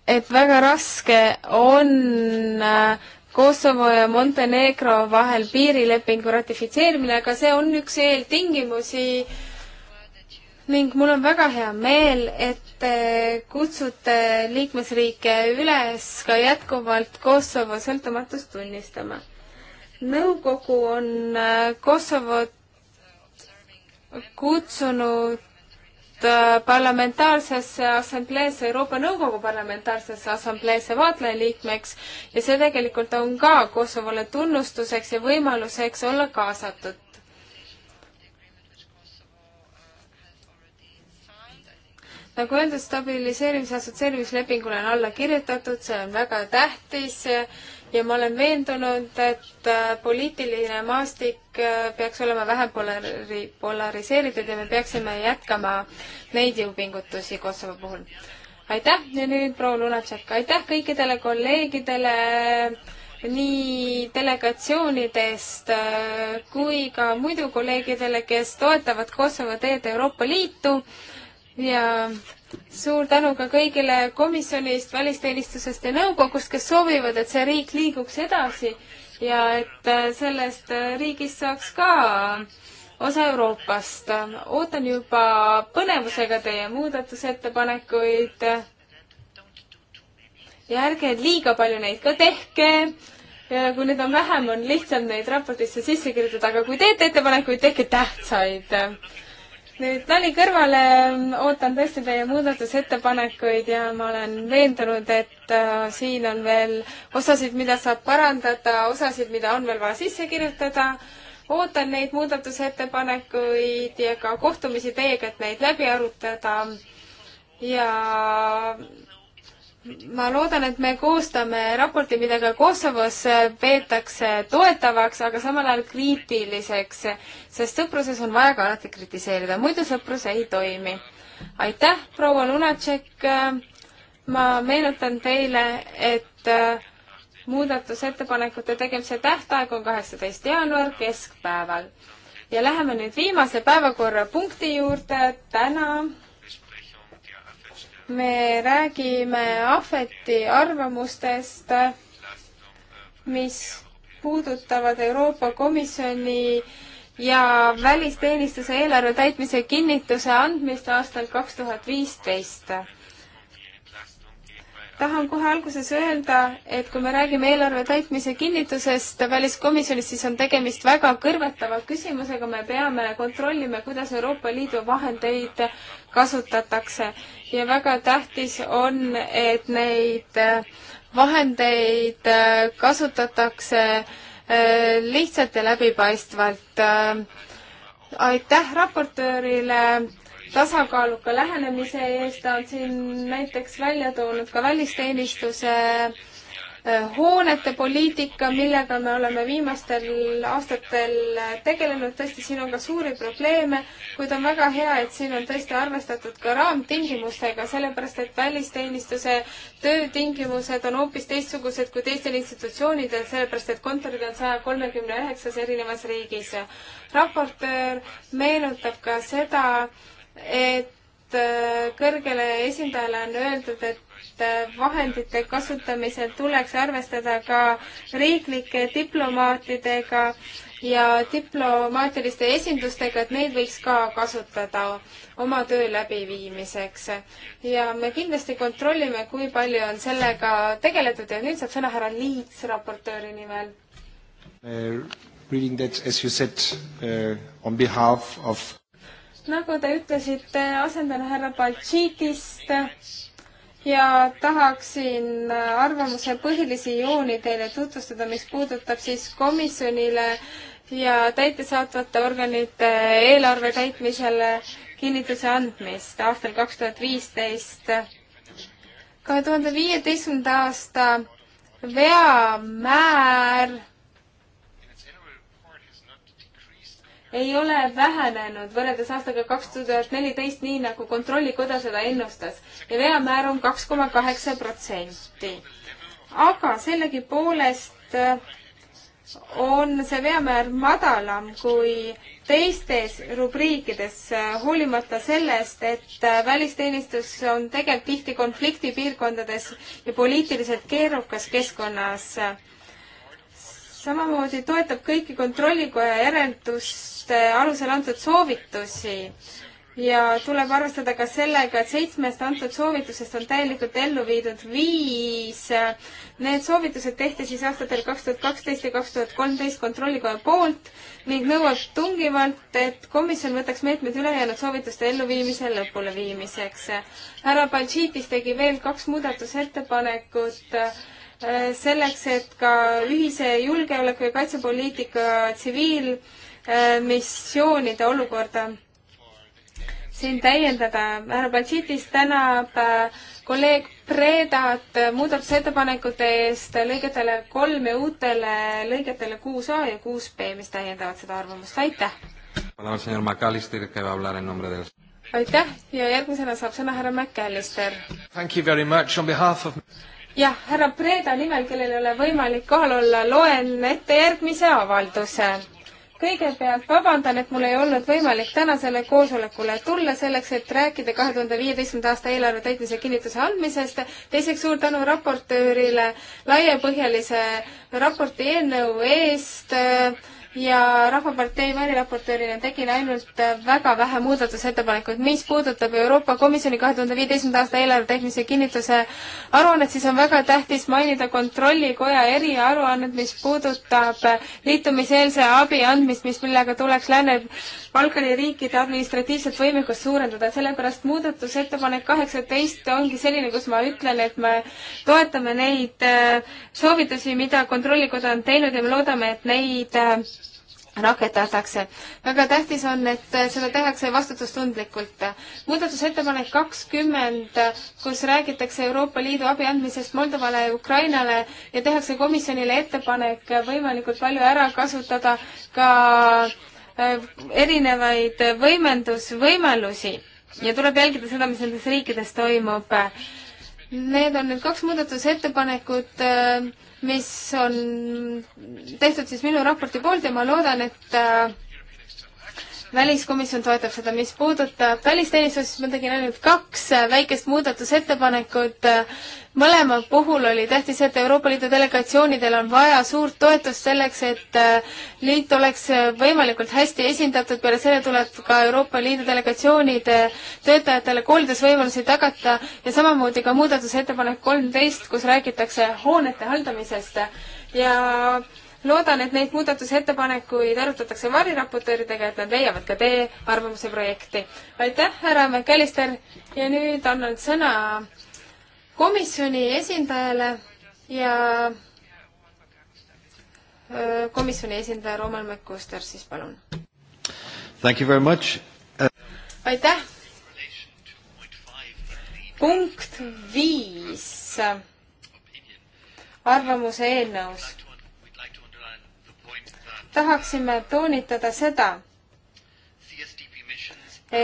et väga raske on äh, Kosovo ja Montenegro vahel piirilepingu ratifitseerimine, aga see on üks eeltingimusi ning mul on väga hea meel, et te kutsute liikmesriike üles ka jätkuvalt Kosovo sõltumatust tunnistama. nõukogu on äh, Kosovot kutsunud Äh, parlamentaarsesse assambleesse, Euroopa Nõukogu parlamentaarsesse assambleesse vaatlejaliikmeks ja see tegelikult on ka Kosovole tunnustuseks ja võimaluseks olla kaasatud. nagu öeldud, stabiliseerimise assotsieerimislepingule on alla kirjutatud, see on väga tähtis ja ma olen veendunud, et äh, poliitiline maastik äh, peaks olema vähem polari-, polariseeritud ja me peaksime jätkama neid jõupingutusi Kosovo puhul. aitäh ja nüüd proua Lunatšek, aitäh kõikidele kolleegidele äh, nii delegatsioonidest kui ka muidu kolleegidele, kes toetavad Kosovo teed Euroopa Liitu ja suur tänu ka kõigile komisjonist, välisteenistusest ja nõukogust, kes soovivad, et see riik liiguks edasi ja et äh, sellest äh, riigist saaks ka osa Euroopast. ootan juba põnevusega teie muudatusettepanekuid. ja ärge liiga palju neid ka tehke. kui nagu neid on vähem, on lihtsam neid raportisse sisse kirjutada, aga kui teete ettepanekuid, tehke tähtsaid nüüd nali kõrvale, ootan tõesti teie muudatusettepanekuid ja ma olen veendunud, et äh, siin on veel osasid, mida saab parandada, osasid, mida on veel vaja sisse kirjutada. ootan neid muudatusettepanekuid ja ka kohtumisi teiega, et neid läbi arutada. ja ma loodan, et me koostame raporti, mida ka Kosovos peetakse toetavaks, aga samal ajal kriitiliseks, sest sõpruses on vaja ka alati kritiseerida, muidu sõprus ei toimi. aitäh, proua Lunatšek. ma meenutan teile, et muudatusettepanekute tegemise tähtaeg on kaheksateist jaanuar keskpäeval ja läheme nüüd viimase päevakorrapunkti juurde täna me räägime ahveti arvamustest, mis puudutavad Euroopa Komisjoni ja välisteenistuse eelarve täitmise kinnituse andmist aastal kaks tuhat viisteist tahan kohe alguses öelda, et kui me räägime eelarve täitmise kinnitusest väliskomisjonis, siis on tegemist väga kõrvetava küsimusega, me peame kontrollima, kuidas Euroopa Liidu vahendeid kasutatakse ja väga tähtis on, et neid vahendeid kasutatakse äh, lihtsalt ja läbipaistvalt. Äh, aitäh raportöörile tasakaaluka lähenemise eest, ta on siin näiteks välja toonud ka välisteenistuse eh, hoonete poliitika, millega me oleme viimastel aastatel tegelenud, tõesti, siin on ka suuri probleeme, kuid on väga hea, et siin on tõesti arvestatud ka raamtingimustega, sellepärast et välisteenistuse töötingimused on hoopis teistsugused kui teistel institutsioonidel, sellepärast et kontorid on saja kolmekümne üheksas erinevas riigis. raportöör meenutab ka seda, et äh, kõrgele esindajale on öeldud, et äh, vahendite kasutamisel tuleks arvestada ka riiklike diplomaatidega ja diplomaatiliste esindustega, et neid võiks ka kasutada oma töö läbiviimiseks. ja me kindlasti kontrollime, kui palju on sellega tegeletud ja nüüd saab sõna härra Liits raportööri nimel uh,. Reading that as you said uh, on behalf of nagu te ütlesite, asendan härra Baltšiitist ja tahaksin arvamuse põhilisi jooni teile tutvustada, mis puudutab siis komisjonile ja täitesaatvate organite eelarve täitmisele kinnituse andmist aastal kaks tuhat viisteist. kahe tuhande viieteistkümnenda aasta veamäär ei ole vähenenud võrreldes aastaga kaks tuhat neliteist, nii nagu Kontrollikoda seda ennustas ja veamäär on kaks koma kaheksa protsenti. aga sellegipoolest äh, on see veamäär madalam kui teistes rubriikides, äh, hoolimata sellest, et äh, välisteenistus on tegev tihti konfliktipiirkondades ja poliitiliselt keerukas keskkonnas samamoodi toetab kõiki Kontrollikoja järelduste alusel antud soovitusi ja tuleb arvestada ka sellega, et seitsmest antud soovitusest on täielikult ellu viidud viis. Need soovitused tehti siis aastatel kaks tuhat kaksteist ja kaks tuhat kolmteist Kontrollikoja poolt ning nõuab tungivalt, et komisjon võtaks meetmed ülejäänud soovituste elluviimise lõpuleviimiseks. härra Baltšiitis tegi veel kaks muudatusettepanekut selleks, et ka ühise julgeoleku ja kaitsepoliitika tsiviilmissioonide äh, olukorda siin täiendada. härra Batšitis tänab äh, kolleeg Predat muudatusettepanekute eest lõigetele kolm ja uutele lõigetele kuus A ja kuus B, mis täiendavad seda arvamust. aitäh! aitäh ja järgmisena saab sõna härra McAllister. Of jah, härra Preda nimel, kellel ei ole võimalik kohal olla, loen ette järgmise avalduse. kõigepealt vabandan, et mul ei olnud võimalik tänasele koosolekule tulla selleks, et rääkida kahe tuhande viieteistkümnenda aasta eelarve täitmise kinnituse andmisest. teiseks suur tänu raportöörile laiapõhjalise raporti eelnõu eest ja Rahvapartei variraportöörina tegin ainult väga vähe muudatusettepanekuid. mis puudutab Euroopa Komisjoni kahe tuhande viieteistkümnenda aasta eelarve tehnilise kinnituse aruannet, siis on väga tähtis mainida Kontrollikoja eriaruannet, mis puudutab liitumiseelse abi andmist, mis, millega tuleks Lääne-Balkani riikide administratiivset võimekust suurendada. sellepärast muudatusettepanek kaheksateist ongi selline, kus ma ütlen, et me toetame neid soovitusi, mida Kontrollikoda on teinud ja me loodame, et neid rakendatakse. väga tähtis on, et seda tehakse vastutustundlikult. muudatusettepanek kakskümmend, kus räägitakse Euroopa Liidu abi andmisest Moldovale ja Ukrainale ja tehakse komisjonile ettepanek võimalikult palju ära kasutada ka äh, erinevaid võimendusvõimalusi ja tuleb jälgida seda, mis nendes riikides toimub Need on nüüd kaks muudatusettepanekut, äh, mis on tehtud siis minu raporti poolt ja ma loodan, et äh, väliskomisjon toetab seda, mis puudutab välisteenistust, siis ma tegin ainult kaks äh, väikest muudatusettepanekut. Äh, mõlema puhul oli tähtis, et Euroopa Liidu delegatsioonidel on vaja suurt toetust selleks, et äh, liit oleks võimalikult hästi esindatud, peale selle tuleb ka Euroopa Liidu delegatsioonide töötajatele koolitusvõimalusi tagata ja samamoodi ka muudatusettepanek kolmteist, kus räägitakse hoonete haldamisest ja loodan, et neid muudatusettepanekuid arutatakse variraportööridega, et nad leiavad ka teie arvamuse projekti. aitäh, härra McAllister ja nüüd annan sõna komisjoni esindajale ja komisjoni esindaja Roman McCuster siis palun. Thank you very much uh.... aitäh. punkt viis arvamuse eelnõus tahaksime toonitada seda,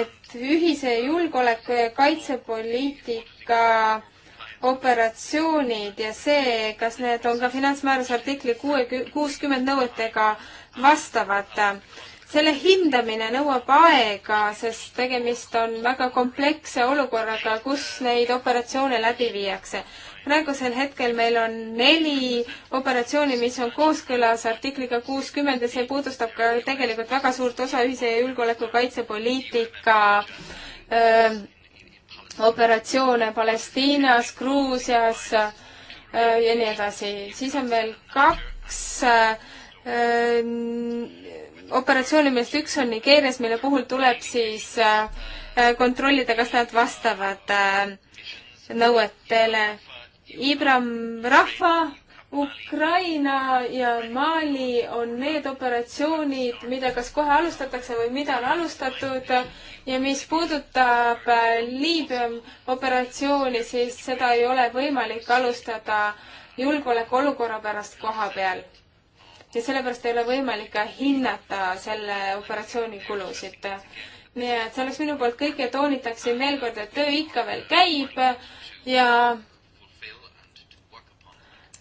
et ühise julgeoleku ja kaitsepoliitika operatsioonid ja see, kas need on ka finantsmääruse artikli kuue, kuuskümmend nõuetega vastavad. selle hindamine nõuab aega, sest tegemist on väga kompleksse olukorraga, kus neid operatsioone läbi viiakse praegusel hetkel meil on neli operatsiooni, mis on kooskõlas artikliga kuuskümmend ja see puudustab ka tegelikult väga suurt osa ühise julgeoleku kaitsepoliitika öö, operatsioone Palestiinas, Gruusias öö, ja nii edasi. siis on veel kaks öö, operatsiooni, millest üks on Nigeerias, mille puhul tuleb siis öö, kontrollida, kas nad vastavad öö, nõuetele Ibram rahva, Ukraina ja Mali on need operatsioonid, mida kas kohe alustatakse või mida on alustatud ja mis puudutab äh, Liibüa operatsiooni, siis seda ei ole võimalik alustada julgeolekuolukorra pärast koha peal. ja sellepärast ei ole võimalik ka hinnata selle operatsiooni kulusid nii et see oleks minu poolt kõik ja toonitaksin veel kord, et töö ikka veel käib ja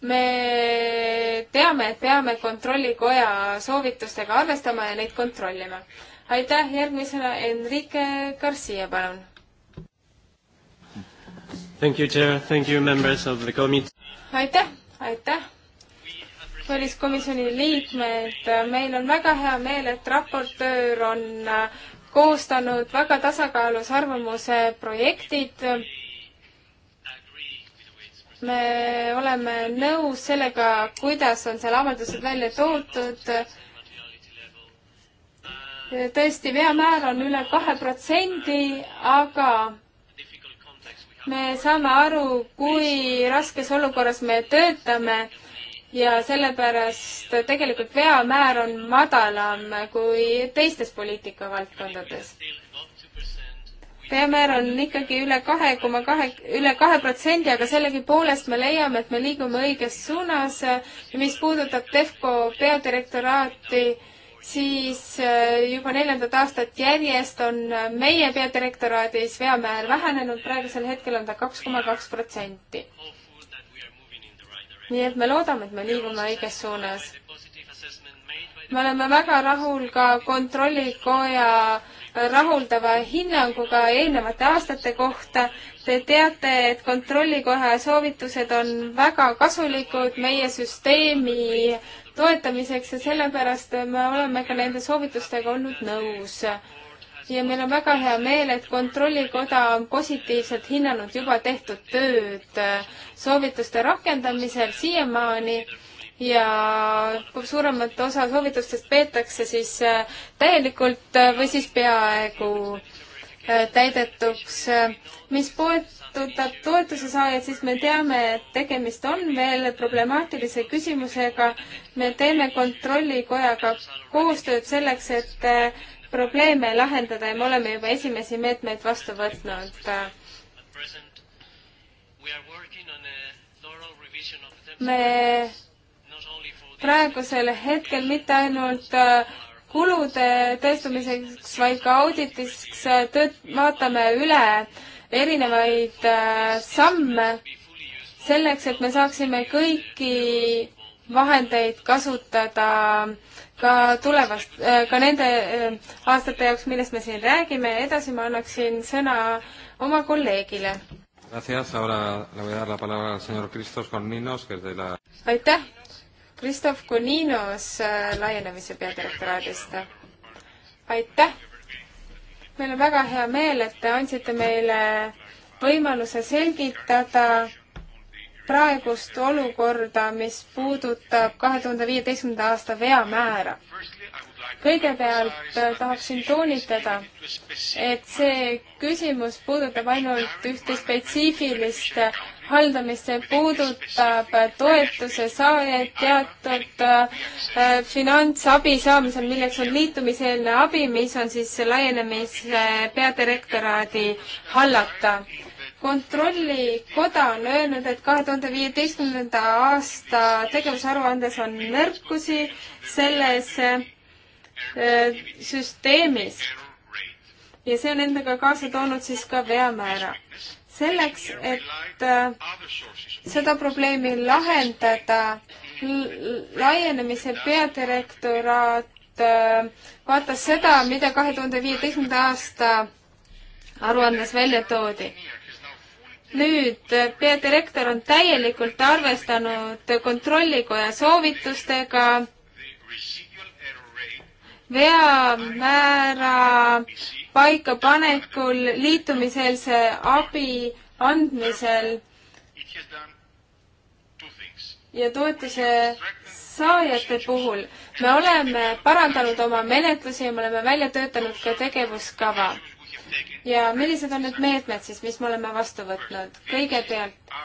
me teame, et peame Kontrollikoja soovitustega arvestama ja neid kontrollima. aitäh, järgmisena Enrique Garcia, palun. aitäh, aitäh, väliskomisjoni liikmed, meil on väga hea meel, et raportöör on koostanud väga tasakaalus arvamuse projektid me oleme nõus sellega, kuidas on seal avaldused välja toodud. tõesti, veamäär on üle kahe protsendi, aga me saame aru, kui raskes olukorras me töötame ja sellepärast tegelikult veamäär on madalam kui teistes poliitikavaldkondades veamäär on ikkagi üle kahe koma kahe, üle kahe protsendi, aga sellegipoolest me leiame, et me liigume õiges suunas. mis puudutab Defco peadirektoraati, siis äh, juba neljandat aastat järjest on äh, meie peadirektoraadis veamäär vähenenud, praegusel hetkel on ta kaks koma kaks protsenti. nii et me loodame, et me liigume õiges suunas. me oleme väga rahul ka kontrollikoja rahuldava hinnanguga eelnevate aastate kohta. Te teate, et kontrollikoja soovitused on väga kasulikud meie süsteemi toetamiseks ja sellepärast me oleme ka nende soovitustega olnud nõus. ja meil on väga hea meel, et Kontrollikoda on positiivselt hinnanud juba tehtud tööd soovituste rakendamisel siiamaani ja kui suuremat osa soovitustest peetakse siis äh, täielikult äh, või siis peaaegu äh, täidetuks. mis puudutab toetuse saajaid, siis me teame, et tegemist on veel problemaatilise küsimusega. me teeme Kontrollikojaga koostööd selleks, et probleeme lahendada ja me oleme juba esimesi meetmeid vastu võtnud. me praegusel hetkel mitte ainult äh, kulude tõestamiseks, vaid ka auditiks äh, tööt-, vaatame üle erinevaid äh, samme selleks, et me saaksime kõiki vahendeid kasutada ka tulevast, ka nende aastate jaoks, millest me siin räägime, edasi ma annaksin sõna oma kolleegile. aitäh, Kristof Kuninos äh, laienemise peadirektoraadist. aitäh! meil on väga hea meel, et te andsite meile võimaluse selgitada praegust olukorda, mis puudutab kahe tuhande viieteistkümnenda aasta veamäära. kõigepealt äh, tahaksin toonitada, et see küsimus puudutab ainult ühte spetsiifilist haldamist, see puudutab toetuse saajaid teatud äh, finantsabi saamisel, milleks on liitumiseelne abi, mis on siis laienemise peadirektoraadi hallata kontrollikoda on öelnud, et kahe tuhande viieteistkümnenda aasta tegevusaruandes on nõrkusi selles äh, süsteemis. ja see on endaga kaasa toonud siis ka veamäära selleks, et äh, seda probleemi lahendada, laienemise peadirektoraat äh, vaatas seda, mida kahe tuhande viieteistkümnenda aasta aruandes välja toodi. nüüd äh, peadirektor on täielikult arvestanud kontrollikoja soovitustega, veamäära paikapanekul, liitumiseelse abi andmisel ja toetuse saajate puhul me oleme parandanud oma menetlusi ja me oleme välja töötanud ka tegevuskava. ja millised on need meetmed siis, mis me oleme vastu võtnud? kõigepealt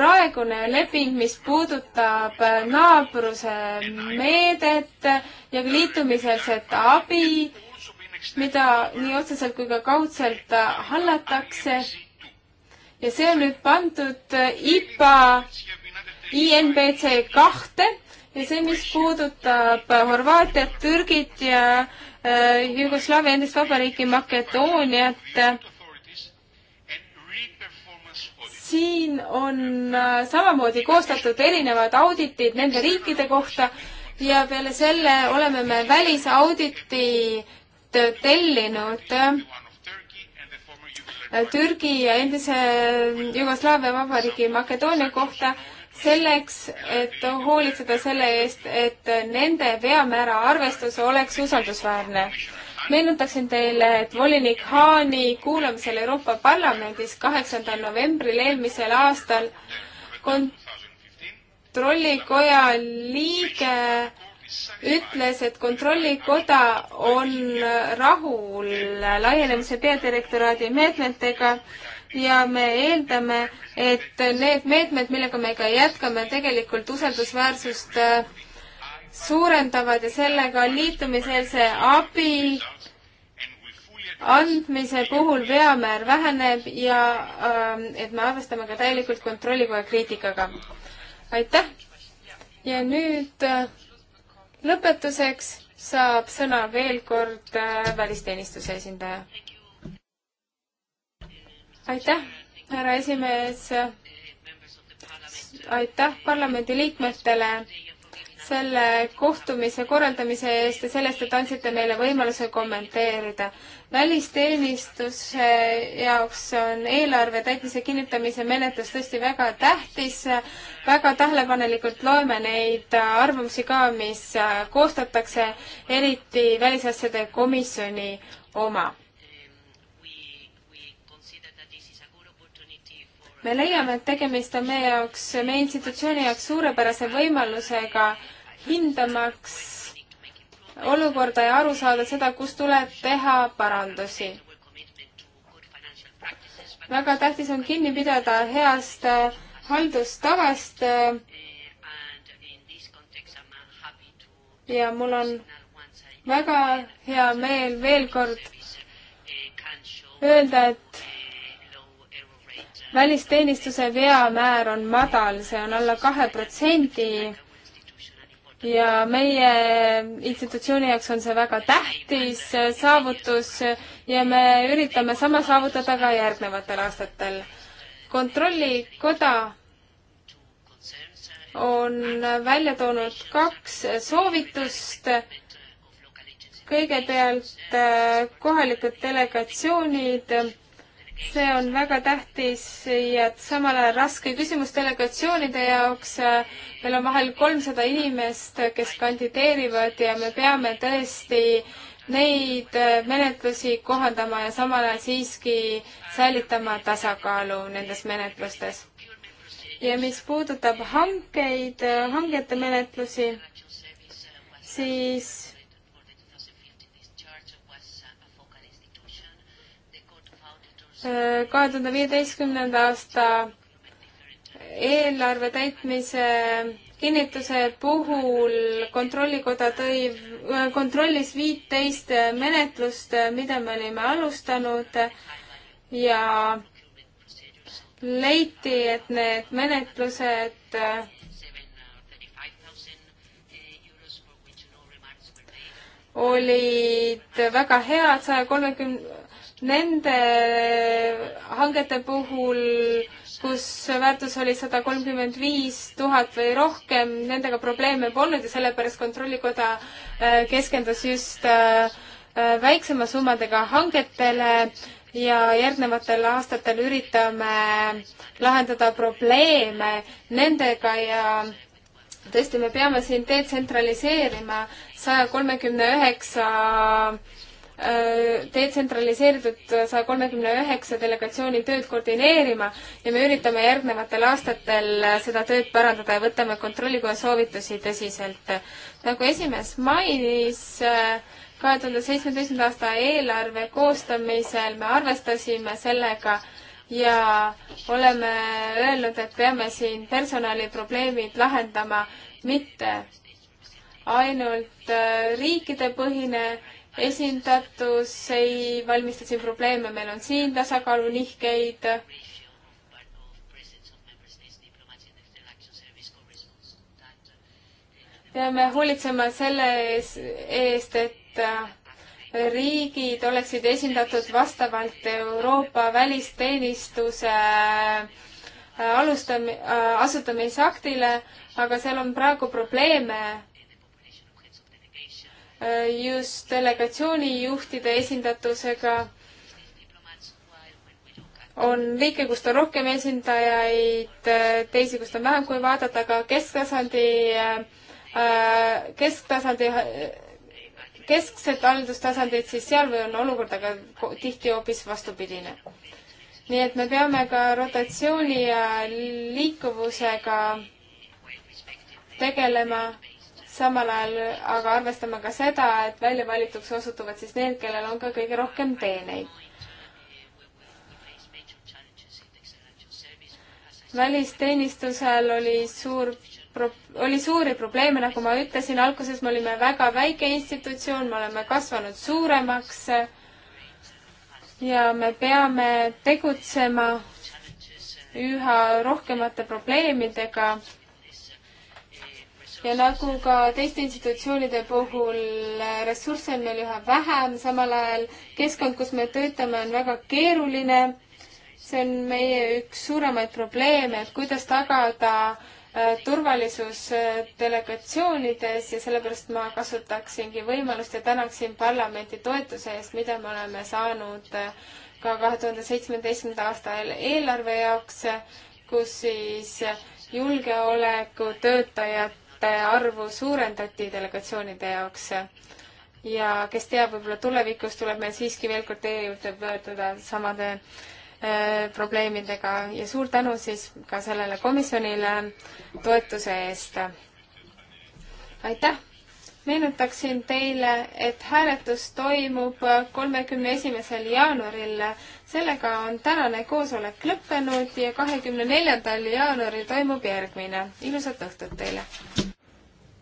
praegune leping, mis puudutab äh, naabruse meedet ja liitumiselset abi, mida nii otseselt kui ka kaudselt äh, hallatakse. ja see on nüüd pandud äh, IPA INBC kahte ja see, mis puudutab Horvaatiat, Türgit ja äh, Jugoslaavia endist vabariiki Makedooniat siin on äh, samamoodi koostatud erinevad auditid nende riikide kohta ja peale selle oleme me välisauditi tellinud äh, Türgi ja endise Jugoslaavia vabariigi Makedoonia kohta selleks, et hoolitseda selle eest, et nende veamäära arvestus oleks usaldusväärne meenutaksin teile, et volinik Haani kuulamisel Euroopa Parlamendis kaheksandal novembril eelmisel aastal kontrollikoja liige ütles, et kontrollikoda on rahul laienemise peadirektoraadi meetmetega ja me eeldame, et need meetmed, millega me ka jätkame, tegelikult usaldusväärsust suurendavad ja sellega liitumiseelse abi andmise puhul veamäär väheneb ja ähm, et me arvestame ka täielikult kontrollikoja kriitikaga. aitäh! ja nüüd äh, lõpetuseks saab sõna veel kord äh, välisteenistuse esindaja. aitäh, härra esimees! aitäh parlamendiliikmetele selle kohtumise korraldamise eest ja sellest, et andsite meile võimaluse kommenteerida. välisteenistuse jaoks on eelarve täitmise kinnitamise menetlus tõesti väga tähtis. väga tähelepanelikult loeme neid arvamusi ka, mis koostatakse, eriti Välisasjade Komisjoni oma. me leiame, et tegemist on meie jaoks, meie institutsiooni jaoks suurepärase võimalusega äh, hindamaks olukorda ja aru saada seda, kus tuleb teha parandusi. väga tähtis on kinni pidada heast äh, haldustavast äh, ja mul on väga hea meel veel kord öelda, et välisteenistuse veamäär on madal, see on alla kahe protsendi ja meie institutsiooni jaoks on see väga tähtis saavutus ja me üritame sama saavutada ka järgnevatel aastatel. kontrollikoda on välja toonud kaks soovitust. kõigepealt eh, kohalikud delegatsioonid see on väga tähtis ja samal ajal raske küsimus delegatsioonide jaoks. meil on vahel kolmsada inimest, kes kandideerivad ja me peame tõesti neid menetlusi kohandama ja samal ajal siiski säilitama tasakaalu nendes menetlustes. ja mis puudutab hankeid, hangete menetlusi, siis kahe tuhande viieteistkümnenda aasta eelarve täitmise kinnituse puhul Kontrollikoda tõi, äh, kontrollis viiteist menetlust, mida me olime alustanud ja leiti, et need menetlused äh, olid väga head, saja kolmekümne, nende hangete puhul, kus väärtus oli sada kolmkümmend viis tuhat või rohkem, nendega probleeme polnud ja sellepärast Kontrollikoda äh, keskendus just äh, äh, väiksema summadega hangetele ja järgnevatel aastatel üritame lahendada probleeme nendega ja tõesti, me peame siin detsentraliseerima saja kolmekümne üheksa detsentraliseeritud saja kolmekümne üheksa delegatsiooni tööd koordineerima ja me üritame järgnevatel aastatel seda tööd parandada ja võtame kontrollikoja soovitusi tõsiselt. nagu esimees mainis, kahe tuhande seitsmeteistkümnenda aasta eelarve koostamisel me arvestasime sellega ja oleme öelnud, et peame siin personaliprobleemid lahendama mitte ainult äh, riikidepõhine esindatus ei valmista siin probleeme, meil on siin tasakaalunihkeid. peame hoolitsema selle eest, et äh, riigid oleksid esindatud vastavalt Euroopa välisteenistuse äh, alustami-, äh, asutamisaktile, aga seal on praegu probleeme just delegatsioonijuhtide esindatusega on riike, kust on rohkem esindajaid, teisi, kust on vähem, kui vaadata, aga kesktasandi, äh, kesktasandi, keskset haldustasandit, siis seal või on olukord aga tihti hoopis vastupidine. nii et me peame ka rotatsiooni ja liikuvusega tegelema samal ajal aga arvestama ka seda, et välja valituks osutuvad siis need, kellel on ka kõige rohkem teeneid. välisteenistusel oli suur pro-, oli suuri probleeme, nagu ma ütlesin, alguses me olime väga väike institutsioon, me oleme kasvanud suuremaks ja me peame tegutsema üha rohkemate probleemidega ja nagu ka teiste institutsioonide puhul, äh, ressursse on meil üha vähem, samal ajal keskkond, kus me töötame, on väga keeruline. see on meie üks suuremaid probleeme, et kuidas tagada äh, turvalisus äh, delegatsioonides ja sellepärast ma kasutaksingi võimalust ja tänaksin parlamenti toetuse eest, mida me oleme saanud ka kahe tuhande seitsmeteistkümnenda aasta eelarve jaoks, kus siis julgeoleku töötajad liikmete arvu suurendati delegatsioonide jaoks. ja kes teab, võib-olla tulevikus tuleb meil siiski veel kord teie juurde pöörduda samade äh, probleemidega ja suur tänu siis ka sellele komisjonile toetuse eest. aitäh! meenutaksin teile, et hääletus toimub kolmekümne esimesel jaanuaril. sellega on tänane koosolek lõppenud ja kahekümne neljandal jaanuaril toimub järgmine. ilusat õhtut teile!